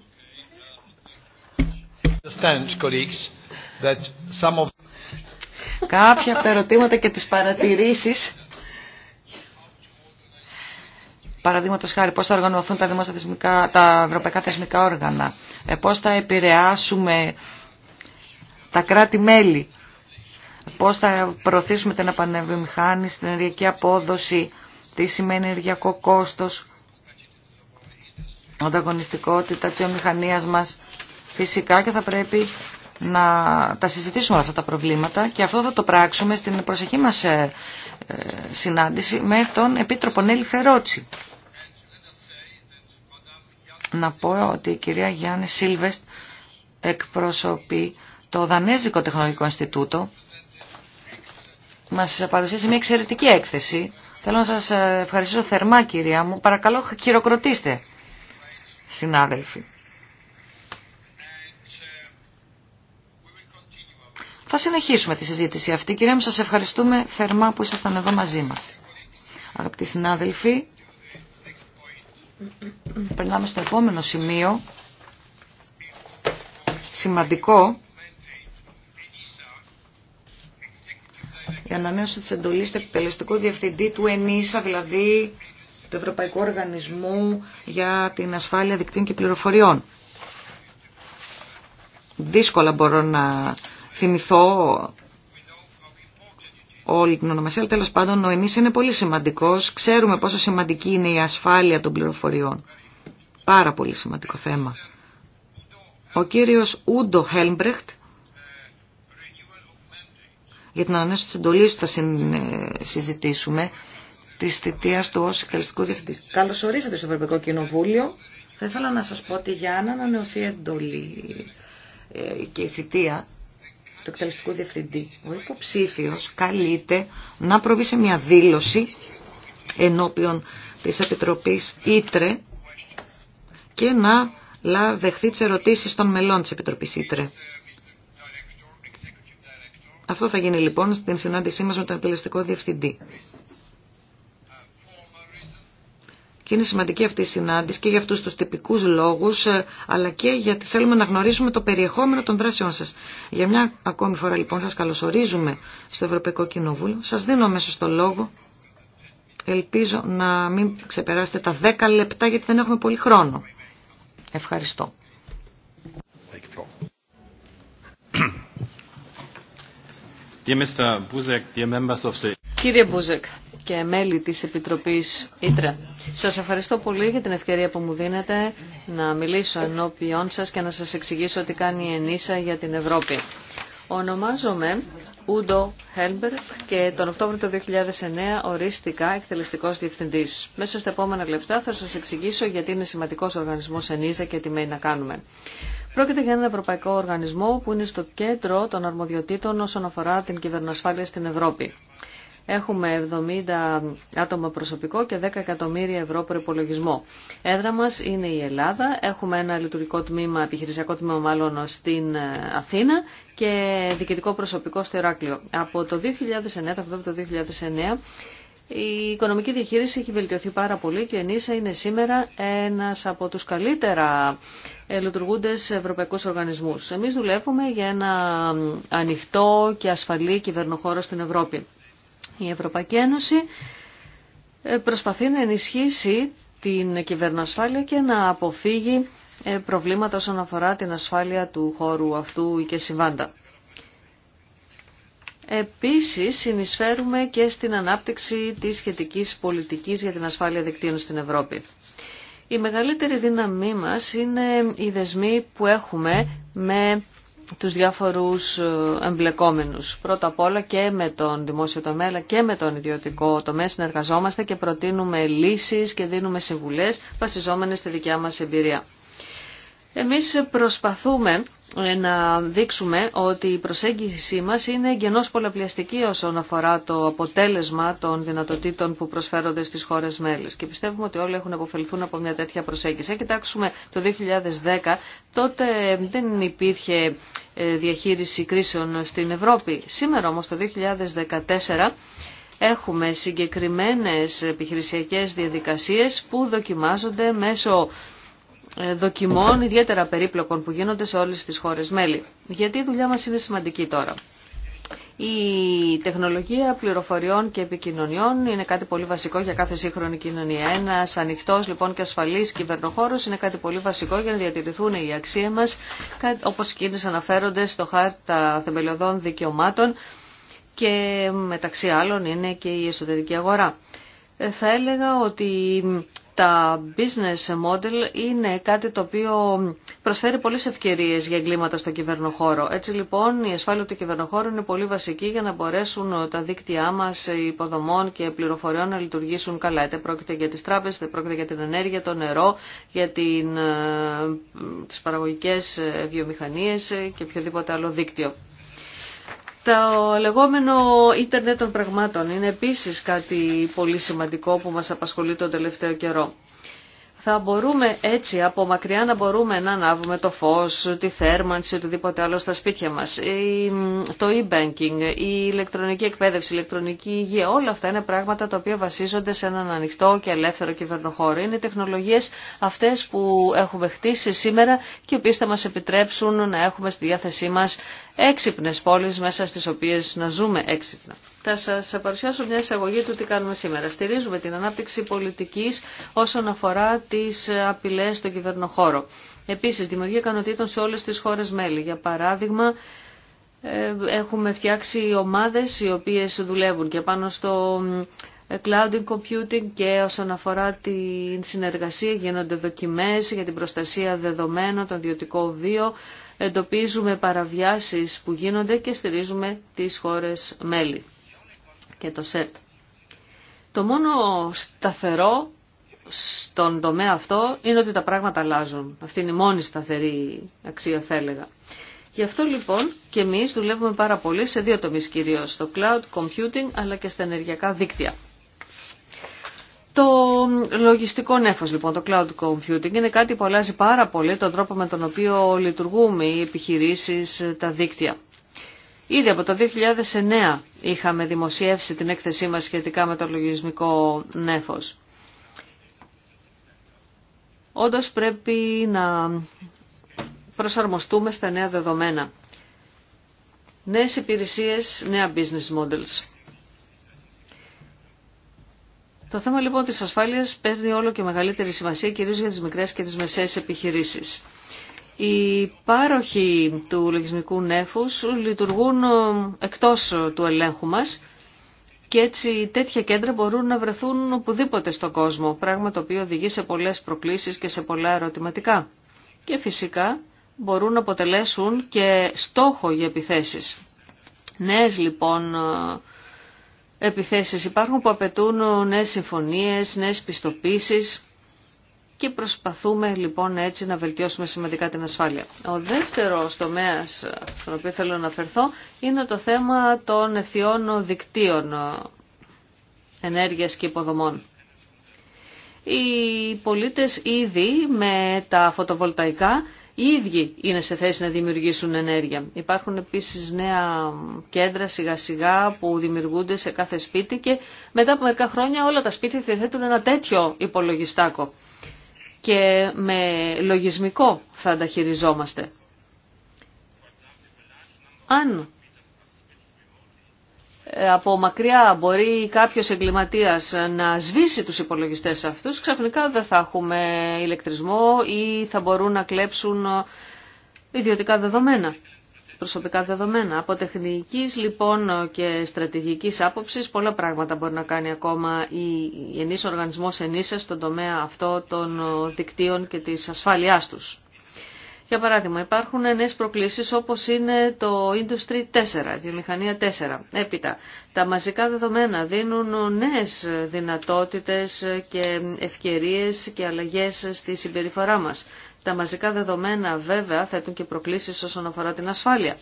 Κάποια από τα ερωτήματα και τις παρατηρήσεις Παραδείγματο χάρη, πώ θα οργανωθούν τα, ευρωπαϊκά θεσμικά όργανα, ε, πώ θα επηρεάσουμε τα κράτη-μέλη, πώ θα προωθήσουμε την επανεβιομηχάνηση, την ενεργειακή απόδοση, τι σημαίνει ενεργειακό κόστο, ανταγωνιστικότητα τη βιομηχανία μα. Φυσικά και θα πρέπει να τα συζητήσουμε αυτά τα προβλήματα και αυτό θα το πράξουμε στην προσεχή μας ε, ε, συνάντηση με τον Επίτροπο Νέλη Φερότσι. Να πω ότι η κυρία Γιάννη Σίλβεστ εκπροσωπεί το Δανέζικο Τεχνολογικό Ινστιτούτο. Μας παρουσίασε μια εξαιρετική έκθεση. Θέλω να σας ε, ευχαριστήσω θερμά κυρία μου. Παρακαλώ χειροκροτήστε συνάδελφοι. Θα συνεχίσουμε τη συζήτηση αυτή. Κυρία μου, σας ευχαριστούμε θερμά που ήσασταν εδώ μαζί μας. Αγαπητοί συνάδελφοι, περνάμε στο επόμενο σημείο. Σημαντικό. Η ανανέωση της εντολής του επιτελεστικού διευθυντή του ΕΝΙΣΑ, δηλαδή του Ευρωπαϊκού Οργανισμού για την Ασφάλεια Δικτύων και Πληροφοριών. Δύσκολα μπορώ να θυμηθώ όλη την ονομασία, αλλά τέλος πάντων ο ενής είναι πολύ σημαντικός. Ξέρουμε πόσο σημαντική είναι η ασφάλεια των πληροφοριών. Πάρα πολύ σημαντικό θέμα. Ο κύριος Ούντο Χέλμπρεχτ για την ανανέωση της εντολής που θα ε, συζητήσουμε της θητείας του ως εκτελεστικού διευθυντή. Καλώς ορίσατε στο Ευρωπαϊκό Κοινοβούλιο. Θα ήθελα να σας πω ότι για να ανανεωθεί εντολή ε, και η θητεία του εκτελεστικού διευθυντή. Ο υποψήφιο καλείται να προβεί σε μια δήλωση ενώπιον τη Επιτροπής Ήτρε και να δεχθεί τι ερωτήσει των μελών της Επιτροπή Ήτρε. Αυτό θα γίνει λοιπόν στην συνάντησή μας με τον εκτελεστικό διευθυντή είναι σημαντική αυτή η συνάντηση και για αυτούς τους τυπικούς λόγους, ε, αλλά και γιατί θέλουμε να γνωρίσουμε το περιεχόμενο των δράσεών σας. Για μια ακόμη φορά λοιπόν σας καλωσορίζουμε στο Ευρωπαϊκό Κοινοβούλιο. Σας δίνω αμέσω το λόγο. Ελπίζω να μην ξεπεράσετε τα 10 λεπτά γιατί δεν έχουμε πολύ χρόνο. Ευχαριστώ. Κύριε Μπούζεκ, και μέλη της Επιτροπής ΙΤΡΑ. Σας ευχαριστώ πολύ για την ευκαιρία που μου δίνετε να μιλήσω ενώπιόν σας και να σας εξηγήσω τι κάνει η ΕΝΙΣΑ για την Ευρώπη. Ονομάζομαι Ούντο Χέλμπερ και τον Οκτώβριο του 2009 ορίστηκα εκτελεστικό διευθυντή. Μέσα στα επόμενα λεπτά θα σα εξηγήσω γιατί είναι σημαντικό ο οργανισμό ΕΝΙΖΑ και τι μένει να κάνουμε. Πρόκειται για έναν ευρωπαϊκό οργανισμό που είναι στο κέντρο των αρμοδιοτήτων όσον αφορά την κυβερνοασφάλεια στην Ευρώπη. Έχουμε 70 άτομα προσωπικό και 10 εκατομμύρια ευρώ προπολογισμό. Έδρα μας είναι η Ελλάδα. Έχουμε ένα λειτουργικό τμήμα, επιχειρησιακό τμήμα μάλλον στην ε, Αθήνα και διοικητικό προσωπικό στο Ηράκλειο. Από το 2009, το το 2009, η οικονομική διαχείριση έχει βελτιωθεί πάρα πολύ και η ΕΝΗΣΑ είναι σήμερα ένας από τους καλύτερα ε, λειτουργούντες ευρωπαϊκούς οργανισμούς. Εμείς δουλεύουμε για ένα ανοιχτό και ασφαλή κυβερνοχώρο στην Ευρώπη. Η Ευρωπαϊκή Ένωση ε, προσπαθεί να ενισχύσει την κυβερνοασφάλεια και να αποφύγει ε, προβλήματα όσον αφορά την ασφάλεια του χώρου αυτού και συμβάντα. Επίσης, συνεισφέρουμε και στην ανάπτυξη της σχετικής πολιτικής για την ασφάλεια δικτύων στην Ευρώπη. Η μεγαλύτερη δύναμή μας είναι οι δεσμοί που έχουμε με τους διάφορους ε, εμπλεκόμενους. Πρώτα απ' όλα και με τον δημόσιο τομέα αλλά και με τον ιδιωτικό τομέα συνεργαζόμαστε και προτείνουμε λύσεις και δίνουμε συμβουλές βασιζόμενες στη δικιά μας εμπειρία. Εμείς προσπαθούμε ε, να δείξουμε ότι η προσέγγιση μας είναι γενός πολλαπλιαστική όσον αφορά το αποτέλεσμα των δυνατοτήτων που προσφέρονται στις χώρες μέλες. Και πιστεύουμε ότι όλοι έχουν αποφελθούν από μια τέτοια προσέγγιση. Αν κοιτάξουμε το 2010, τότε δεν υπήρχε ε, διαχείριση κρίσεων στην Ευρώπη. Σήμερα όμως το 2014 έχουμε συγκεκριμένες επιχειρησιακές διαδικασίες που δοκιμάζονται μέσω ε, δοκιμών ιδιαίτερα περίπλοκων που γίνονται σε όλες τις χώρες μέλη. Γιατί η δουλειά μας είναι σημαντική τώρα. Η τεχνολογία πληροφοριών και επικοινωνιών είναι κάτι πολύ βασικό για κάθε σύγχρονη κοινωνία. Ένα ανοιχτό λοιπόν και ασφαλή κυβερνοχώρο είναι κάτι πολύ βασικό για να διατηρηθούν οι αξίε μα, όπω είναι αναφέρονται στο χάρτα θεμελιωδών δικαιωμάτων και μεταξύ άλλων είναι και η εσωτερική αγορά. Ε, θα έλεγα ότι τα business model είναι κάτι το οποίο προσφέρει πολλές ευκαιρίες για εγκλήματα στο κυβερνοχώρο. Έτσι λοιπόν η ασφάλεια του κυβερνοχώρου είναι πολύ βασική για να μπορέσουν τα δίκτυά μας υποδομών και πληροφοριών να λειτουργήσουν καλά. Είτε πρόκειται για τις τράπεζες, είτε πρόκειται για την ενέργεια, το νερό, για την, ε, τις παραγωγικές βιομηχανίες και οποιοδήποτε άλλο δίκτυο. Το λεγόμενο ίντερνετ των πραγμάτων είναι επίσης κάτι πολύ σημαντικό που μας απασχολεί τον τελευταίο καιρό θα μπορούμε έτσι από μακριά να μπορούμε να ανάβουμε το φως, τη θέρμανση, οτιδήποτε άλλο στα σπίτια μας. Το e-banking, η ηλεκτρονική εκπαίδευση, η ηλεκτρονική υγεία, όλα αυτά είναι πράγματα τα οποία βασίζονται σε έναν ανοιχτό και ελεύθερο κυβερνοχώρο. Είναι τεχνολογίες αυτές που έχουμε χτίσει σήμερα και οι οποίες θα μας επιτρέψουν να έχουμε στη διάθεσή μας έξυπνες πόλεις μέσα στις οποίες να ζούμε έξυπνα. Θα σα παρουσιάσω μια εισαγωγή του τι κάνουμε σήμερα. Στηρίζουμε την ανάπτυξη πολιτική όσον αφορά τις απειλέ στον κυβερνοχώρο. Επίση, δημιουργία ικανοτήτων σε όλε τι χώρε μέλη. Για παράδειγμα, ε, έχουμε φτιάξει ομάδε, οι οποίε δουλεύουν και πάνω στο ε, cloud computing και όσον αφορά την συνεργασία γίνονται δοκιμές για την προστασία δεδομένων, τον ιδιωτικό βίο, εντοπίζουμε παραβιάσεις που γίνονται και στηρίζουμε τις χώρες μέλη και το Το μόνο σταθερό στον τομέα αυτό είναι ότι τα πράγματα αλλάζουν. Αυτή είναι η μόνη σταθερή αξία θα έλεγα. Γι' αυτό λοιπόν και εμείς δουλεύουμε πάρα πολύ σε δύο τομείς κυρίως, στο cloud computing αλλά και στα ενεργειακά δίκτυα. Το λογιστικό νέφος λοιπόν, το cloud computing, είναι κάτι που αλλάζει πάρα πολύ τον τρόπο με τον οποίο λειτουργούμε οι επιχειρήσεις, τα δίκτυα. Ήδη από το 2009 είχαμε δημοσιεύσει την έκθεσή μας σχετικά με το λογισμικό νέφος. Όντως πρέπει να προσαρμοστούμε στα νέα δεδομένα. Νέες υπηρεσίες, νέα business models. Το θέμα λοιπόν της ασφάλειας παίρνει όλο και μεγαλύτερη σημασία κυρίως για τις μικρές και τις μεσαίες επιχειρήσεις οι πάροχοι του λογισμικού νέφους λειτουργούν ε, εκτός ε, του ελέγχου μας και έτσι τέτοια κέντρα μπορούν να βρεθούν οπουδήποτε στον κόσμο, πράγμα το οποίο οδηγεί σε πολλές προκλήσεις και σε πολλά ερωτηματικά. Και φυσικά μπορούν να αποτελέσουν και στόχο για επιθέσεις. Νέες λοιπόν ε, επιθέσεις υπάρχουν που απαιτούν νέες συμφωνίες, νέες πιστοποίησεις και προσπαθούμε λοιπόν έτσι να βελτιώσουμε σημαντικά την ασφάλεια. Ο δεύτερος τομέας στον οποίο θέλω να αναφερθώ είναι το θέμα των ευθειών δικτύων ενέργειας και υποδομών. Οι πολίτες ήδη με τα φωτοβολταϊκά οι ίδιοι είναι σε θέση να δημιουργήσουν ενέργεια. Υπάρχουν επίσης νέα κέντρα σιγά σιγά που δημιουργούνται σε κάθε σπίτι και μετά από μερικά χρόνια όλα τα σπίτια διαθέτουν ένα τέτοιο υπολογιστάκο και με λογισμικό θα τα Αν ε, από μακριά μπορεί κάποιος εγκληματίας να σβήσει τους υπολογιστές αυτούς, ξαφνικά δεν θα έχουμε ηλεκτρισμό ή θα μπορούν να κλέψουν ε, ιδιωτικά δεδομένα προσωπικά δεδομένα. Από τεχνική λοιπόν και στρατηγικής άποψη πολλά πράγματα μπορεί να κάνει ακόμα η ενής οργανισμός ενίσα στον τομέα αυτό των δικτύων και της ασφάλειάς τους. Για παράδειγμα, υπάρχουν νέε προκλήσεις όπως είναι το Industry 4, η βιομηχανία 4. Έπειτα, τα μαζικά δεδομένα δίνουν νέε δυνατότητε και ευκαιρίε και αλλαγέ στη συμπεριφορά μα. Τα μαζικά δεδομένα βέβαια θέτουν και προκλήσεις όσον αφορά την ασφάλεια.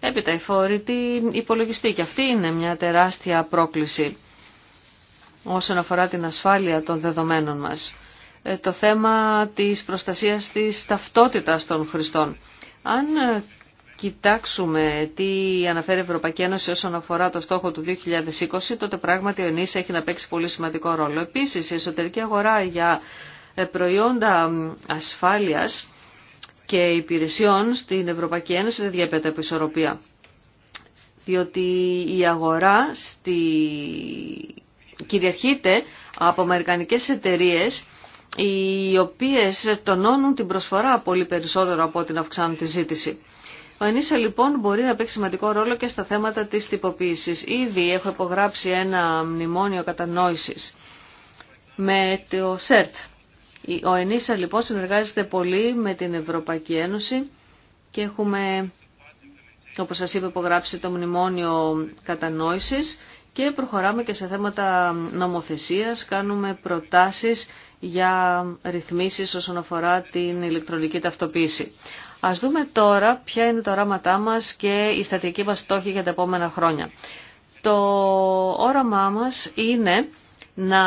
Έπειτα η φορητή υπολογιστή και αυτή είναι μια τεράστια πρόκληση όσον αφορά την ασφάλεια των δεδομένων μας. Ε, το θέμα της προστασίας της ταυτότητας των χρηστών. Αν ε, κοιτάξουμε τι αναφέρει η Ευρωπαϊκή Ένωση όσον αφορά το στόχο του 2020, τότε πράγματι ο ΕΝΗΣ έχει να παίξει πολύ σημαντικό ρόλο. Επίσης, η εσωτερική αγορά για ε, προϊόντα ασφάλειας και υπηρεσιών στην Ευρωπαϊκή Ένωση δεν διαπέτει από ισορροπία. Διότι η αγορά στη... κυριαρχείται από αμερικανικές εταιρείες οι οποίες τονώνουν την προσφορά πολύ περισσότερο από ό,τι να αυξάνουν τη ζήτηση. Ο ΕΝΙΣΑ λοιπόν μπορεί να παίξει σημαντικό ρόλο και στα θέματα της τυποποίησης. Ήδη έχω υπογράψει ένα μνημόνιο κατανόησης με το ΣΕΡΤ ο ΕΝΙΣΑ λοιπόν συνεργάζεται πολύ με την Ευρωπαϊκή Ένωση και έχουμε, όπως σας είπα, υπογράψει το Μνημόνιο Κατανόησης και προχωράμε και σε θέματα νομοθεσίας, κάνουμε προτάσεις για ρυθμίσεις όσον αφορά την ηλεκτρονική ταυτοποίηση. Ας δούμε τώρα ποια είναι τα οράματά μας και η στατική μας στόχη για τα επόμενα χρόνια. Το όραμά μας είναι να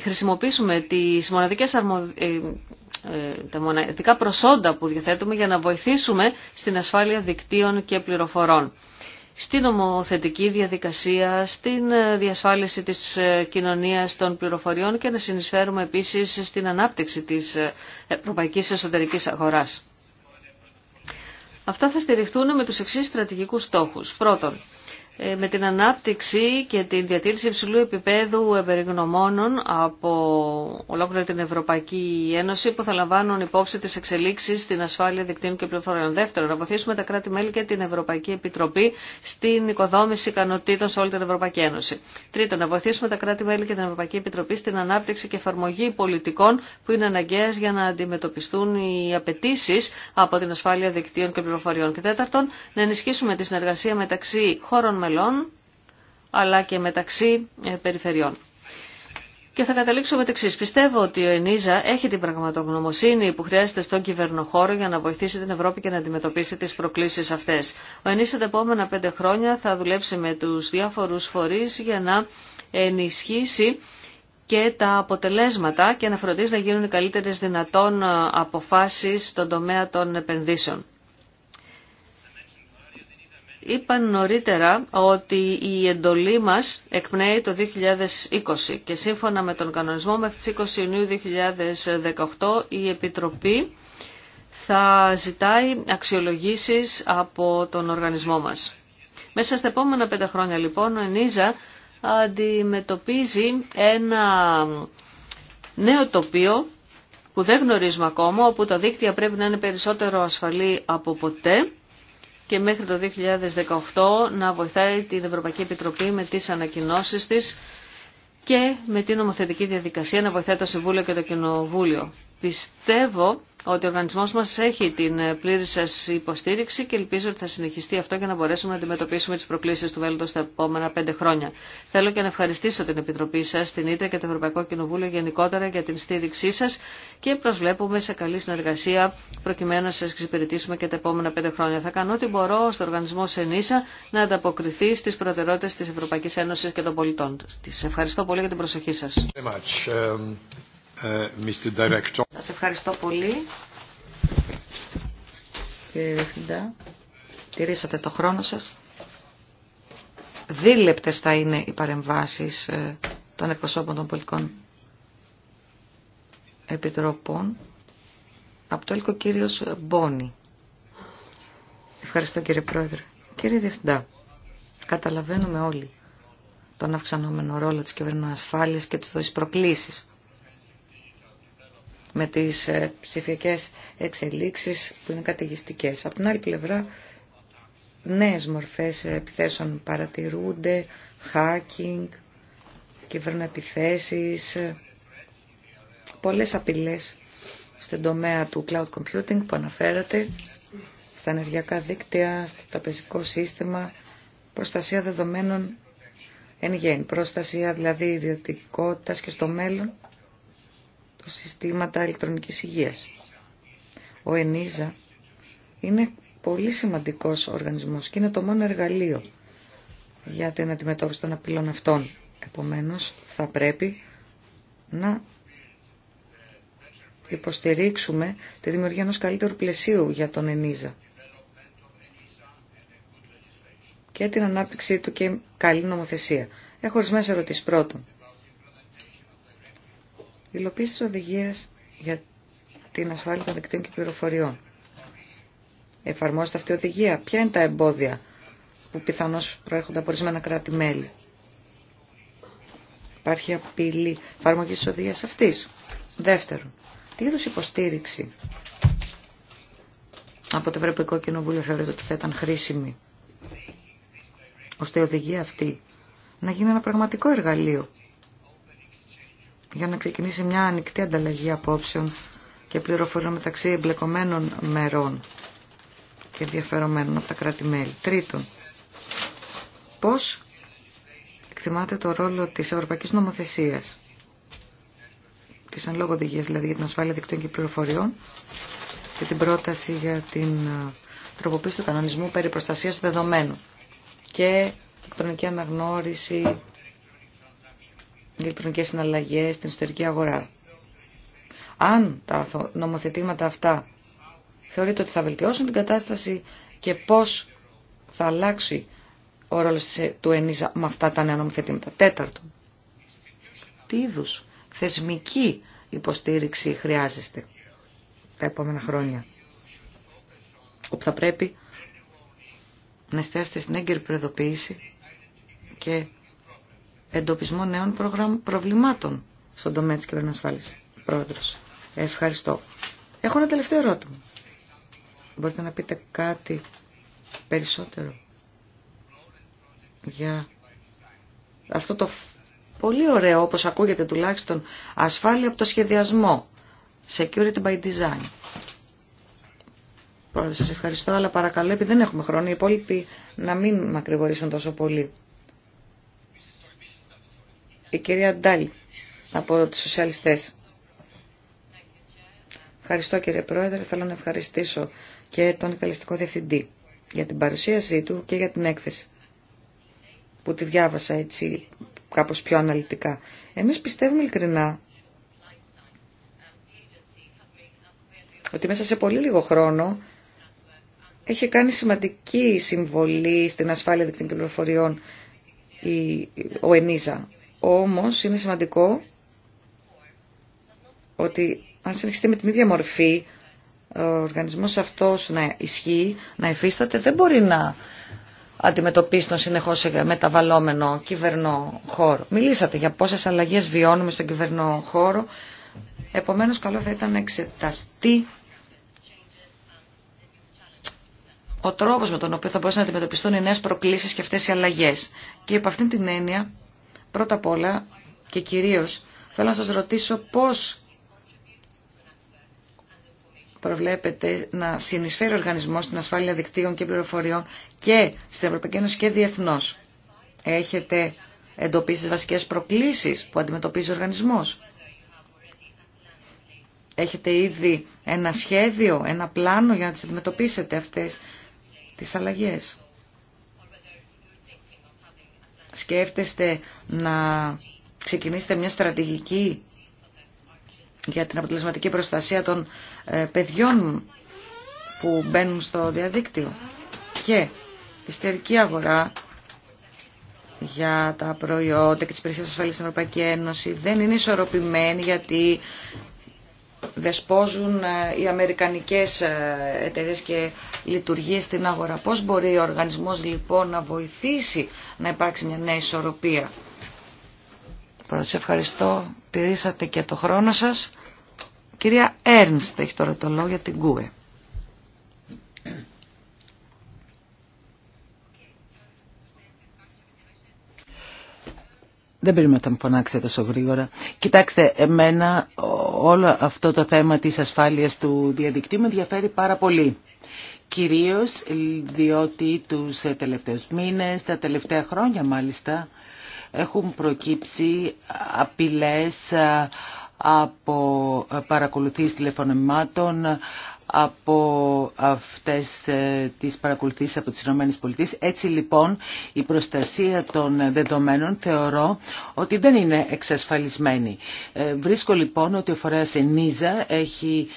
χρησιμοποιήσουμε τις μοναδικές ε, ε, τα μοναδικά προσόντα που διαθέτουμε για να βοηθήσουμε στην ασφάλεια δικτύων και πληροφορών. Στην ομοθετική διαδικασία, στην διασφάλιση της ε, κοινωνίας των πληροφοριών και να συνεισφέρουμε επίσης στην ανάπτυξη της ε, ευρωπαϊκής εσωτερικής αγοράς. Αυτά θα στηριχθούν με τους εξής στρατηγικούς στόχους. Πρώτον, ε, με την ανάπτυξη και την διατήρηση υψηλού επίπεδου εμπεριγνωμόνων από ολόκληρη την Ευρωπαϊκή Ένωση που θα λαμβάνουν υπόψη τις εξελίξεις στην ασφάλεια δικτύων και πληροφοριών. Δεύτερον, να βοηθήσουμε τα κράτη-μέλη και την Ευρωπαϊκή Επιτροπή στην οικοδόμηση ικανοτήτων σε όλη την Ευρωπαϊκή Ένωση. Τρίτον, να βοηθήσουμε τα κράτη-μέλη και την Ευρωπαϊκή Επιτροπή στην ανάπτυξη και εφαρμογή πολιτικών που είναι αναγκαίε για να αντιμετωπιστούν οι απαιτήσει από την ασφάλεια δικτύων και πληροφοριών. Και τέταρτον, να ενισχύσουμε τη συνεργασία μεταξύ χώρων αλλά και μεταξύ ε, περιφερειών. Και θα καταλήξω με εξή. Πιστεύω ότι ο Ενίζα έχει την πραγματογνωμοσύνη που χρειάζεται στον κυβερνοχώρο για να βοηθήσει την Ευρώπη και να αντιμετωπίσει τι προκλήσει αυτέ. Ο Ενίζα τα επόμενα πέντε χρόνια θα δουλέψει με του διάφορου φορεί για να ενισχύσει και τα αποτελέσματα και να φροντίζει να γίνουν οι καλύτερε δυνατών ε, αποφάσει στον τομέα των επενδύσεων. Είπαν νωρίτερα ότι η εντολή μας εκπνέει το 2020 και σύμφωνα με τον κανονισμό μέχρι τις 20 Ιουνίου 2018 η Επιτροπή θα ζητάει αξιολογήσεις από τον οργανισμό μας. Μέσα στα επόμενα πέντε χρόνια λοιπόν ο ΕΝΙΖΑ αντιμετωπίζει ένα νέο τοπίο που δεν γνωρίζουμε ακόμα, όπου τα δίκτυα πρέπει να είναι περισσότερο ασφαλή από ποτέ και μέχρι το 2018 να βοηθάει την Ευρωπαϊκή Επιτροπή με τις ανακοινώσεις της και με την νομοθετική διαδικασία να βοηθάει το Συμβούλιο και το Κοινοβούλιο. Πιστεύω ότι ο οργανισμός μας έχει την πλήρη σας υποστήριξη και ελπίζω ότι θα συνεχιστεί αυτό για να μπορέσουμε να αντιμετωπίσουμε τις προκλήσεις του μέλλοντος τα επόμενα πέντε χρόνια. Θέλω και να ευχαριστήσω την Επιτροπή σας, την Ήτρα και το Ευρωπαϊκό Κοινοβούλιο γενικότερα για την στήριξή σας και προσβλέπουμε σε καλή συνεργασία προκειμένου να σας εξυπηρετήσουμε και τα επόμενα πέντε χρόνια. Θα κάνω ό,τι μπορώ στο οργανισμό ΕΝΙΣΑ να ανταποκριθεί στις προτεραιότητες της Ευρωπαϊκής Ένωσης και των πολιτών της. Ευχαριστώ πολύ για την προσοχή σας. Ε, Mr. Σας ευχαριστώ πολύ. Κύριε Διευθυντά, τηρήσατε το χρόνο σας. Δίλεπτες θα είναι οι παρεμβάσεις ε, των εκπροσώπων των πολιτικών επιτροπών. Από το έλκο κύριος Μπόνι. Ευχαριστώ κύριε Πρόεδρε. Κύριε Διευθυντά, καταλαβαίνουμε όλοι τον αυξανόμενο ρόλο της ασφάλειας και τις προκλήσεις με τις ε, ψηφιακές εξελίξεις που είναι καταιγιστικές. Από την άλλη πλευρά, νέες μορφές επιθέσεων παρατηρούνται, hacking, επιθέσεις, πολλές απειλές στον τομέα του cloud computing που αναφέρατε, στα ενεργειακά δίκτυα, στο ταπεζικό σύστημα, προστασία δεδομένων εν γέν, προστασία δηλαδή ιδιωτικότητας και στο μέλλον το συστήματα ηλεκτρονικής υγείας. Ο ΕΝΙΖΑ είναι πολύ σημαντικός οργανισμός και είναι το μόνο εργαλείο για την αντιμετώπιση των απειλών αυτών. Επομένως, θα πρέπει να υποστηρίξουμε τη δημιουργία ενός καλύτερου πλαισίου για τον ΕΝΙΖΑ και την ανάπτυξή του και καλή νομοθεσία. Έχω ορισμένε ερωτήσει. Πρώτον, Υλοποίηση της οδηγίας για την ασφάλεια των δικτύων και πληροφοριών. Εφαρμόζεται αυτή η οδηγία. Ποια είναι τα εμπόδια που πιθανώς προέρχονται από ορισμένα κράτη-μέλη. Υπάρχει απειλή εφαρμογή τη οδηγία αυτή. Δεύτερον, τι είδου υποστήριξη από το Ευρωπαϊκό Κοινοβούλιο θεωρείται ότι θα ήταν χρήσιμη ώστε η οδηγία αυτή να γίνει ένα πραγματικό εργαλείο για να ξεκινήσει μια ανοιχτή ανταλλαγή απόψεων και πληροφοριών μεταξύ εμπλεκομένων μερών και ενδιαφερομένων από τα κράτη-μέλη. Τρίτον, πώς εκτιμάται το ρόλο της Ευρωπαϊκής Νομοθεσίας, της εν δηλαδή για την ασφάλεια δικτύων και πληροφοριών και την πρόταση για την ε, τροποποίηση του κανονισμού περί προστασίας δεδομένων και ηλεκτρονική αναγνώριση ηλεκτρονικές συναλλαγές στην ιστορική αγορά. Αν τα νομοθετήματα αυτά θεωρείται ότι θα βελτιώσουν την κατάσταση και πώς θα αλλάξει ο ρόλος ε- του ΕΝΙΖΑ με αυτά τα νέα νομοθετήματα. Τέταρτον, τι είδου θεσμική υποστήριξη χρειάζεστε τα επόμενα χρόνια, όπου θα πρέπει να εστιάσετε στην έγκαιρη προεδοποίηση και εντοπισμό νέων προβλημάτων στον τομέα της ασφάλισης. Πρόεδρος, ευχαριστώ. Έχω ένα τελευταίο ερώτημα. Μπορείτε να πείτε κάτι περισσότερο για αυτό το πολύ ωραίο, όπως ακούγεται τουλάχιστον, ασφάλεια από το σχεδιασμό. Security by design. Πρόεδρε, σας ευχαριστώ, αλλά παρακαλώ, επειδή δεν έχουμε χρόνο, οι υπόλοιποι να μην μακρηγορήσουν τόσο πολύ. Η κυρία Ντάλι από τους σοσιαλιστές. Ευχαριστώ κύριε Πρόεδρε. Θέλω να ευχαριστήσω και τον εκτελεστικό διευθυντή για την παρουσίασή του και για την έκθεση που τη διάβασα έτσι κάπως πιο αναλυτικά. Εμείς πιστεύουμε ειλικρινά ότι μέσα σε πολύ λίγο χρόνο έχει κάνει σημαντική συμβολή στην ασφάλεια δικτύων πληροφοριών η, ο Ενίζα. Όμως είναι σημαντικό ότι αν συνεχιστεί με την ίδια μορφή, ο οργανισμός αυτός να ισχύει, να υφίσταται, δεν μπορεί να αντιμετωπίσει τον συνεχώ μεταβαλλόμενο κυβερνό χώρο. Μιλήσατε για πόσες αλλαγές βιώνουμε στον κυβερνό χώρο. Επομένως, καλό θα ήταν να εξεταστεί ο τρόπος με τον οποίο θα μπορούσαν να αντιμετωπιστούν οι νέε προκλήσει και αυτέ οι αλλαγέ. Και από αυτήν την έννοια, Πρώτα απ' όλα και κυρίως θέλω να σας ρωτήσω πώς προβλέπετε να συνεισφέρει ο οργανισμός στην ασφάλεια δικτύων και πληροφοριών και στην Ευρωπαϊκή Ένωση και διεθνώς. Έχετε εντοπίσει τις βασικές προκλήσεις που αντιμετωπίζει ο οργανισμός. Έχετε ήδη ένα σχέδιο, ένα πλάνο για να τις αντιμετωπίσετε αυτές τις αλλαγές σκέφτεστε να ξεκινήσετε μια στρατηγική για την αποτελεσματική προστασία των ε, παιδιών που μπαίνουν στο διαδίκτυο και η αγορά για τα προϊόντα και τις υπηρεσίες ασφαλής στην Ευρωπαϊκή Ένωση δεν είναι ισορροπημένη γιατί δεσπόζουν ε, οι αμερικανικές ε, εταιρείε και λειτουργίες στην αγορά. Πώς μπορεί ο οργανισμός λοιπόν να βοηθήσει να υπάρξει μια νέα ισορροπία. Πρώτα σε ευχαριστώ. Τηρήσατε και το χρόνο σας. Κυρία Έρνστ έχει τώρα το λόγο για την ΚΟΕ. Δεν περίμενα να μου φωνάξετε τόσο γρήγορα. Κοιτάξτε, εμένα όλο αυτό το θέμα της ασφάλειας του διαδικτύου με ενδιαφέρει πάρα πολύ. Κυρίως διότι τους τελευταίους μήνες, τα τελευταία χρόνια μάλιστα, έχουν προκύψει απειλές από ε, παρακολουθήσεις τηλεφωνημάτων, από αυτές ε, τις παρακολουθήσεις από τις ΗΠΑ. Έτσι λοιπόν η προστασία των ε, δεδομένων θεωρώ ότι δεν είναι εξασφαλισμένη. Βρίσκω λοιπόν ότι ο φορέας Ενίζα έχει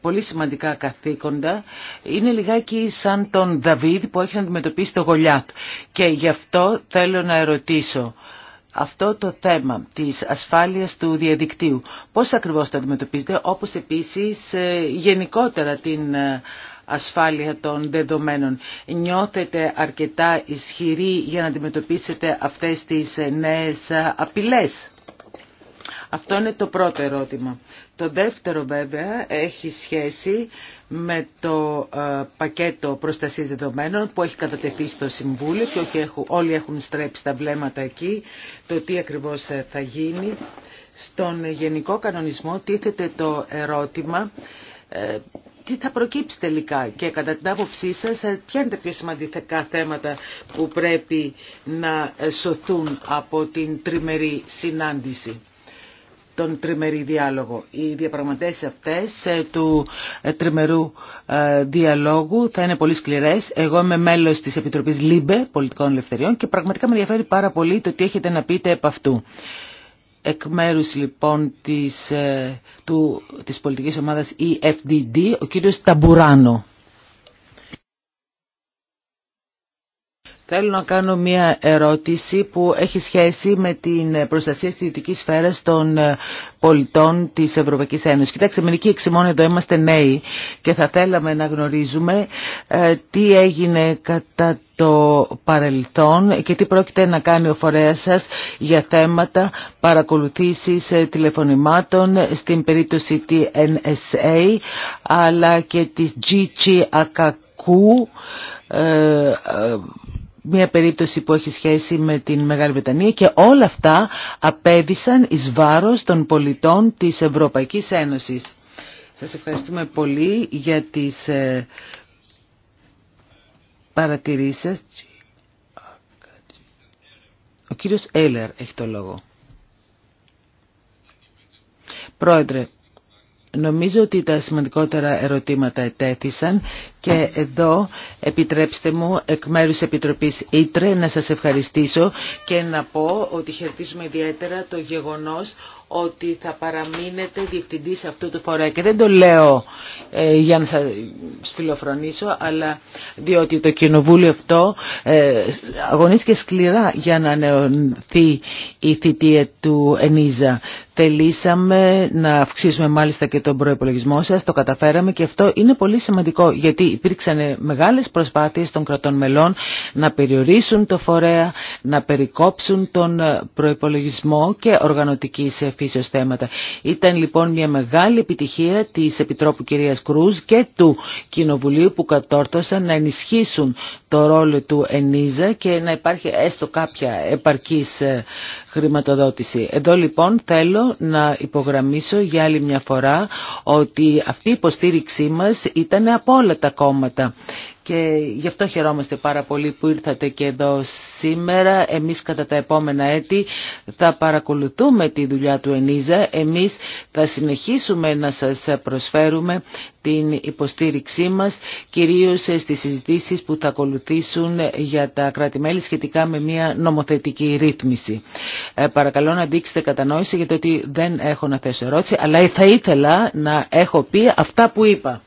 πολύ σημαντικά καθήκοντα. Είναι λιγάκι σαν τον Δαβίδ που έχει να αντιμετωπίσει το Γολιάτ. Και γι' αυτό θέλω να ερωτήσω αυτό το θέμα της ασφάλειας του διαδικτύου. Πώς ακριβώς το αντιμετωπίζετε, όπως επίσης ε, γενικότερα την ε, ασφάλεια των δεδομένων. Νιώθετε αρκετά ισχυροί για να αντιμετωπίσετε αυτές τις ε, νέες απειλές. Αυτό είναι το πρώτο ερώτημα. Το δεύτερο βέβαια έχει σχέση με το ε, πακέτο προστασίας δεδομένων που έχει κατατεθεί στο Συμβούλιο και όχι όλοι έχουν στρέψει τα βλέμματα εκεί, το τι ακριβώς ε, θα γίνει. Στον γενικό κανονισμό τίθεται το ερώτημα ε, τι θα προκύψει τελικά και κατά την άποψή σας ποια είναι τα πιο σημαντικά θέματα που πρέπει να σωθούν από την τριμερή συνάντηση τον τριμερή διάλογο. Οι διαπραγματεύσεις αυτές ε, του ε, τριμερού ε, διαλόγου θα είναι πολύ σκληρές. Εγώ είμαι μέλο τη Επιτροπή ΛΥΜΠΕ, Πολιτικών Ελευθεριών και πραγματικά με ενδιαφέρει πάρα πολύ το τι έχετε να πείτε επ' αυτού. Εκ μέρους λοιπόν της, του, της πολιτικής ομάδας EFDD, ο κύριος Ταμπουράνο. Θέλω να κάνω μια ερώτηση που έχει σχέση με την προστασία τη ιδιωτική σφαίρας των ε, πολιτών της Ευρωπαϊκής Ένωσης. Κοιτάξτε, μερικοί εξημών εδώ είμαστε νέοι και θα θέλαμε να γνωρίζουμε ε, τι έγινε κατά το παρελθόν και τι πρόκειται να κάνει ο φορέας σας για θέματα παρακολουθήσεις ε, τηλεφωνημάτων στην περίπτωση NSA, αλλά και της GCAKQ μια περίπτωση που έχει σχέση με την Μεγάλη Βρετανία και όλα αυτά απέδισαν εις βάρος των πολιτών της Ευρωπαϊκής Ένωσης. Σας ευχαριστούμε πολύ για τις ε, παρατηρήσεις Ο κύριος Έλερ έχει το λόγο. Πρόεδρε, νομίζω ότι τα σημαντικότερα ερωτήματα ετέθησαν και εδώ επιτρέψτε μου εκ μέρους Επιτροπής Ήτρε να σας ευχαριστήσω και να πω ότι χαιρετίζουμε ιδιαίτερα το γεγονός ότι θα παραμείνετε διευθυντής αυτού του φορέα. Και δεν το λέω ε, για να σας φιλοφρονήσω, αλλά διότι το κοινοβούλιο αυτό ε, αγωνίστηκε σκληρά για να ανεωθεί η θητεία του ΕΝΙΖΑ. Θελήσαμε να αυξήσουμε μάλιστα και τον προϋπολογισμό σας, το καταφέραμε και αυτό είναι πολύ σημαντικό, γιατί υπήρξαν μεγάλες προσπάθειες των κρατών μελών να περιορίσουν το φορέα, να περικόψουν τον ε, προϋπολογισμό και σε φύσεως θέματα. Ήταν λοιπόν μια μεγάλη επιτυχία της Επιτρόπου κυρίας Κρούς και του Κοινοβουλίου που κατόρθωσαν να ενισχύσουν το ρόλο του ΕΝΙΖΑ και να υπάρχει έστω κάποια επαρκής ε, χρηματοδότηση. Εδώ λοιπόν θέλω να υπογραμμίσω για άλλη μια φορά ότι αυτή η υποστήριξή μας ήταν από όλα τα κόμματα και γι' αυτό χαιρόμαστε πάρα πολύ που ήρθατε και εδώ σήμερα. Εμείς κατά τα επόμενα έτη θα παρακολουθούμε τη δουλειά του ΕΝΙΖΑ. Εμείς θα συνεχίσουμε να σας προσφέρουμε την υποστήριξή μας, κυρίως στις συζητήσεις που θα ακολουθήσουν για τα κράτη-μέλη σχετικά με μια νομοθετική ρύθμιση. Ε, παρακαλώ να δείξετε κατανόηση γιατί δεν έχω να θέσω ερώτηση, αλλά θα ήθελα να έχω πει αυτά που είπα.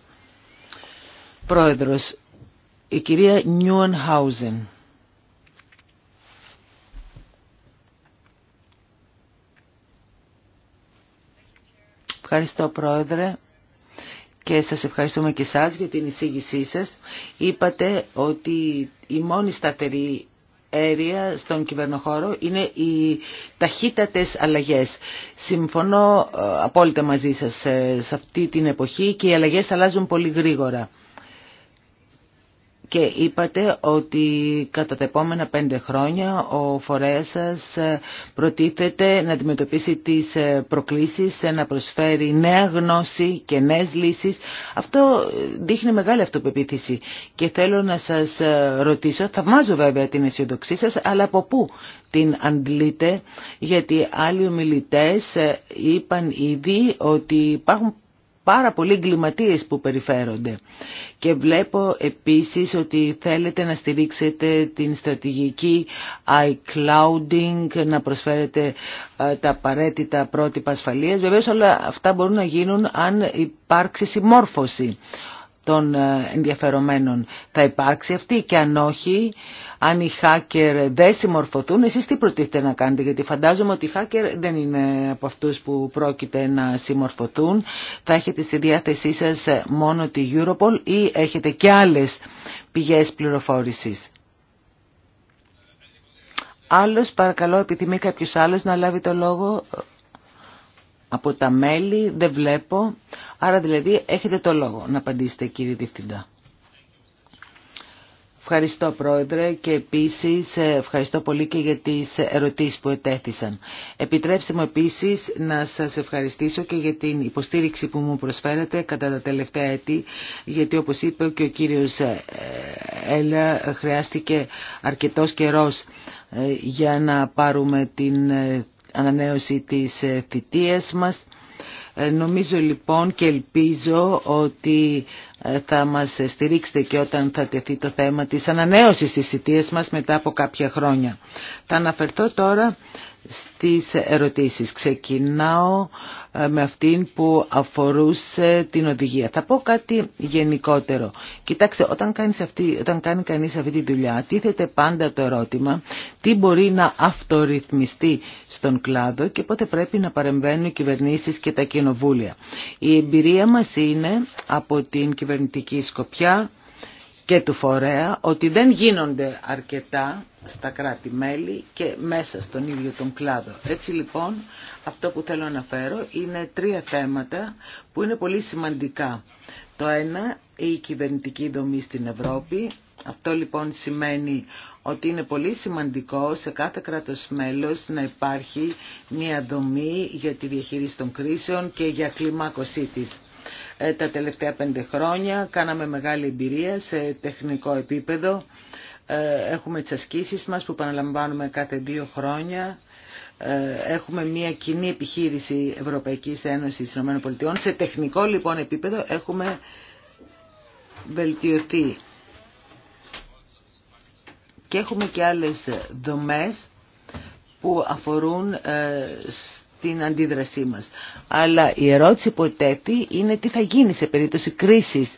Πρόεδρος, η κυρία Νιουάν Χάουζεν. Ευχαριστώ πρόεδρε και σας ευχαριστούμε και εσάς για την εισήγησή σας. Είπατε ότι η μόνη σταθερή αίρια στον κυβερνοχώρο είναι οι ταχύτατες αλλαγές. Συμφωνώ ε, απόλυτα μαζί σας ε, σε αυτή την εποχή και οι αλλαγές αλλάζουν πολύ γρήγορα και είπατε ότι κατά τα επόμενα πέντε χρόνια ο φορέας σας ε, προτίθεται να αντιμετωπίσει τις ε, προκλήσεις, ε, να προσφέρει νέα γνώση και νέες λύσεις. Αυτό δείχνει μεγάλη αυτοπεποίθηση και θέλω να σας ρωτήσω, θαυμάζω βέβαια την αισιοδοξία σας, αλλά από πού την αντλείτε, γιατί άλλοι ομιλητές είπαν ήδη ότι υπάρχουν πάρα πολλοί εγκληματίες που περιφέρονται. Και βλέπω επίσης ότι θέλετε να στηρίξετε την στρατηγική iClouding, να προσφέρετε ε, τα απαραίτητα πρότυπα ασφαλείας. Βεβαίως όλα αυτά μπορούν να γίνουν αν υπάρξει συμμόρφωση των ε, ενδιαφερομένων. Θα υπάρξει αυτή και αν όχι, αν οι hacker δεν συμμορφωθούν, εσείς τι προτίθετε να κάνετε, γιατί φαντάζομαι ότι οι hacker δεν είναι από αυτούς που πρόκειται να συμμορφωθούν. Θα έχετε στη διάθεσή σας μόνο τη Europol ή έχετε και άλλες πηγές πληροφόρησης. Άλλος, παρακαλώ, επιθυμεί κάποιος άλλος να λάβει το λόγο από τα μέλη, δεν βλέπω. Άρα δηλαδή έχετε το λόγο να απαντήσετε κύριε Διευθυντά. Ευχαριστώ Πρόεδρε και επίσης ε, ευχαριστώ πολύ και για τις ερωτήσεις που ετέθησαν. Επιτρέψτε μου επίσης να σας ευχαριστήσω και για την υποστήριξη που μου προσφέρατε κατά τα τελευταία έτη, γιατί όπως είπε και ο κύριος ε, Έλα χρειάστηκε αρκετός καιρός ε, για να πάρουμε την ανανέωση της θητείας μας. Ε, νομίζω λοιπόν και ελπίζω ότι ε, θα μας στηρίξετε και όταν θα τεθεί το θέμα της ανανέωσης της θητείας μας μετά από κάποια χρόνια. Θα αναφερθώ τώρα στις ερωτήσεις. Ξεκινάω ε, με αυτήν που αφορούσε την οδηγία. Θα πω κάτι γενικότερο. Κοιτάξτε, όταν, κάνεις αυτή, όταν κάνει κανείς αυτή τη δουλειά, τίθεται πάντα το ερώτημα τι μπορεί να αυτορυθμιστεί στον κλάδο και πότε πρέπει να παρεμβαίνουν οι κυβερνήσεις και τα κοινοβούλια. Η εμπειρία μας είναι από την κυβερνητική σκοπιά και του φορέα ότι δεν γίνονται αρκετά στα κράτη-μέλη και μέσα στον ίδιο τον κλάδο. Έτσι λοιπόν αυτό που θέλω να φέρω είναι τρία θέματα που είναι πολύ σημαντικά. Το ένα, η κυβερνητική δομή στην Ευρώπη. Αυτό λοιπόν σημαίνει ότι είναι πολύ σημαντικό σε κάθε κράτος μέλος να υπάρχει μια δομή για τη διαχείριση των κρίσεων και για κλιμάκωσή της. Ε, τα τελευταία πέντε χρόνια κάναμε μεγάλη εμπειρία σε τεχνικό επίπεδο ε, έχουμε τις ασκήσεις μας που παραλαμβάνουμε κάθε δύο χρόνια. Ε, έχουμε μια κοινή επιχείρηση Ευρωπαϊκής Ένωσης ΗΠΑ. Σε τεχνικό λοιπόν επίπεδο έχουμε βελτιωθεί. Και έχουμε και άλλες δομές που αφορούν ε, στην αντίδρασή μας. Αλλά η ερώτηση που ετέθη είναι τι θα γίνει σε περίπτωση κρίσης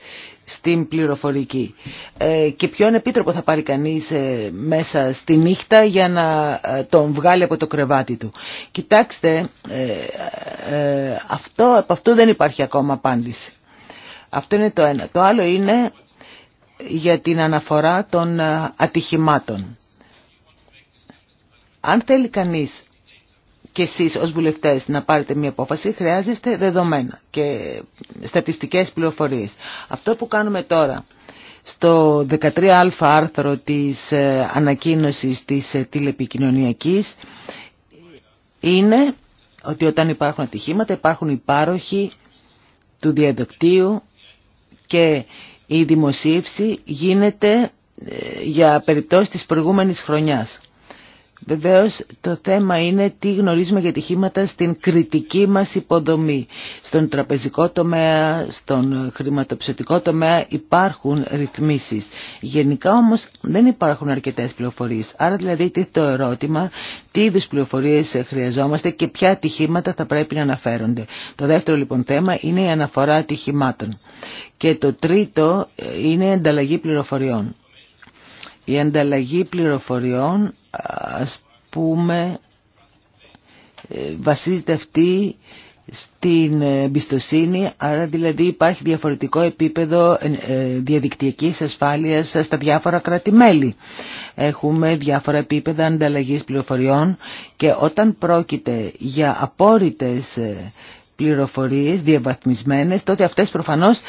στην πληροφορική. Ε, και ποιον επίτροπο θα πάρει κανείς ε, μέσα στη νύχτα για να ε, τον βγάλει από το κρεβάτι του. Κοιτάξτε, αυτό, από αυτό δεν υπάρχει ακόμα απάντηση. Αυτό είναι το ένα. Το άλλο είναι για την αναφορά των ατυχημάτων. Αν θέλει κανείς και εσείς ως βουλευτές να πάρετε μια απόφαση χρειάζεστε δεδομένα και στατιστικές πληροφορίες. Αυτό που κάνουμε τώρα στο 13α άρθρο της ε, ανακοίνωσης της ε, τηλεπικοινωνιακής είναι ότι όταν υπάρχουν ατυχήματα υπάρχουν υπάροχοι του διαδικτύου και η δημοσίευση γίνεται ε, για περιπτώσεις της προηγούμενης χρονιάς. Βεβαίως το θέμα είναι τι γνωρίζουμε για τυχήματα στην κριτική μας υποδομή. Στον τραπεζικό τομέα, στον χρηματοψηφικό τομέα υπάρχουν ρυθμίσεις. Γενικά όμως δεν υπάρχουν αρκετές πληροφορίες. Άρα δηλαδή τι το ερώτημα, τι είδους πληροφορίες χρειαζόμαστε και ποια τυχήματα θα πρέπει να αναφέρονται. Το δεύτερο λοιπόν θέμα είναι η αναφορά τυχημάτων. Και το τρίτο είναι η ανταλλαγή πληροφοριών. Η ανταλλαγή πληροφοριών ας πούμε ε, βασίζεται αυτή στην εμπιστοσύνη, άρα δηλαδή υπάρχει διαφορετικό επίπεδο ε, ε, διαδικτυακής ασφάλειας στα διάφορα κράτη-μέλη. Έχουμε διάφορα επίπεδα ανταλλαγής πληροφοριών και όταν πρόκειται για απόρριτες πληροφορίες διαβαθμισμένες, τότε αυτές προφανώς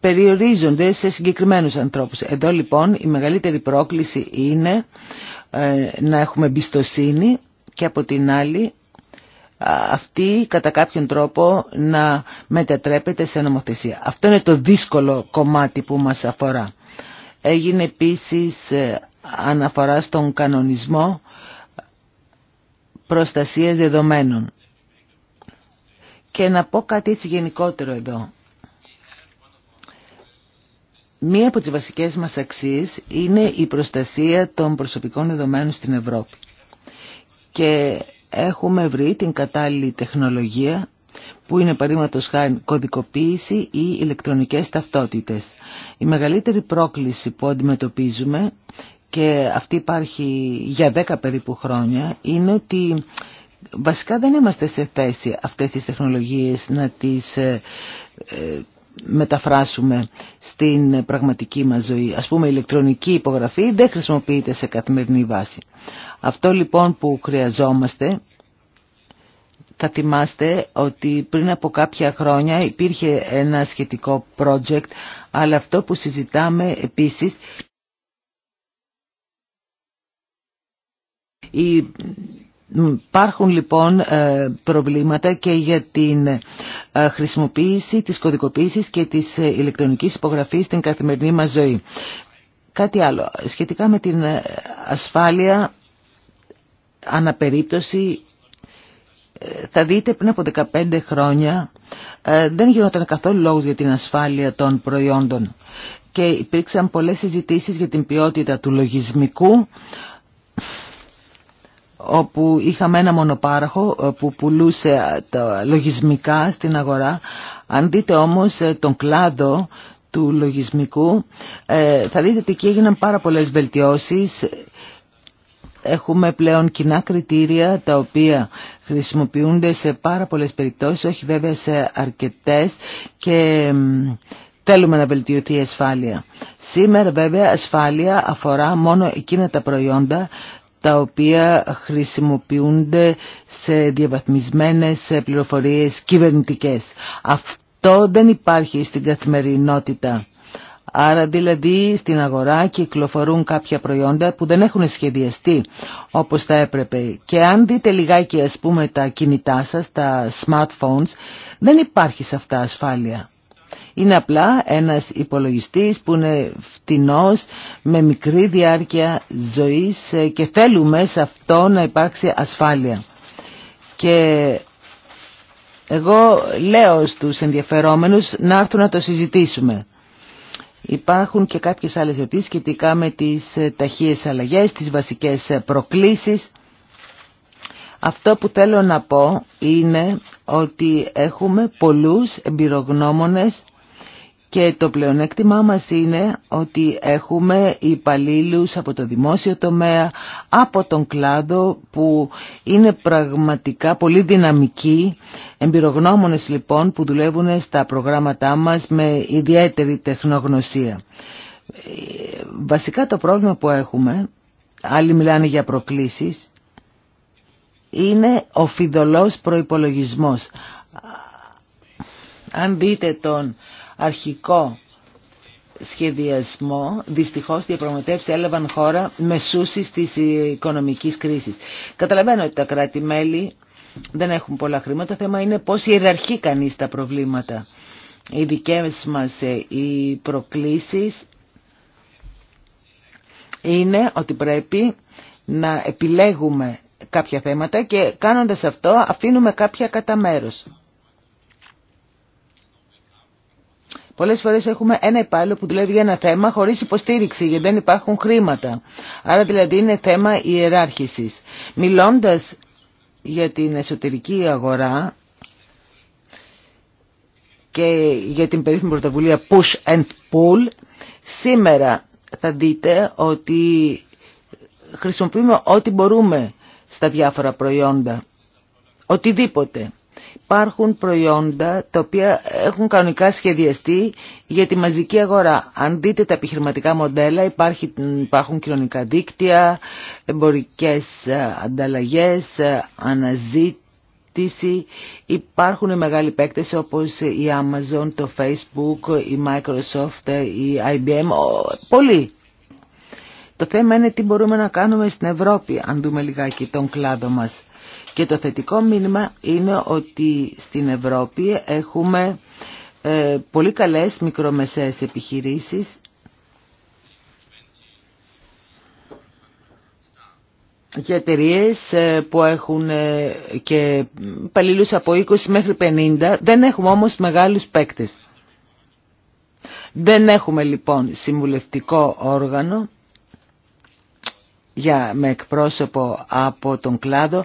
περιορίζονται σε συγκεκριμένους ανθρώπους. Εδώ λοιπόν η μεγαλύτερη πρόκληση είναι ε, να έχουμε εμπιστοσύνη και από την άλλη αυτή κατά κάποιον τρόπο να μετατρέπεται σε νομοθεσία. Αυτό είναι το δύσκολο κομμάτι που μας αφορά. Έγινε επίσης ε, αναφορά στον κανονισμό προστασίας δεδομένων. Και να πω κάτι έτσι γενικότερο εδώ. Μία από τις βασικές μας αξίες είναι η προστασία των προσωπικών δεδομένων στην Ευρώπη. Και έχουμε βρει την κατάλληλη τεχνολογία που είναι παραδείγματος χάρη κωδικοποίηση ή ηλεκτρονικές ταυτότητες. Η μεγαλύτερη πρόκληση που αντιμετωπίζουμε και αυτή υπάρχει για δέκα περίπου χρόνια είναι ότι βασικά δεν είμαστε σε θέση αυτές τις τεχνολογίες να τις ε, ε, μεταφράσουμε στην πραγματική μας ζωή. Ας πούμε η ηλεκτρονική υπογραφή δεν χρησιμοποιείται σε καθημερινή βάση. Αυτό λοιπόν που χρειαζόμαστε θα θυμάστε ότι πριν από κάποια χρόνια υπήρχε ένα σχετικό project, αλλά αυτό που συζητάμε επίσης Υπάρχουν λοιπόν ε, προβλήματα και για την ε, χρησιμοποίηση της κωδικοποίησης και της ε, ηλεκτρονικής υπογραφής στην καθημερινή μας ζωή. Κάτι άλλο, σχετικά με την ασφάλεια αναπερίπτωση θα δείτε πριν από 15 χρόνια δεν γινόταν καθόλου λόγος για την ασφάλεια των προϊόντων και υπήρξαν πολλές συζητήσεις για την ποιότητα του λογισμικού όπου είχαμε ένα μονοπάραχο ε, που πουλούσε ε, τα λογισμικά στην αγορά. Αν δείτε όμως ε, τον κλάδο του λογισμικού θα δείτε ότι εκεί έγιναν πάρα πολλές βελτιώσεις. Έχουμε πλέον κοινά κριτήρια τα οποία χρησιμοποιούνται σε πάρα πολλές περιπτώσεις, όχι βέβαια σε αρκετές και θέλουμε να βελτιωθεί η ασφάλεια. Σήμερα βέβαια ασφάλεια αφορά μόνο εκείνα τα προϊόντα τα οποία χρησιμοποιούνται σε διαβαθμισμένες πληροφορίες κυβερνητικές. Αυτό δεν υπάρχει στην καθημερινότητα. Άρα δηλαδή στην αγορά κυκλοφορούν κάποια προϊόντα που δεν έχουν σχεδιαστεί όπως θα έπρεπε. Και αν δείτε λιγάκι ας πούμε τα κινητά σας, τα smartphones, δεν υπάρχει σε αυτά ασφάλεια. Είναι απλά ένας υπολογιστής που είναι φτηνός, με μικρή διάρκεια ζωής ε, και θέλουμε σε αυτό να υπάρξει ασφάλεια. Και εγώ λέω στους ενδιαφερόμενους να έρθουν να το συζητήσουμε. Υπάρχουν και κάποιες άλλες ερωτήσεις σχετικά με τις ε, ταχείες αλλαγές, τις βασικές ε, προκλήσεις. Αυτό που θέλω να πω είναι ότι έχουμε πολλούς εμπειρογνώμονες και το πλεονέκτημά μας είναι ότι έχουμε υπαλλήλου από το δημόσιο τομέα, από τον κλάδο που είναι πραγματικά πολύ δυναμικοί, εμπειρογνώμονες λοιπόν που δουλεύουν στα προγράμματά μας με ιδιαίτερη τεχνογνωσία. Βασικά το πρόβλημα που έχουμε, άλλοι μιλάνε για προκλήσεις, είναι ο φιδωλός προϋπολογισμός. Αν δείτε τον αρχικό σχεδιασμό, δυστυχώς διαπραγματεύσει έλαβαν χώρα μεσούσεις της οικονομικής κρίσης. Καταλαβαίνω ότι τα κράτη-μέλη δεν έχουν πολλά χρήματα. Το θέμα είναι πώς ιεραρχεί κανείς τα προβλήματα. Οι δικές μας ε, οι προκλήσεις είναι ότι πρέπει να επιλέγουμε κάποια θέματα και κάνοντας αυτό αφήνουμε κάποια κατά μέρος. Πολλέ φορέ έχουμε ένα υπάλληλο που δουλεύει για ένα θέμα χωρί υποστήριξη γιατί δεν υπάρχουν χρήματα. Άρα δηλαδή είναι θέμα ιεράρχηση, μιλώντα για την εσωτερική αγορά και για την περίφημη πρωτοβουλία push and pull, σήμερα θα δείτε ότι χρησιμοποιούμε ό,τι μπορούμε στα διάφορα προϊόντα. Οτιδήποτε υπάρχουν προϊόντα τα οποία έχουν κανονικά σχεδιαστεί για τη μαζική αγορά. Αν δείτε τα επιχειρηματικά μοντέλα υπάρχουν κοινωνικά δίκτυα, εμπορικές ε, ανταλλαγές, ε, αναζήτηση. Υπάρχουν μεγάλοι παίκτες όπως η Amazon, το Facebook, η Microsoft, ε, η IBM, πολλοί. Το θέμα είναι τι μπορούμε να κάνουμε στην Ευρώπη αν δούμε λιγάκι τον κλάδο μας. Και το θετικό μήνυμα είναι ότι στην Ευρώπη έχουμε ε, πολύ καλές μικρομεσαίες επιχειρήσεις και εταιρείε ε, που έχουν ε, και παλίλους από 20 μέχρι 50, δεν έχουμε όμως μεγάλους παίκτες. Δεν έχουμε λοιπόν συμβουλευτικό όργανο για, με εκπρόσωπο από τον κλάδο.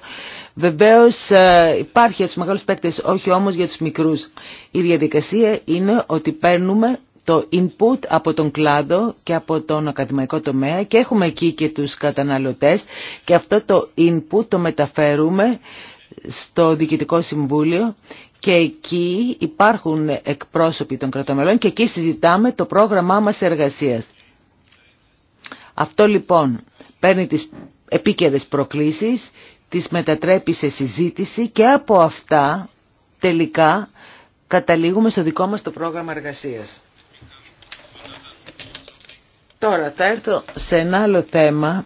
Βεβαίως ε, υπάρχει για τους μεγάλους παίκτες, όχι όμως για τους μικρούς. Η διαδικασία είναι ότι παίρνουμε το input από τον κλάδο και από τον ακαδημαϊκό τομέα και έχουμε εκεί και τους καταναλωτές και αυτό το input το μεταφέρουμε στο Διοικητικό Συμβούλιο και εκεί υπάρχουν εκπρόσωποι των κρατομελών και εκεί συζητάμε το πρόγραμμά μας εργασίας. Αυτό λοιπόν παίρνει τις επίκαιρες προκλήσεις, τις μετατρέπει σε συζήτηση και από αυτά τελικά καταλήγουμε στο δικό μας το πρόγραμμα εργασίας. Τώρα θα έρθω σε ένα άλλο θέμα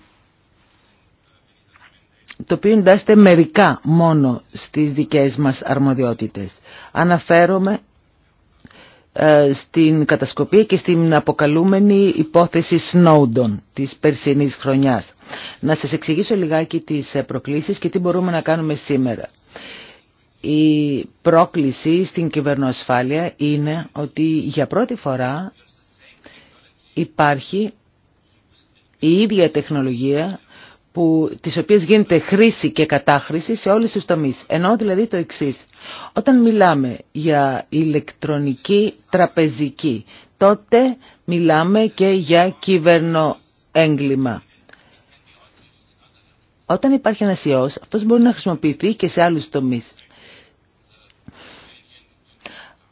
το οποίο εντάσσεται μερικά μόνο στις δικές μας αρμοδιότητες. Αναφέρομαι ε, στην κατασκοπία και στην αποκαλούμενη υπόθεση Snowden της περσινής χρονιάς. Να σας εξηγήσω λιγάκι τις ε, προκλήσεις και τι μπορούμε να κάνουμε σήμερα. Η πρόκληση στην κυβερνοασφάλεια είναι ότι για πρώτη φορά υπάρχει η ίδια τεχνολογία που, τις οποίες γίνεται χρήση και κατάχρηση σε όλους τους τομείς. Ενώ δηλαδή το εξής. Όταν μιλάμε για ηλεκτρονική τραπεζική, τότε μιλάμε και για κυβερνοέγκλημα. Όταν υπάρχει ένας ιός, αυτός μπορεί να χρησιμοποιηθεί και σε άλλους τομείς.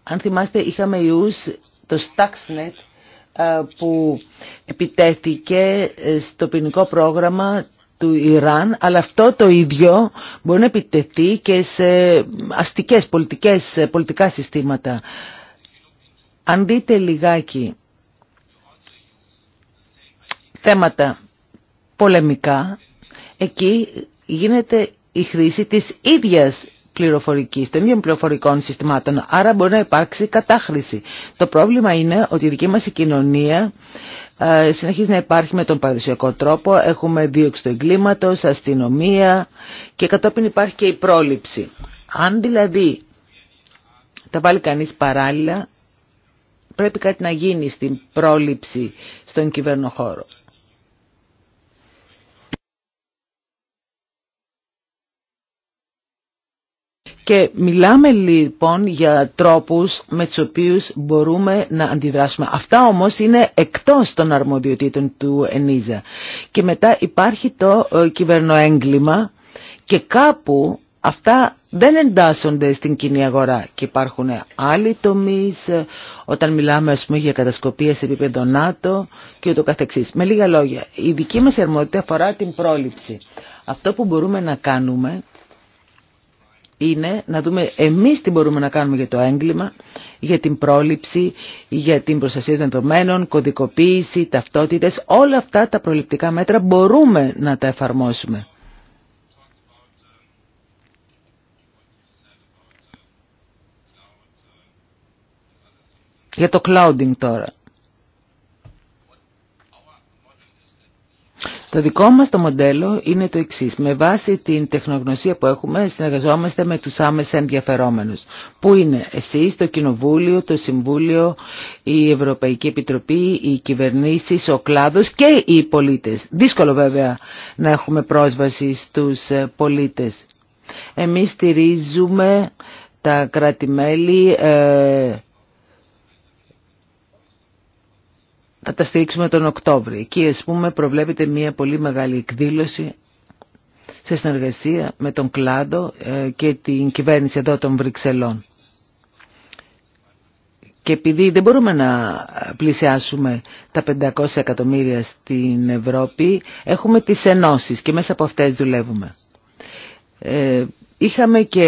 Αν θυμάστε, είχαμε ιούς το Stuxnet ε, που επιτέθηκε στο ποινικό πρόγραμμα του Ιράν, αλλά αυτό το ίδιο μπορεί να επιτεθεί και σε αστικές πολιτικές, πολιτικά συστήματα. Αν δείτε λιγάκι θέματα πολεμικά, εκεί γίνεται η χρήση της ίδιας πληροφορικής, των ίδιων πληροφορικών συστημάτων, άρα μπορεί να υπάρξει κατάχρηση. Το πρόβλημα είναι ότι η δική μας κοινωνία ε, συνεχίζει να υπάρχει με τον παραδοσιακό τρόπο. Έχουμε δίωξη του εγκλήματος, αστυνομία και κατόπιν υπάρχει και η πρόληψη. Αν δηλαδή τα βάλει κανείς παράλληλα, πρέπει κάτι να γίνει στην πρόληψη στον κυβερνοχώρο. Και μιλάμε λοιπόν για τρόπους με τους οποίους μπορούμε να αντιδράσουμε. Αυτά όμως είναι εκτός των αρμοδιοτήτων του ΕΝΙΖΑ. Και μετά υπάρχει το ε, κυβερνοέγκλημα και κάπου αυτά δεν εντάσσονται στην κοινή αγορά και υπάρχουν άλλοι τομείς ε, όταν μιλάμε ας πούμε για κατασκοπία σε επίπεδο ΝΑΤΟ και ούτω καθεξής. Με λίγα λόγια, η δική μας αρμοδιότητα αφορά την πρόληψη. Αυτό που μπορούμε να κάνουμε είναι να δούμε εμείς τι μπορούμε να κάνουμε για το έγκλημα, για την πρόληψη, για την προστασία των δεδομένων, κωδικοποίηση, ταυτότητες, όλα αυτά τα προληπτικά μέτρα μπορούμε να τα εφαρμόσουμε. Για το clouding τώρα. Το δικό μας το μοντέλο είναι το εξής. Με βάση την τεχνογνωσία που έχουμε συνεργαζόμαστε με τους άμεσα ενδιαφερόμενους. Πού είναι εσείς, το Κοινοβούλιο, το Συμβούλιο, η Ευρωπαϊκή Επιτροπή, οι κυβερνήσεις, ο κλάδος και οι πολίτες. Δύσκολο βέβαια να έχουμε πρόσβαση στους ε, πολίτες. Εμείς στηρίζουμε τα κράτη-μέλη ε, θα τα στηρίξουμε τον Οκτώβριο. Εκεί α πούμε προβλέπεται μια πολύ μεγάλη εκδήλωση σε συνεργασία με τον κλάδο ε, και την κυβέρνηση εδώ των Βρυξελών. Και επειδή δεν μπορούμε να πλησιάσουμε τα 500 εκατομμύρια στην Ευρώπη, έχουμε τις ενώσεις και μέσα από αυτές δουλεύουμε. Ε, είχαμε και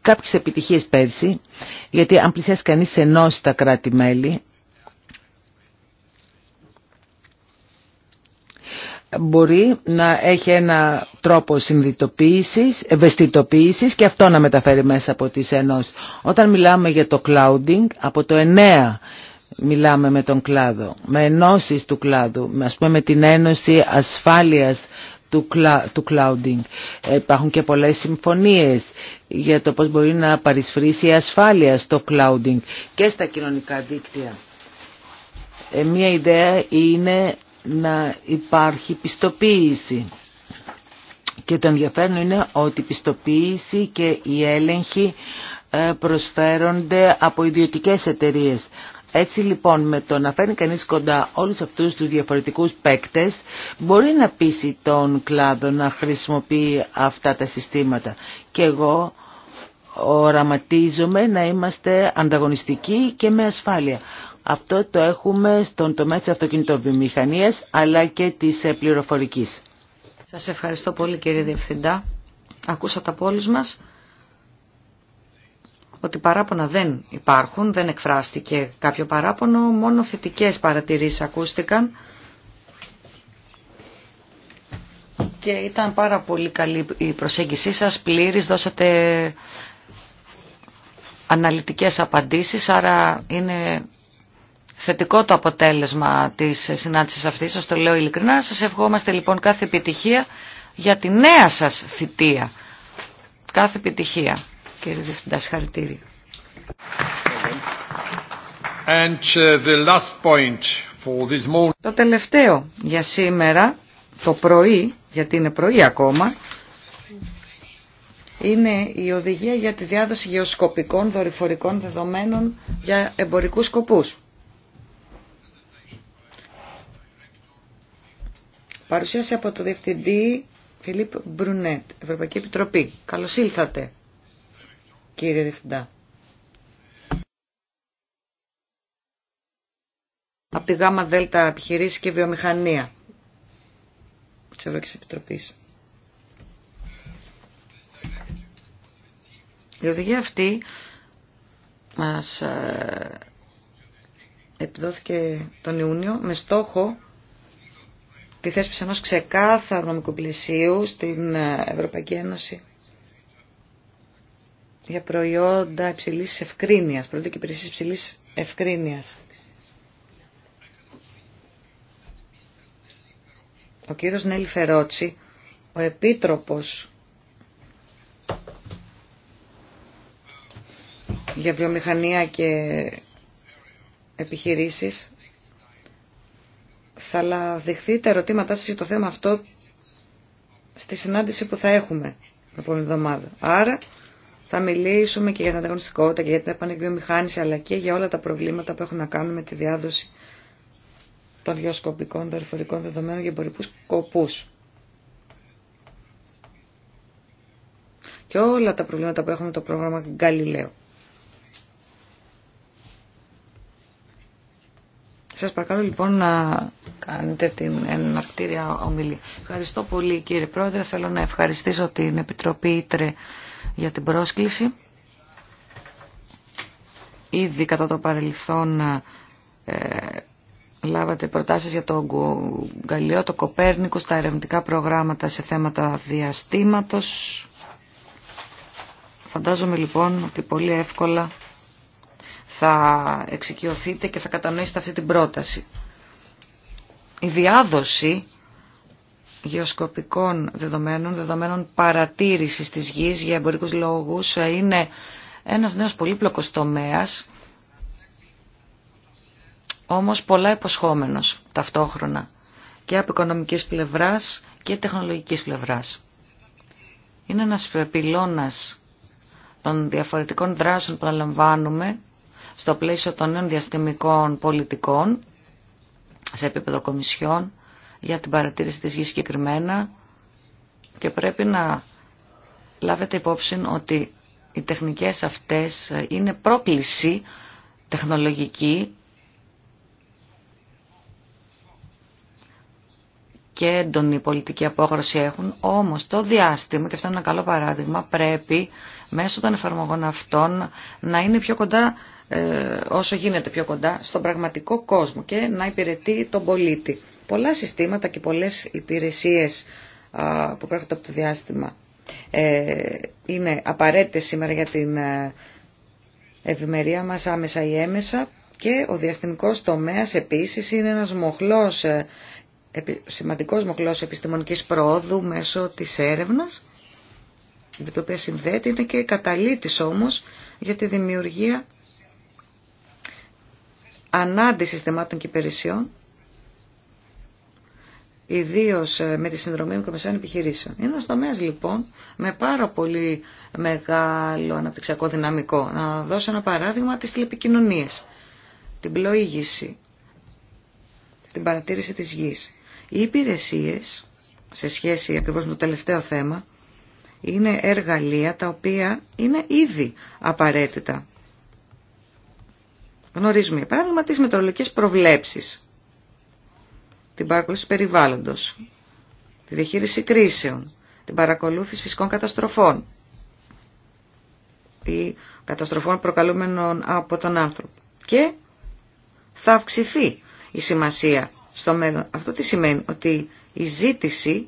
κάποιες επιτυχίες πέρσι, γιατί αν πλησιάσει κανείς ενώσει τα κράτη-μέλη, μπορεί να έχει ένα τρόπο συνδυτοποίησης, ευαισθητοποίησης και αυτό να μεταφέρει μέσα από τις ενώσεις. Όταν μιλάμε για το clouding, από το 9 μιλάμε με τον κλάδο, με ενώσεις του κλάδου, ας πούμε με την Ένωση Ασφάλειας του clouding. Ε, υπάρχουν και πολλές συμφωνίες για το πώς μπορεί να παρισφρήσει η ασφάλεια στο clouding και στα κοινωνικά δίκτυα. Ε, μία ιδέα είναι να υπάρχει πιστοποίηση. Και το ενδιαφέρον είναι ότι η πιστοποίηση και η έλεγχη ε, προσφέρονται από ιδιωτικές εταιρείες. Έτσι λοιπόν με το να φέρνει κανείς κοντά όλους αυτούς τους διαφορετικούς παίκτες μπορεί να πείσει τον κλάδο να χρησιμοποιεί αυτά τα συστήματα. Και εγώ οραματίζομαι να είμαστε ανταγωνιστικοί και με ασφάλεια. Αυτό το έχουμε στον τομέα της αυτοκινητοβιομηχανίας αλλά και της ε, πληροφορικής. Σας ευχαριστώ πολύ κύριε Διευθυντά. Ακούσατε από όλους μας ότι παράπονα δεν υπάρχουν, δεν εκφράστηκε κάποιο παράπονο, μόνο θετικές παρατηρήσεις ακούστηκαν. Και ήταν πάρα πολύ καλή η προσέγγισή σας, πλήρης, δώσατε αναλυτικές απαντήσεις, άρα είναι θετικό το αποτέλεσμα της συνάντησης αυτής, σας το λέω ειλικρινά. Σας ευχόμαστε λοιπόν κάθε επιτυχία για τη νέα σας θητεία. Κάθε επιτυχία, κύριε Διευθυντά, συγχαρητήρια. And uh, the last point for this Το τελευταίο για σήμερα, το πρωί, γιατί είναι πρωί ακόμα, είναι η οδηγία για τη διάδοση γεωσκοπικών δορυφορικών δεδομένων για εμπορικούς σκοπούς. Παρουσίαση από το Διευθυντή Φιλίπ Μπρουνέτ, Ευρωπαϊκή Επιτροπή. Καλώς ήλθατε, κύριε Διευθυντά. Από τη ΓΑΜΑ ΔΕΛΤΑ Επιχειρήσεις και Βιομηχανία της Ευρωπαϊκής επιτροπή. Η οδηγία αυτή μας ε, επιδόθηκε τον Ιούνιο με στόχο τη θέσπιση ενός ξεκάθαρου νομικού πλησίου στην Ευρωπαϊκή Ένωση για προϊόντα υψηλής ευκρίνειας, προϊόντα και υπηρεσίες υψηλής ευκρίνειας. Ο κύριος Νέλη Φερότσι, ο Επίτροπος για βιομηχανία και επιχειρήσεις θα τα ερωτήματά σας για το θέμα αυτό στη συνάντηση που θα έχουμε την επόμενη εβδομάδα. Άρα θα μιλήσουμε και για την ανταγωνιστικότητα και για την επανεκβιομηχάνηση αλλά και για όλα τα προβλήματα που έχουν να κάνουν με τη διάδοση των γεωσκοπικών δορυφορικών δεδομένων για εμπορικού σκοπού. Και όλα τα προβλήματα που έχουμε με το πρόγραμμα Galileo. Σας παρακαλώ λοιπόν να κάνετε την εναρκτήρια ομιλία. Ευχαριστώ πολύ κύριε Πρόεδρε. Θέλω να ευχαριστήσω την Επιτροπή Ήτρε για την πρόσκληση. Ήδη κατά το παρελθόν ε, λάβατε προτάσεις για τον Γκαλιό, το Κοπέρνικο, στα ερευνητικά προγράμματα σε θέματα διαστήματος. Φαντάζομαι λοιπόν ότι πολύ εύκολα θα εξοικειωθείτε και θα κατανοήσετε αυτή την πρόταση. Η διάδοση γεωσκοπικών δεδομένων, δεδομένων παρατήρησης της γης για εμπορικούς λόγους είναι ένας νέος πολύπλοκος τομέας, όμως πολλά υποσχόμενος ταυτόχρονα και από οικονομικής πλευράς και τεχνολογικής πλευράς. Είναι ένας πυλώνας των διαφορετικών δράσεων που αναλαμβάνουμε στο πλαίσιο των νέων διαστημικών πολιτικών σε επίπεδο κομισιών για την παρατήρηση της γης συγκεκριμένα και πρέπει να λάβετε υπόψη ότι οι τεχνικές αυτές είναι πρόκληση τεχνολογική και έντονη πολιτική απόχρωση έχουν, όμως το διάστημα, και αυτό είναι ένα καλό παράδειγμα, πρέπει μέσω των εφαρμογών αυτών να είναι πιο κοντά ε, όσο γίνεται πιο κοντά στον πραγματικό κόσμο και να υπηρετεί τον πολίτη. Πολλά συστήματα και πολλές υπηρεσίες που πρόκειται από το διάστημα ε, είναι απαραίτητες σήμερα για την ε, ευημερία μας άμεσα ή έμεσα και ο διαστημικός τομέας επίσης είναι ένας μοχλός, σημαντικός μοχλός επιστημονικής προόδου μέσω της έρευνας με το οποίο συνδέεται, είναι και καταλήτης όμως για τη δημιουργία ανάντι θεμάτων και υπηρεσιών, ιδίω ε, με τη συνδρομή μικρομεσαίων επιχειρήσεων. Είναι ένα τομέα λοιπόν με πάρα πολύ μεγάλο αναπτυξιακό δυναμικό. Να δώσω ένα παράδειγμα της τηλεπικοινωνίες, την πλοήγηση, την παρατήρηση της γης. Οι υπηρεσίε, σε σχέση ακριβώ με το τελευταίο θέμα, είναι εργαλεία τα οποία είναι ήδη απαραίτητα Γνωρίζουμε για παράδειγμα τις μετρολογικές προβλέψεις, την παρακολούθηση περιβάλλοντος, τη διαχείριση κρίσεων, την παρακολούθηση φυσικών καταστροφών ή καταστροφών προκαλούμενων από τον άνθρωπο. Και θα αυξηθεί η σημασία στο μέλλον. Αυτό τι σημαίνει, ότι η ζήτηση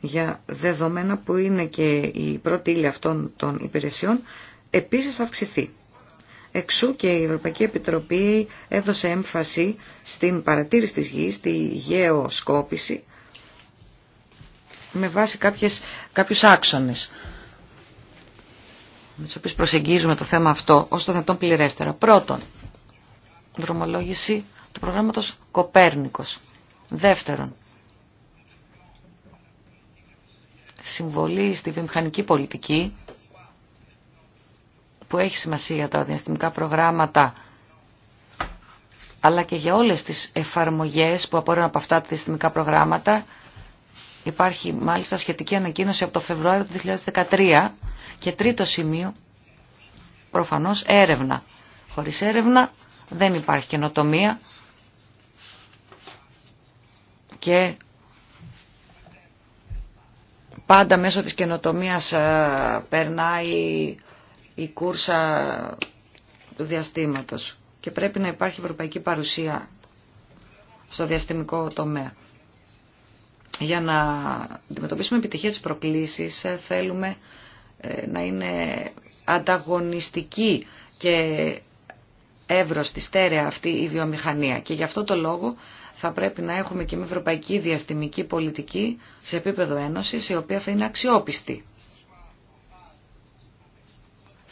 για δεδομένα που είναι και η πρώτη ύλη αυτών των υπηρεσιών επίσης θα αυξηθεί. Εξού και η Ευρωπαϊκή Επιτροπή έδωσε έμφαση στην παρατήρηση της γης, τη γεωσκόπηση, με βάση κάποιες, κάποιους άξονες με τους οποίους προσεγγίζουμε το θέμα αυτό ως το δυνατόν πληρέστερα. Πρώτον, δρομολόγηση του προγράμματος Κοπέρνικος. Δεύτερον, συμβολή στη βιομηχανική πολιτική που έχει σημασία τα διαστημικά προγράμματα αλλά και για όλες τις εφαρμογές που απορρέουν από αυτά τα διαστημικά προγράμματα. Υπάρχει μάλιστα σχετική ανακοίνωση από το Φεβρουάριο του 2013 και τρίτο σημείο, προφανώς έρευνα. Χωρίς έρευνα δεν υπάρχει καινοτομία και πάντα μέσω της καινοτομίας ε, περνάει η κούρσα του διαστήματος και πρέπει να υπάρχει ευρωπαϊκή παρουσία στο διαστημικό τομέα. Για να αντιμετωπίσουμε επιτυχία της προκλήσεις ε, θέλουμε ε, να είναι ανταγωνιστική και εύρωστη, στέρεα αυτή η βιομηχανία. Και γι' αυτό το λόγο θα πρέπει να έχουμε και μια ευρωπαϊκή διαστημική πολιτική σε επίπεδο ένωσης η οποία θα είναι αξιόπιστη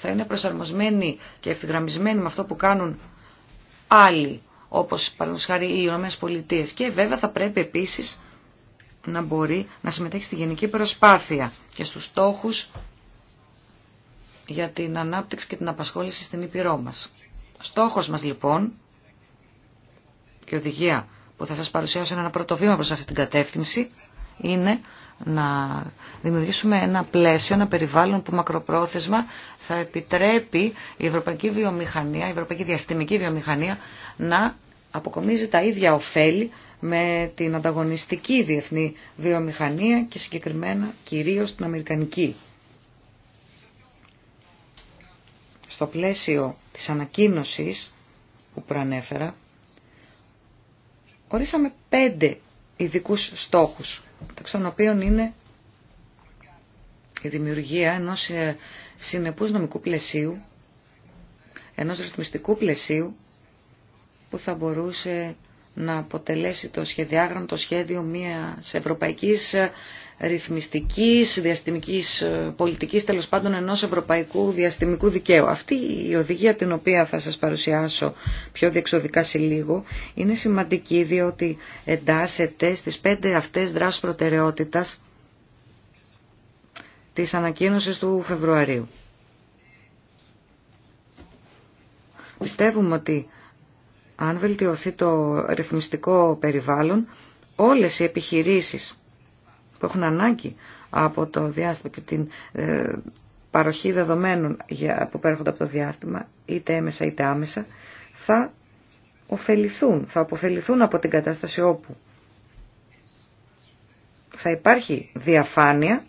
θα είναι προσαρμοσμένοι και ευθυγραμμισμένοι με αυτό που κάνουν άλλοι, όπως παραδείγματο οι Ηνωμένε Και βέβαια θα πρέπει επίσης να μπορεί να συμμετέχει στη γενική προσπάθεια και στους στόχους για την ανάπτυξη και την απασχόληση στην Ήπειρό μα. Στόχος μας λοιπόν και οδηγία που θα σας παρουσιάσω ένα πρώτο βήμα προς αυτή την κατεύθυνση είναι να δημιουργήσουμε ένα πλαίσιο, ένα περιβάλλον που μακροπρόθεσμα θα επιτρέπει η ευρωπαϊκή βιομηχανία, η ευρωπαϊκή διαστημική βιομηχανία να αποκομίζει τα ίδια ωφέλη με την ανταγωνιστική διεθνή βιομηχανία και συγκεκριμένα κυρίως την αμερικανική. Στο πλαίσιο της ανακοίνωσης που προανέφερα, ορίσαμε πέντε ειδικούς στόχους, μεταξύ των οποίων είναι η δημιουργία ενός ε, συνεπούς νομικού πλαισίου, ενός ρυθμιστικού πλαισίου που θα μπορούσε να αποτελέσει το σχεδιάγραμμα, το σχέδιο μιας ευρωπαϊκής ρυθμιστικής, διαστημικής ε, πολιτικής, τέλος πάντων ενός ευρωπαϊκού διαστημικού δικαίου. Αυτή η οδηγία την οποία θα σας παρουσιάσω πιο διεξοδικά σε λίγο είναι σημαντική διότι εντάσσεται στις πέντε αυτές δράσεις προτεραιότητας της ανακοίνωσης του Φεβρουαρίου. Πιστεύουμε ότι αν βελτιωθεί το ρυθμιστικό περιβάλλον, όλες οι επιχειρήσεις που έχουν ανάγκη από το διάστημα και την ε, παροχή δεδομένων που παίρνονται από το διάστημα, είτε έμεσα είτε άμεσα, θα ωφεληθούν, θα αποφεληθούν από την κατάσταση όπου θα υπάρχει διαφάνεια,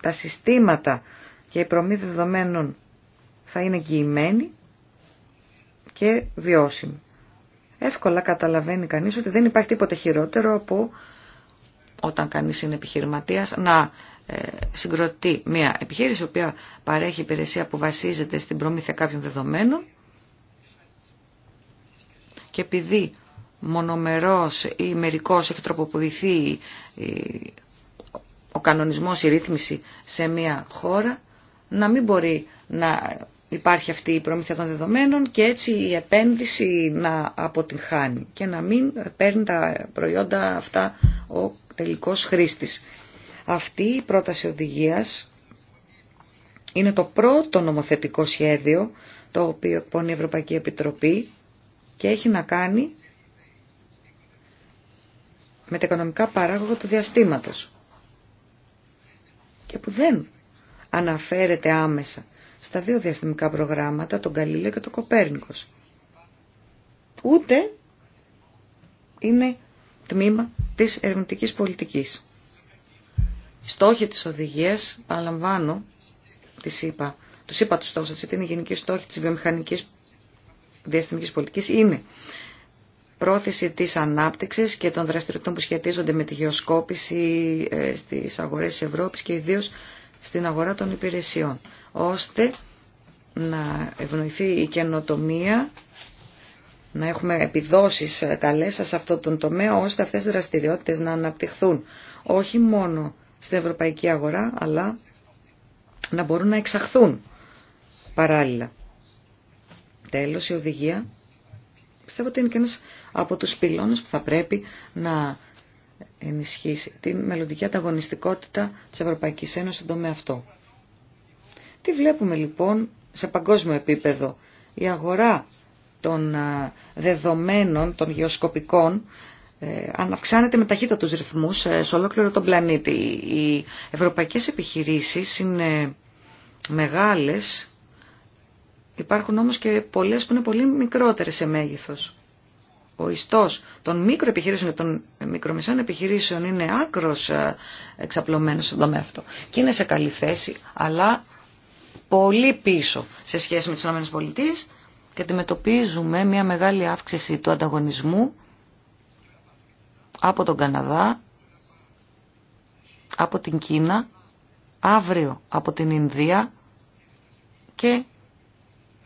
τα συστήματα και η προμή δεδομένων θα είναι εγγυημένοι και βιώσιμοι. Εύκολα καταλαβαίνει κανείς ότι δεν υπάρχει τίποτε χειρότερο από όταν κανείς είναι επιχειρηματίας να ε, συγκροτεί μια επιχείρηση η οποία παρέχει υπηρεσία που βασίζεται στην προμήθεια κάποιων δεδομένων και επειδή μονομερός ή μερικός έχει τροποποιηθεί ο κανονισμός, η ρύθμιση σε μια χώρα, να μην μπορεί να υπάρχει αυτή η προμήθεια των δεδομένων και έτσι η επένδυση να αποτυγχάνει και να μην παίρνει τα προϊόντα αυτά ο τελικός χρήστης. Αυτή η πρόταση οδηγίας είναι το πρώτο νομοθετικό σχέδιο το οποίο εκπονεί η Ευρωπαϊκή Επιτροπή και έχει να κάνει με τα οικονομικά παράγωγα του διαστήματος και που δεν αναφέρεται άμεσα στα δύο διαστημικά προγράμματα, τον Καλίλιο και τον Κοπέρνικος. Ούτε είναι τμήμα της ερευνητικής πολιτικής. στόχοι της οδηγίας, παραλαμβάνω, της είπα, τους είπα τους στόχους, είναι οι γενική στόχοι της βιομηχανικής διαστημικής πολιτικής, είναι πρόθεση της ανάπτυξης και των δραστηριοτήτων που σχετίζονται με τη γεωσκόπηση ε, στις αγορές της Ευρώπης και ιδίως στην αγορά των υπηρεσιών, ώστε να ευνοηθεί η καινοτομία να έχουμε επιδόσεις ε, καλές σε αυτό τον τομέα, ώστε αυτές οι δραστηριότητες να αναπτυχθούν όχι μόνο στην ευρωπαϊκή αγορά, αλλά να μπορούν να εξαχθούν παράλληλα. Τέλος, η οδηγία πιστεύω ότι είναι και ένας από τους πυλώνες που θα πρέπει να ενισχύσει την μελλοντική ανταγωνιστικότητα της Ευρωπαϊκής Ένωσης στον τομέα αυτό. Τι βλέπουμε λοιπόν σε παγκόσμιο επίπεδο. Η αγορά των ε, δεδομένων, των γεωσκοπικών, ε, αν αυξάνεται με ταχύτητα τους ρυθμούς ε, σε ολόκληρο τον πλανήτη. Οι ευρωπαϊκές επιχειρήσεις είναι μεγάλες, υπάρχουν όμως και πολλές που είναι πολύ μικρότερες σε μέγεθος. Ο ιστός των μικροεπιχειρήσεων και των μικρομεσαίων επιχειρήσεων είναι άκρος εξαπλωμένος στον τομέα αυτό. Και είναι σε καλή θέση, αλλά πολύ πίσω σε σχέση με τις ΗΠΑ και αντιμετωπίζουμε μια μεγάλη αύξηση του ανταγωνισμού από τον Καναδά, από την Κίνα, αύριο από την Ινδία και,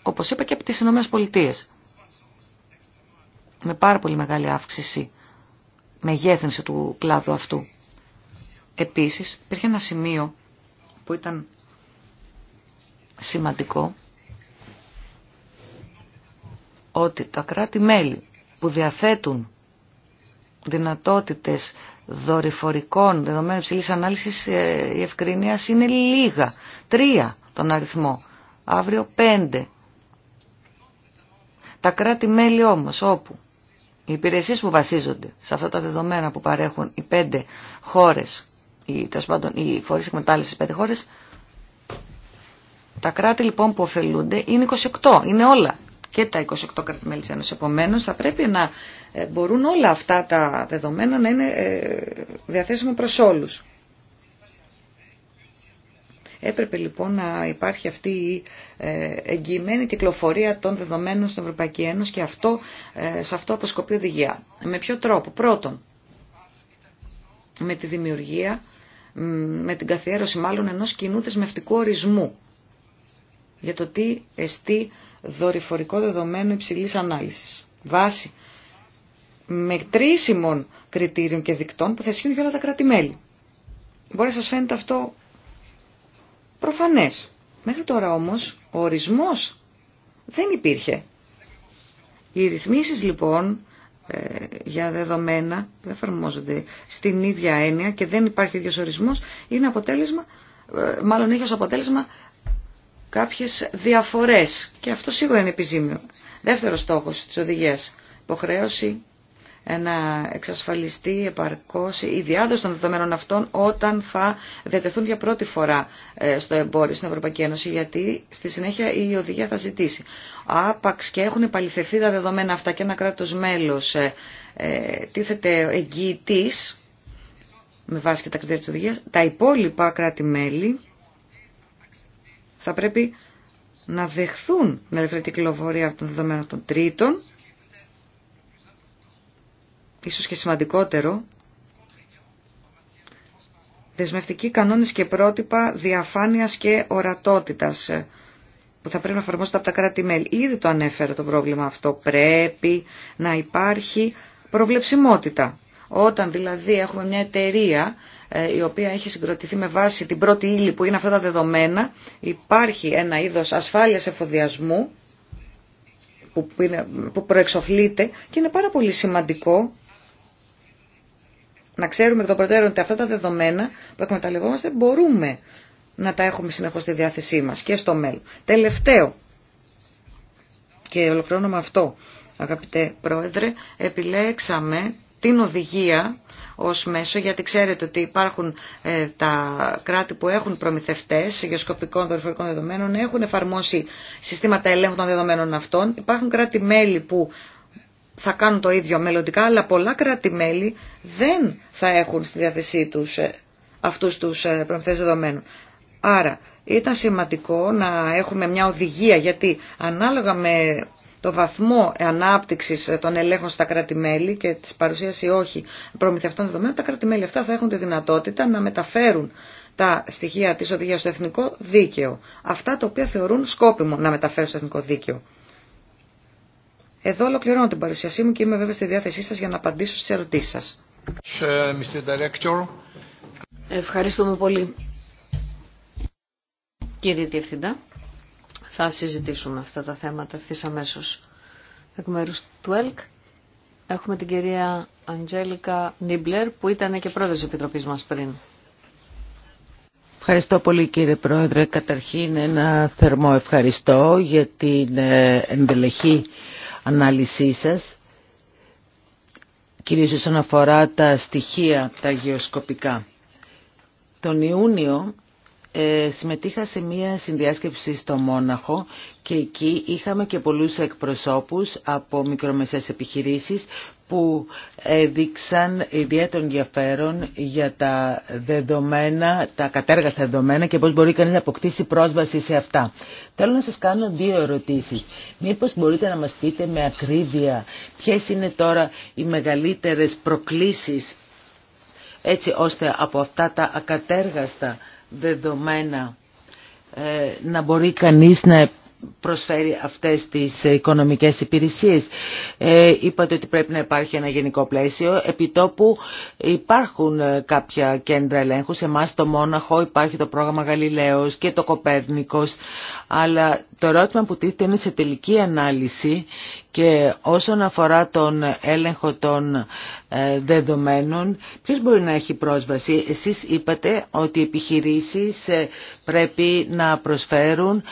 όπως είπα, και από τις Ηνωμένες Πολιτείες. Με πάρα πολύ μεγάλη αύξηση μεγέθυνση του κλάδου αυτού. Επίσης, υπήρχε ένα σημείο που ήταν σημαντικό ότι τα κράτη-μέλη που διαθέτουν δυνατότητες δορυφορικών δεδομένων υψηλής ανάλυσης ε, η ευκρίνεια είναι λίγα. Τρία τον αριθμό. Αύριο πέντε. Τα κράτη-μέλη όμως όπου οι υπηρεσίες που βασίζονται σε αυτά τα δεδομένα που παρέχουν οι πέντε χώρες, οι, πάντων, οι φορείς εκμετάλλευσης πέντε χώρες, τα κράτη λοιπόν που ωφελούνται είναι 28, είναι όλα και τα 28 κράτη-μέλη της Ένωσης. Επομένως θα πρέπει να ε, μπορούν όλα αυτά τα δεδομένα να είναι ε, διαθέσιμα προς όλους. Έπρεπε λοιπόν να υπάρχει αυτή η ε, εγγυημένη κυκλοφορία των δεδομένων στην Ευρωπαϊκή Ένωση και αυτό, σε αυτό αποσκοπεί οδηγία. Με ποιο τρόπο. Πρώτον, με τη δημιουργία, με την καθιέρωση μάλλον ενός κοινού δεσμευτικού ορισμού για το τι εστί δορυφορικό δεδομένο υψηλής ανάλυσης. Βάση μετρήσιμων κριτήριων και δικτών που θα ισχύουν για όλα τα κράτη-μέλη. Μπορεί να σας φαίνεται αυτό προφανές. Μέχρι τώρα όμως ο ορισμός δεν υπήρχε. Οι ρυθμίσεις λοιπόν ε, για δεδομένα που εφαρμόζονται στην ίδια έννοια και δεν υπάρχει ίδιος ορισμός είναι αποτέλεσμα, ε, μάλλον έχει ως αποτέλεσμα κάποιες διαφορές και αυτό σίγουρα είναι επιζήμιο. Δεύτερος στόχος της οδηγίας, υποχρέωση να εξασφαλιστεί επαρκώς η διάδοση των δεδομένων αυτών όταν θα δετεθούν για πρώτη φορά ε, στο εμπόριο στην Ευρωπαϊκή Ένωση, γιατί στη συνέχεια η οδηγία θα ζητήσει. Άπαξ και έχουν επαληθευτεί τα δεδομένα αυτά και ένα κράτος μέλος ε, ε, τίθεται εγγυητής με βάση και τα κριτήρια της οδηγίας, τα υπόλοιπα κράτη-μέλη θα πρέπει να δεχθούν την ελεύθερη κυκλοφορία των δεδομένων των τρίτων, ίσως και σημαντικότερο, δεσμευτικοί κανόνες και πρότυπα διαφάνειας και ορατότητας ε, που θα πρέπει να εφαρμόζονται από τα κράτη-μέλη. Ήδη το ανέφερα το πρόβλημα αυτό. Πρέπει να υπάρχει προβλεψιμότητα. Όταν δηλαδή έχουμε μια εταιρεία ε, η οποία έχει συγκροτηθεί με βάση την πρώτη ύλη που είναι αυτά τα δεδομένα. Υπάρχει ένα είδος ασφάλειας εφοδιασμού που προεξοφλείται και είναι πάρα πολύ σημαντικό να ξέρουμε εκ των προτέρων ότι αυτά τα δεδομένα που εκμεταλλευόμαστε μπορούμε να τα έχουμε συνεχώς στη διάθεσή μας και στο μέλλον. Τελευταίο, και ολοκληρώνω με αυτό, αγαπητέ Πρόεδρε, επιλέξαμε την οδηγία ως μέσο, γιατί ξέρετε ότι υπάρχουν ε, τα κράτη που έχουν προμηθευτές γεωσκοπικών δορυφορικών δεδομένων, έχουν εφαρμόσει συστήματα ελέγχου των δεδομένων αυτών. Υπάρχουν κράτη-μέλη που θα κάνουν το ίδιο μελλοντικά, αλλά πολλά κράτη-μέλη δεν θα έχουν στη διάθεσή τους ε, αυτούς τους ε, προμηθευτές δεδομένων. Άρα ήταν σημαντικό να έχουμε μια οδηγία, γιατί ανάλογα με το βαθμό ανάπτυξη των ελέγχων στα κράτη-μέλη και τη παρουσία ή όχι προμηθευτών δεδομένων, τα κράτη-μέλη αυτά θα έχουν τη δυνατότητα να μεταφέρουν τα στοιχεία τη οδηγία στο εθνικό δίκαιο. Αυτά τα οποία θεωρούν σκόπιμο να μεταφέρουν στο εθνικό δίκαιο. Εδώ ολοκληρώνω την παρουσίασή μου και είμαι βέβαια στη διάθεσή σας για να απαντήσω στι ερωτήσει σα. Ευχαριστούμε πολύ. Κύριε Διευθυντά θα συζητήσουμε αυτά τα θέματα ευθύ αμέσω. Εκ μέρου του ΕΛΚ έχουμε την κυρία Αντζέλικα Νίμπλερ που ήταν και πρόεδρος της Επιτροπής μας πριν. Ευχαριστώ πολύ κύριε Πρόεδρε. Καταρχήν ένα θερμό ευχαριστώ για την ε, ενδελεχή ανάλυση σας, κυρίως όσον αφορά τα στοιχεία τα γεωσκοπικά. Τον Ιούνιο ε, συμμετείχα σε μία συνδιάσκεψη στο Μόναχο και εκεί είχαμε και πολλούς εκπροσώπους από μικρομεσαίες επιχειρήσεις που έδειξαν ιδιαίτερο ενδιαφέρον για τα δεδομένα, τα κατέργαστα δεδομένα και πώς μπορεί κανείς να αποκτήσει πρόσβαση σε αυτά. Θέλω να σας κάνω δύο ερωτήσεις. Μήπως μπορείτε να μας πείτε με ακρίβεια ποιες είναι τώρα οι μεγαλύτερες προκλήσεις έτσι ώστε από αυτά τα ακατέργαστα δεδομένα ε, να μπορεί κανείς να προσφέρει αυτές τις οικονομικές υπηρεσίες. Ε, είπατε ότι πρέπει να υπάρχει ένα γενικό πλαίσιο. Επιτόπου υπάρχουν ε, κάποια κέντρα ελέγχου. Σε εμάς το Μόναχο υπάρχει το πρόγραμμα Γαλιλαίος και το Κοπέρνικος. Αλλά το ερώτημα που τίθεται είναι σε τελική ανάλυση και όσον αφορά τον έλεγχο των ε, δεδομένων, ποιος μπορεί να έχει πρόσβαση. Εσείς είπατε ότι οι επιχειρήσεις ε, πρέπει να προσφέρουν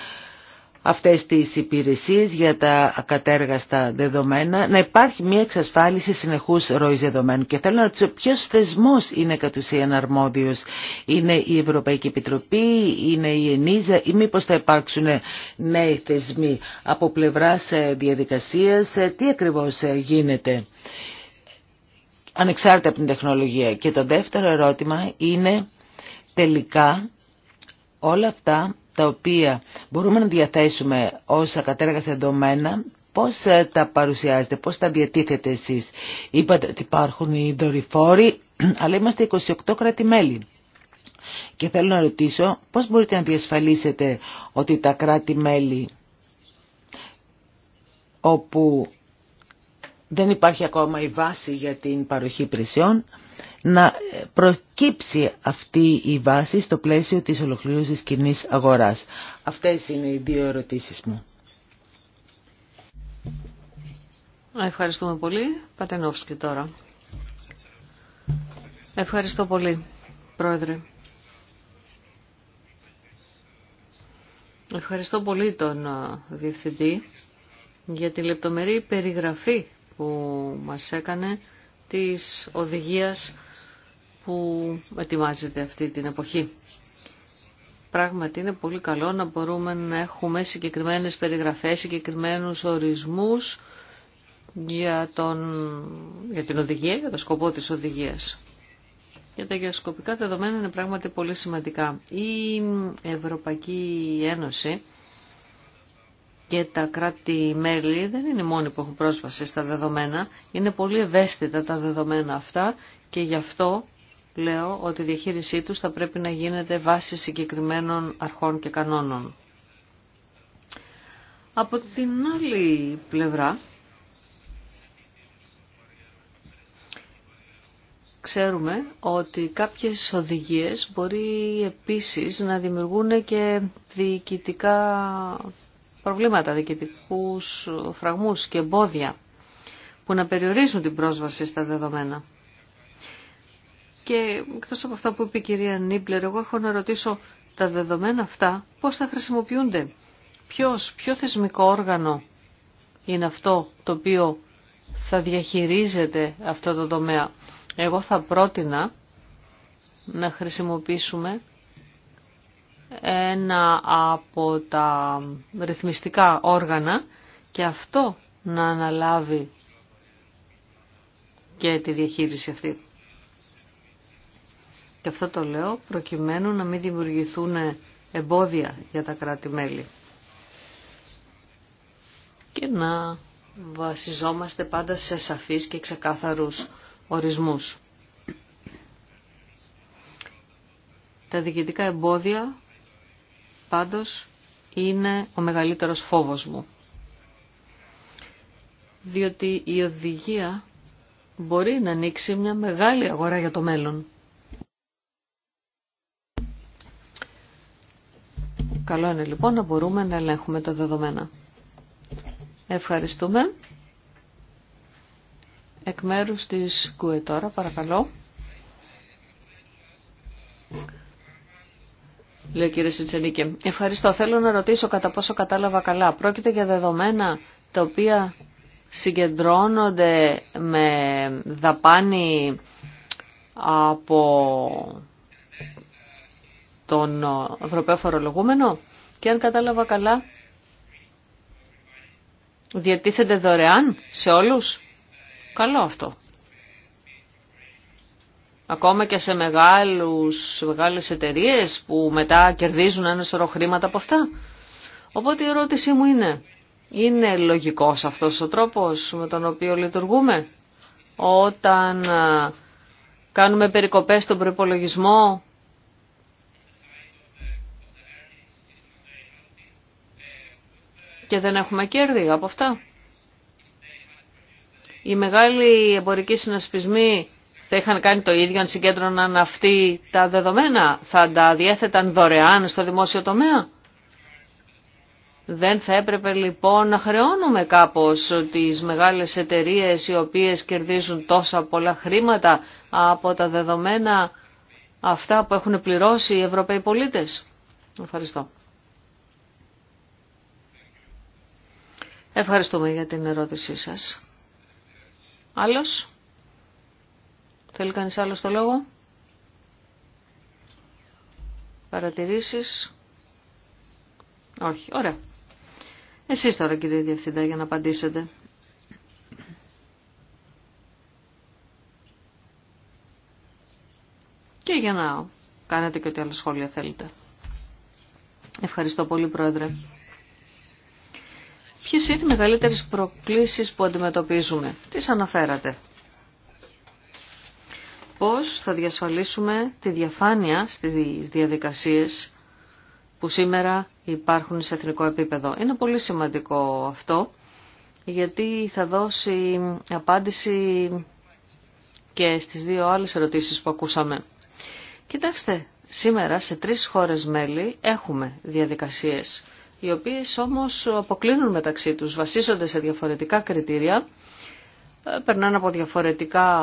αυτές τις υπηρεσίες για τα ακατέργαστα δεδομένα, να υπάρχει μια εξασφάλιση συνεχούς ροής δεδομένων. Και θέλω να ρωτήσω ποιος θεσμός είναι κατ' ουσίαν αρμόδιος. Είναι η Ευρωπαϊκή Επιτροπή, είναι η ΕΝΙΖΑ ή μήπως θα υπάρξουν νέοι θεσμοί από πλευράς ε, διαδικασίας. Ε, τι ακριβώς ε, γίνεται ανεξάρτητα από την τεχνολογία. Και το δεύτερο ερώτημα είναι τελικά όλα αυτά τα οποία μπορούμε να διαθέσουμε ως ακατέργαστα δεδομένα, πώς ε, τα παρουσιάζετε, πώς τα διατίθετε εσείς. Είπατε ότι υπάρχουν οι δορυφόροι, αλλά είμαστε 28 κράτη-μέλη. Και θέλω να ρωτήσω πώς μπορείτε να διασφαλίσετε ότι τα κράτη-μέλη όπου δεν υπάρχει ακόμα η βάση για την παροχή υπηρεσιών, να προκύψει αυτή η βάση στο πλαίσιο της ολοκλήρωσης κοινή αγοράς. Αυτές είναι οι δύο ερωτήσεις μου. Ευχαριστούμε πολύ. Πατενόφσκι τώρα. Ευχαριστώ πολύ, Πρόεδρε. Ευχαριστώ πολύ τον ε, Διευθυντή για τη λεπτομερή περιγραφή που μας έκανε της οδηγίας που ετοιμάζεται αυτή την εποχή. Πράγματι είναι πολύ καλό να μπορούμε να έχουμε συγκεκριμένες περιγραφές, συγκεκριμένους ορισμούς για, τον, για την οδηγία, για το σκοπό της οδηγίας. Για τα γεωσκοπικά δεδομένα είναι πράγματι πολύ σημαντικά. Η Ευρωπαϊκή Ένωση και τα κράτη-μέλη δεν είναι οι μόνοι που έχουν πρόσβαση στα δεδομένα. Είναι πολύ ευαίσθητα τα δεδομένα αυτά και γι' αυτό λέω ότι η διαχείρισή τους θα πρέπει να γίνεται βάσει συγκεκριμένων αρχών και κανόνων. Από την άλλη πλευρά, ξέρουμε ότι κάποιες οδηγίες μπορεί επίσης να δημιουργούν και διοικητικά προβλήματα, διοικητικούς φραγμούς και εμπόδια που να περιορίζουν την πρόσβαση στα δεδομένα. Και εκτός από αυτά που είπε η κυρία Νίμπλερ, εγώ έχω να ρωτήσω τα δεδομένα αυτά πώς θα χρησιμοποιούνται. Ποιος, ποιο θεσμικό όργανο είναι αυτό το οποίο θα διαχειρίζεται αυτό το τομέα. Εγώ θα πρότεινα να χρησιμοποιήσουμε ένα από τα ρυθμιστικά όργανα και αυτό να αναλάβει και τη διαχείριση αυτή. Και αυτό το λέω προκειμένου να μην δημιουργηθούν εμπόδια για τα κράτη-μέλη και να βασιζόμαστε πάντα σε σαφείς και ξεκάθαρους ορισμούς. Τα διοικητικά εμπόδια πάντως είναι ο μεγαλύτερος φόβος μου. Διότι η οδηγία μπορεί να ανοίξει μια μεγάλη αγορά για το μέλλον. Καλό είναι λοιπόν να μπορούμε να ελέγχουμε τα δεδομένα. Ευχαριστούμε. Εκ μέρους της ΚΟΕ τώρα, παρακαλώ. λέει ο Ευχαριστώ. Θέλω να ρωτήσω κατά πόσο κατάλαβα καλά. Πρόκειται για δεδομένα τα οποία συγκεντρώνονται με δαπάνη από τον Ευρωπαίο Φορολογούμενο και αν κατάλαβα καλά διατίθεται δωρεάν σε όλους. Καλό αυτό. Ακόμα και σε μεγάλους, μεγάλες εταιρείες που μετά κερδίζουν ένα σωρό χρήματα από αυτά. Οπότε η ερώτησή μου είναι, είναι λογικός αυτός ο τρόπος με τον οποίο λειτουργούμε όταν κάνουμε περικοπές στον προπολογισμό και δεν έχουμε κέρδη από αυτά. Οι μεγάλοι εμπορικοί συνασπισμοί θα είχαν κάνει το ίδιο αν συγκέντρωναν αυτοί τα δεδομένα, θα τα διέθεταν δωρεάν στο δημόσιο τομέα. Δεν θα έπρεπε λοιπόν να χρεώνουμε κάπως τις μεγάλες εταιρείες οι οποίες κερδίζουν τόσα πολλά χρήματα από τα δεδομένα αυτά που έχουν πληρώσει οι Ευρωπαίοι πολίτες. Ευχαριστώ. Ευχαριστούμε για την ερώτησή σας. Άλλος. Θέλει κανείς άλλο το λόγο. Παρατηρήσεις. Όχι. Ωραία. Εσείς τώρα κύριε Διευθυντά για να απαντήσετε. Και για να κάνετε και ό,τι άλλο σχόλια θέλετε. Ευχαριστώ πολύ Πρόεδρε. Ποιες είναι οι μεγαλύτερες προκλήσεις που αντιμετωπίζουμε. Τις αναφέρατε πώς θα διασφαλίσουμε τη διαφάνεια στις διαδικασίες που σήμερα υπάρχουν σε εθνικό επίπεδο. Είναι πολύ σημαντικό αυτό, γιατί θα δώσει απάντηση και στις δύο άλλες ερωτήσεις που ακούσαμε. Κοιτάξτε, σήμερα σε τρεις χώρες μέλη έχουμε διαδικασίες, οι οποίες όμως αποκλίνουν μεταξύ τους, βασίζονται σε διαφορετικά κριτήρια, ε, περνάνε από διαφορετικά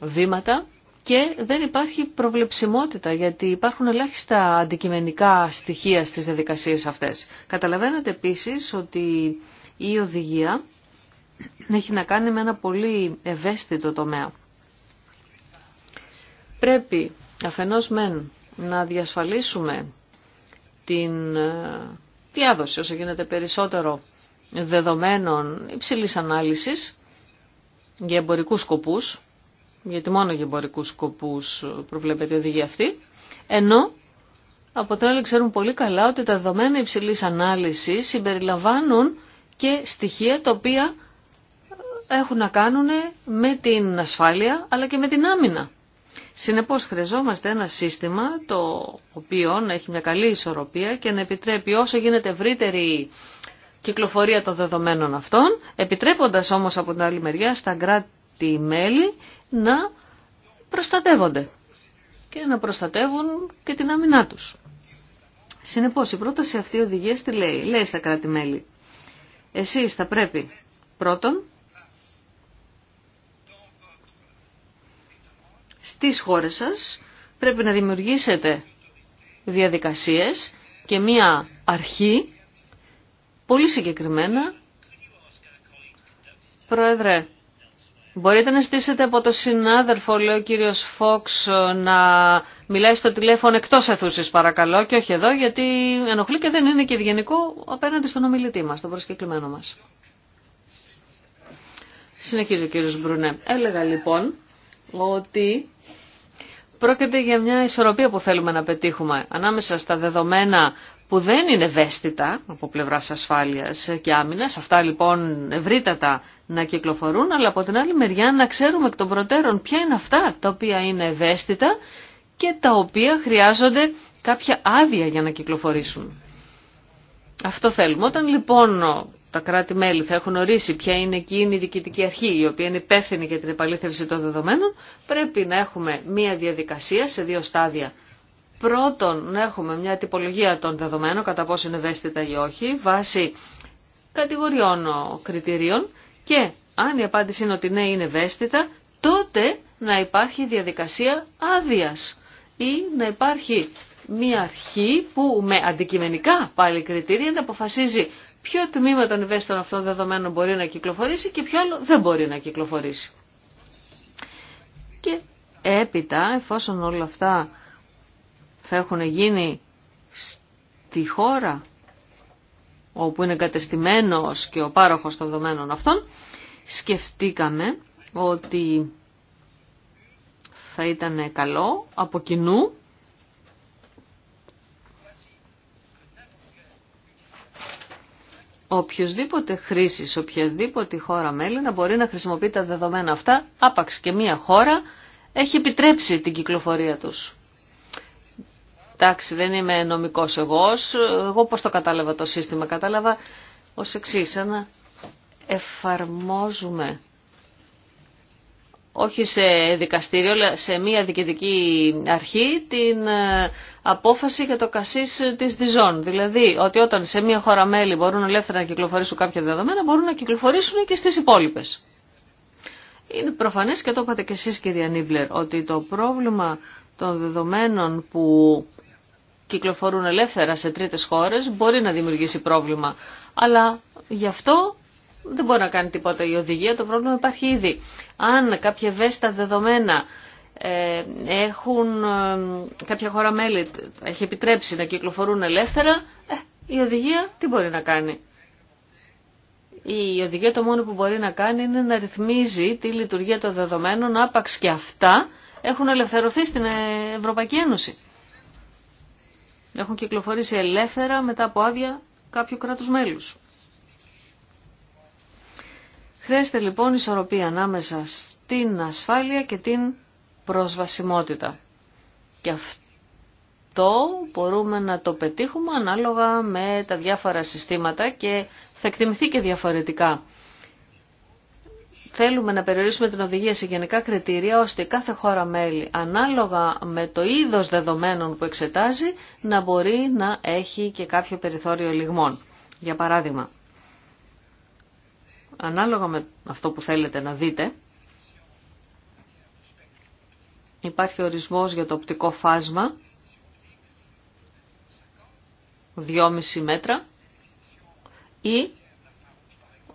βήματα και δεν υπάρχει προβλεψιμότητα γιατί υπάρχουν ελάχιστα αντικειμενικά στοιχεία στις διαδικασίες αυτές. Καταλαβαίνετε επίσης ότι η οδηγία έχει να κάνει με ένα πολύ ευαίσθητο τομέα. Πρέπει αφενός μεν να διασφαλίσουμε την ε, διάδοση όσο γίνεται περισσότερο δεδομένων υψηλής ανάλυσης για εμπορικούς σκοπούς γιατί μόνο για εμπορικού σκοπούς προβλέπεται η οδηγία αυτή, ενώ από πολύ καλά ότι τα δεδομένα υψηλή ανάλυσης συμπεριλαμβάνουν και στοιχεία τα οποία έχουν να κάνουν με την ασφάλεια αλλά και με την άμυνα. Συνεπώς χρειαζόμαστε ένα σύστημα το οποίο να έχει μια καλή ισορροπία και να επιτρέπει όσο γίνεται ευρύτερη κυκλοφορία των δεδομένων αυτών, επιτρέποντας όμως από την άλλη μεριά στα κράτη-μέλη να προστατεύονται και να προστατεύουν και την άμυνά τους. Συνεπώς η πρόταση αυτή οδηγία τι λέει. Λέει στα κράτη-μέλη. Εσείς θα πρέπει πρώτον στις χώρες σας πρέπει να δημιουργήσετε διαδικασίες και μία αρχή πολύ συγκεκριμένα Πρόεδρε, Μπορείτε να στήσετε από το συνάδελφο, λέει ο κύριος Φόξ, να μιλάει στο τηλέφωνο εκτός αιθούσης παρακαλώ και όχι εδώ γιατί ενοχλεί και δεν είναι και ευγενικό απέναντι στον ομιλητή μας, τον προσκεκλημένο μας. Συνεχίζει ο κύριος Μπρουνέ. Έλεγα λοιπόν ότι πρόκειται για μια ισορροπία που θέλουμε να πετύχουμε ανάμεσα στα δεδομένα που δεν είναι ευαίσθητα από πλευράς ασφάλειας και άμυνας, αυτά λοιπόν ευρύτατα να κυκλοφορούν, αλλά από την άλλη μεριά να ξέρουμε εκ των προτέρων ποια είναι αυτά τα οποία είναι ευαίσθητα και τα οποία χρειάζονται κάποια άδεια για να κυκλοφορήσουν. Αυτό θέλουμε. Όταν λοιπόν τα κράτη-μέλη θα έχουν ορίσει ποια είναι εκείνη η διοικητική αρχή η οποία είναι υπεύθυνη για την επαλήθευση των δεδομένων, πρέπει να έχουμε μία διαδικασία σε δύο στάδια. Πρώτον, να έχουμε μια τυπολογία των δεδομένων, κατά πόσο είναι ευαίσθητα ή όχι, βάσει κατηγοριών κριτηρίων και αν η απάντηση είναι ότι ναι είναι ευαίσθητα, τότε να υπάρχει διαδικασία άδεια ή να υπάρχει μια αρχή που με αντικειμενικά πάλι κριτήρια να αποφασίζει ποιο τμήμα των ευαίσθητων αυτών δεδομένων μπορεί να κυκλοφορήσει και ποιο άλλο δεν μπορεί να κυκλοφορήσει. Και έπειτα, εφόσον όλα αυτά θα έχουν γίνει στη χώρα όπου είναι κατεστημένος και ο πάροχος των δεδομένων αυτών, σκεφτήκαμε ότι θα ήταν καλό από κοινού οποιοδήποτε χρήση σε οποιαδήποτε χώρα μέλη να μπορεί να χρησιμοποιεί τα δεδομένα αυτά άπαξ και μία χώρα έχει επιτρέψει την κυκλοφορία τους. Εντάξει, δεν είμαι νομικό εγώ, εγώ πώ το κατάλαβα το σύστημα, κατάλαβα ως εξής, να εφαρμόζουμε όχι σε δικαστήριο, αλλά σε μία διοικητική αρχή την ε, απόφαση για το κασίς της Διζών. Δηλαδή ότι όταν σε μία χώρα μέλη μπορούν ελεύθερα να κυκλοφορήσουν κάποια δεδομένα, μπορούν να κυκλοφορήσουν και στις υπόλοιπε. Είναι προφανές και το είπατε και εσείς κυρία Νίβλερ, ότι το πρόβλημα των δεδομένων που κυκλοφορούν ελεύθερα σε τρίτες χώρες μπορεί να δημιουργήσει πρόβλημα. Αλλά γι' αυτό δεν μπορεί να κάνει τίποτα η οδηγία, το πρόβλημα υπάρχει ήδη. Αν κάποια ευαίσθητα δεδομένα ε, έχουν ε, κάποια χώρα μέλη έχει επιτρέψει να κυκλοφορούν ελεύθερα, ε, η οδηγία τι μπορεί να κάνει. Η οδηγία το μόνο που μπορεί να κάνει είναι να ρυθμίζει τη λειτουργία των δεδομένων άπαξ και αυτά έχουν ελευθερωθεί στην Ευρωπαϊκή Ένωση έχουν κυκλοφορήσει ελεύθερα μετά από άδεια κάποιου κράτους μέλους. Χρειάζεται λοιπόν ισορροπία ανάμεσα στην ασφάλεια και την προσβασιμότητα. Και αυτό μπορούμε να το πετύχουμε ανάλογα με τα διάφορα συστήματα και θα εκτιμηθεί και διαφορετικά θέλουμε να περιορίσουμε την οδηγία σε γενικά κριτήρια ώστε κάθε χώρα μέλη ανάλογα με το είδος δεδομένων που εξετάζει να μπορεί να έχει και κάποιο περιθώριο λιγμών. Για παράδειγμα, ανάλογα με αυτό που θέλετε να δείτε, υπάρχει ορισμός για το οπτικό φάσμα 2,5 μέτρα ή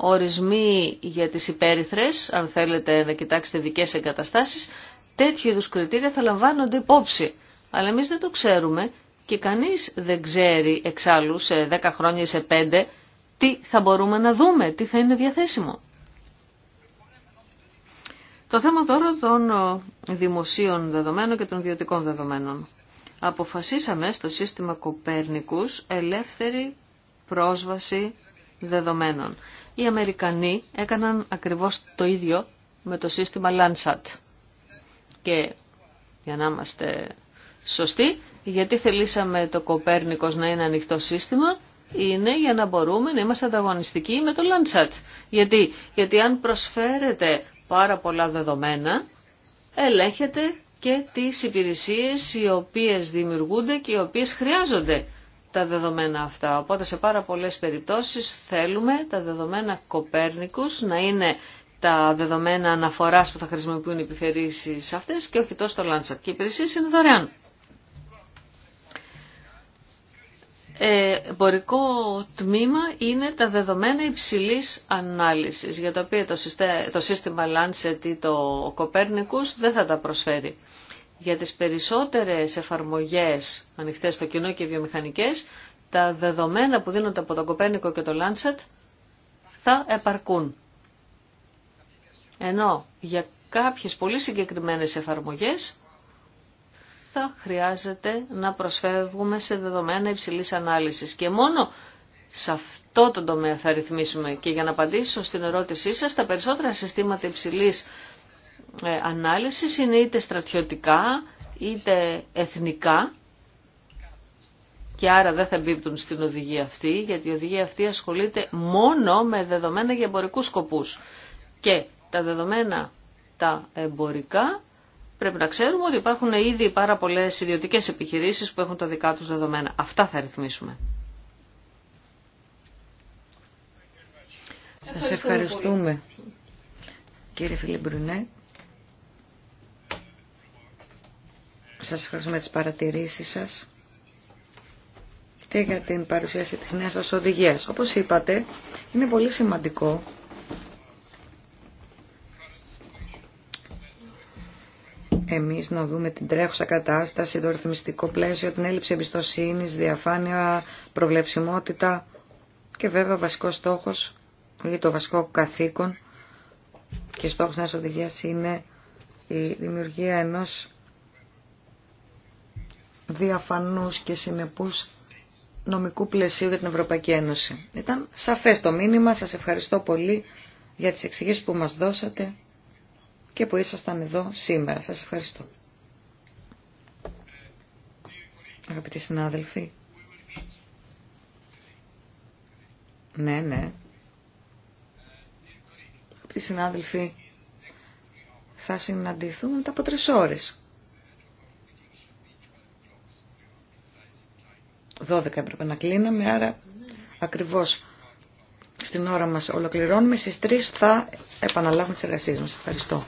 ορισμοί για τις υπέρυθρες, αν θέλετε να κοιτάξετε δικές εγκαταστάσεις, τέτοιου είδους κριτήρια θα λαμβάνονται υπόψη. Αλλά εμείς δεν το ξέρουμε και κανείς δεν ξέρει εξάλλου σε 10 χρόνια ή σε 5 τι θα μπορούμε να δούμε, τι θα είναι διαθέσιμο. Το θέμα τώρα των ε, δημοσίων δεδομένων και των ιδιωτικών δεδομένων. Αποφασίσαμε στο σύστημα Κοπέρνικους ελεύθερη πρόσβαση δεδομένων οι Αμερικανοί έκαναν ακριβώς το ίδιο με το σύστημα Landsat. Και για να είμαστε σωστοί, γιατί θελήσαμε το Κοπέρνικος να είναι ανοιχτό σύστημα, είναι για να μπορούμε να είμαστε ανταγωνιστικοί με το Landsat. Γιατί, γιατί αν προσφέρετε πάρα πολλά δεδομένα, ελέγχετε και τις υπηρεσίες οι οποίες δημιουργούνται και οι οποίες χρειάζονται τα δεδομένα αυτά. Οπότε σε πάρα πολλές περιπτώσεις θέλουμε τα δεδομένα Κοπέρνικους να είναι τα δεδομένα αναφοράς που θα χρησιμοποιούν οι αυτές και όχι τόσο το Landsat. Και οι είναι δωρεάν. Ε, εμπορικό τμήμα είναι τα δεδομένα υψηλής ανάλυσης, για τα οποία το, σύστημα Lancet ή το Copernicus δεν θα τα προσφέρει για τις περισσότερες εφαρμογές ανοιχτές στο κοινό και βιομηχανικές, τα δεδομένα που δίνονται από τον Κοπέρνικο και το Λάντσετ θα επαρκούν. Ενώ για κάποιες πολύ συγκεκριμένες εφαρμογές θα χρειάζεται να προσφεύγουμε σε δεδομένα υψηλής ανάλυσης. Και μόνο σε αυτό το τομέα θα ρυθμίσουμε. Και για να απαντήσω στην ερώτησή σας, τα περισσότερα συστήματα υψηλής ε, ανάλυσης είναι είτε στρατιωτικά είτε εθνικά και άρα δεν θα εμπίπτουν στην οδηγία αυτή, γιατί η οδηγία αυτή ασχολείται μόνο με δεδομένα για εμπορικούς σκοπούς. Και τα δεδομένα τα εμπορικά πρέπει να ξέρουμε ότι υπάρχουν ήδη πάρα πολλές ιδιωτικές επιχειρήσεις που έχουν τα δικά τους δεδομένα. Αυτά θα ρυθμίσουμε. Σας ευχαριστούμε, κύριε Φιλιμπρουνέ. Σας ευχαριστούμε τις παρατηρήσεις σας και για την παρουσίαση της νέας σας οδηγίας. Όπως είπατε, είναι πολύ σημαντικό εμείς να δούμε την τρέχουσα κατάσταση, το ρυθμιστικό πλαίσιο, την έλλειψη εμπιστοσύνης, διαφάνεια, προβλεψιμότητα και βέβαια βασικός στόχος ή το βασικό καθήκον και στόχος της οδηγίας είναι η δημιουργία ενός διαφανούς και συνεπού νομικού πλαισίου για την Ευρωπαϊκή Ένωση. Ήταν σαφές το μήνυμα, σας ευχαριστώ πολύ για τις εξηγήσεις που μας δώσατε και που ήσασταν εδώ σήμερα. Σας ευχαριστώ. Αγαπητοί συνάδελφοι. Ναι, ναι. Αγαπητοί συνάδελφοι, θα συναντηθούμε μετά από τρεις ώρες. 12 έπρεπε να κλείναμε, άρα ακριβώς στην ώρα μας ολοκληρώνουμε. Στις 3 θα επαναλάβουμε τις εργασίες μας. Ευχαριστώ.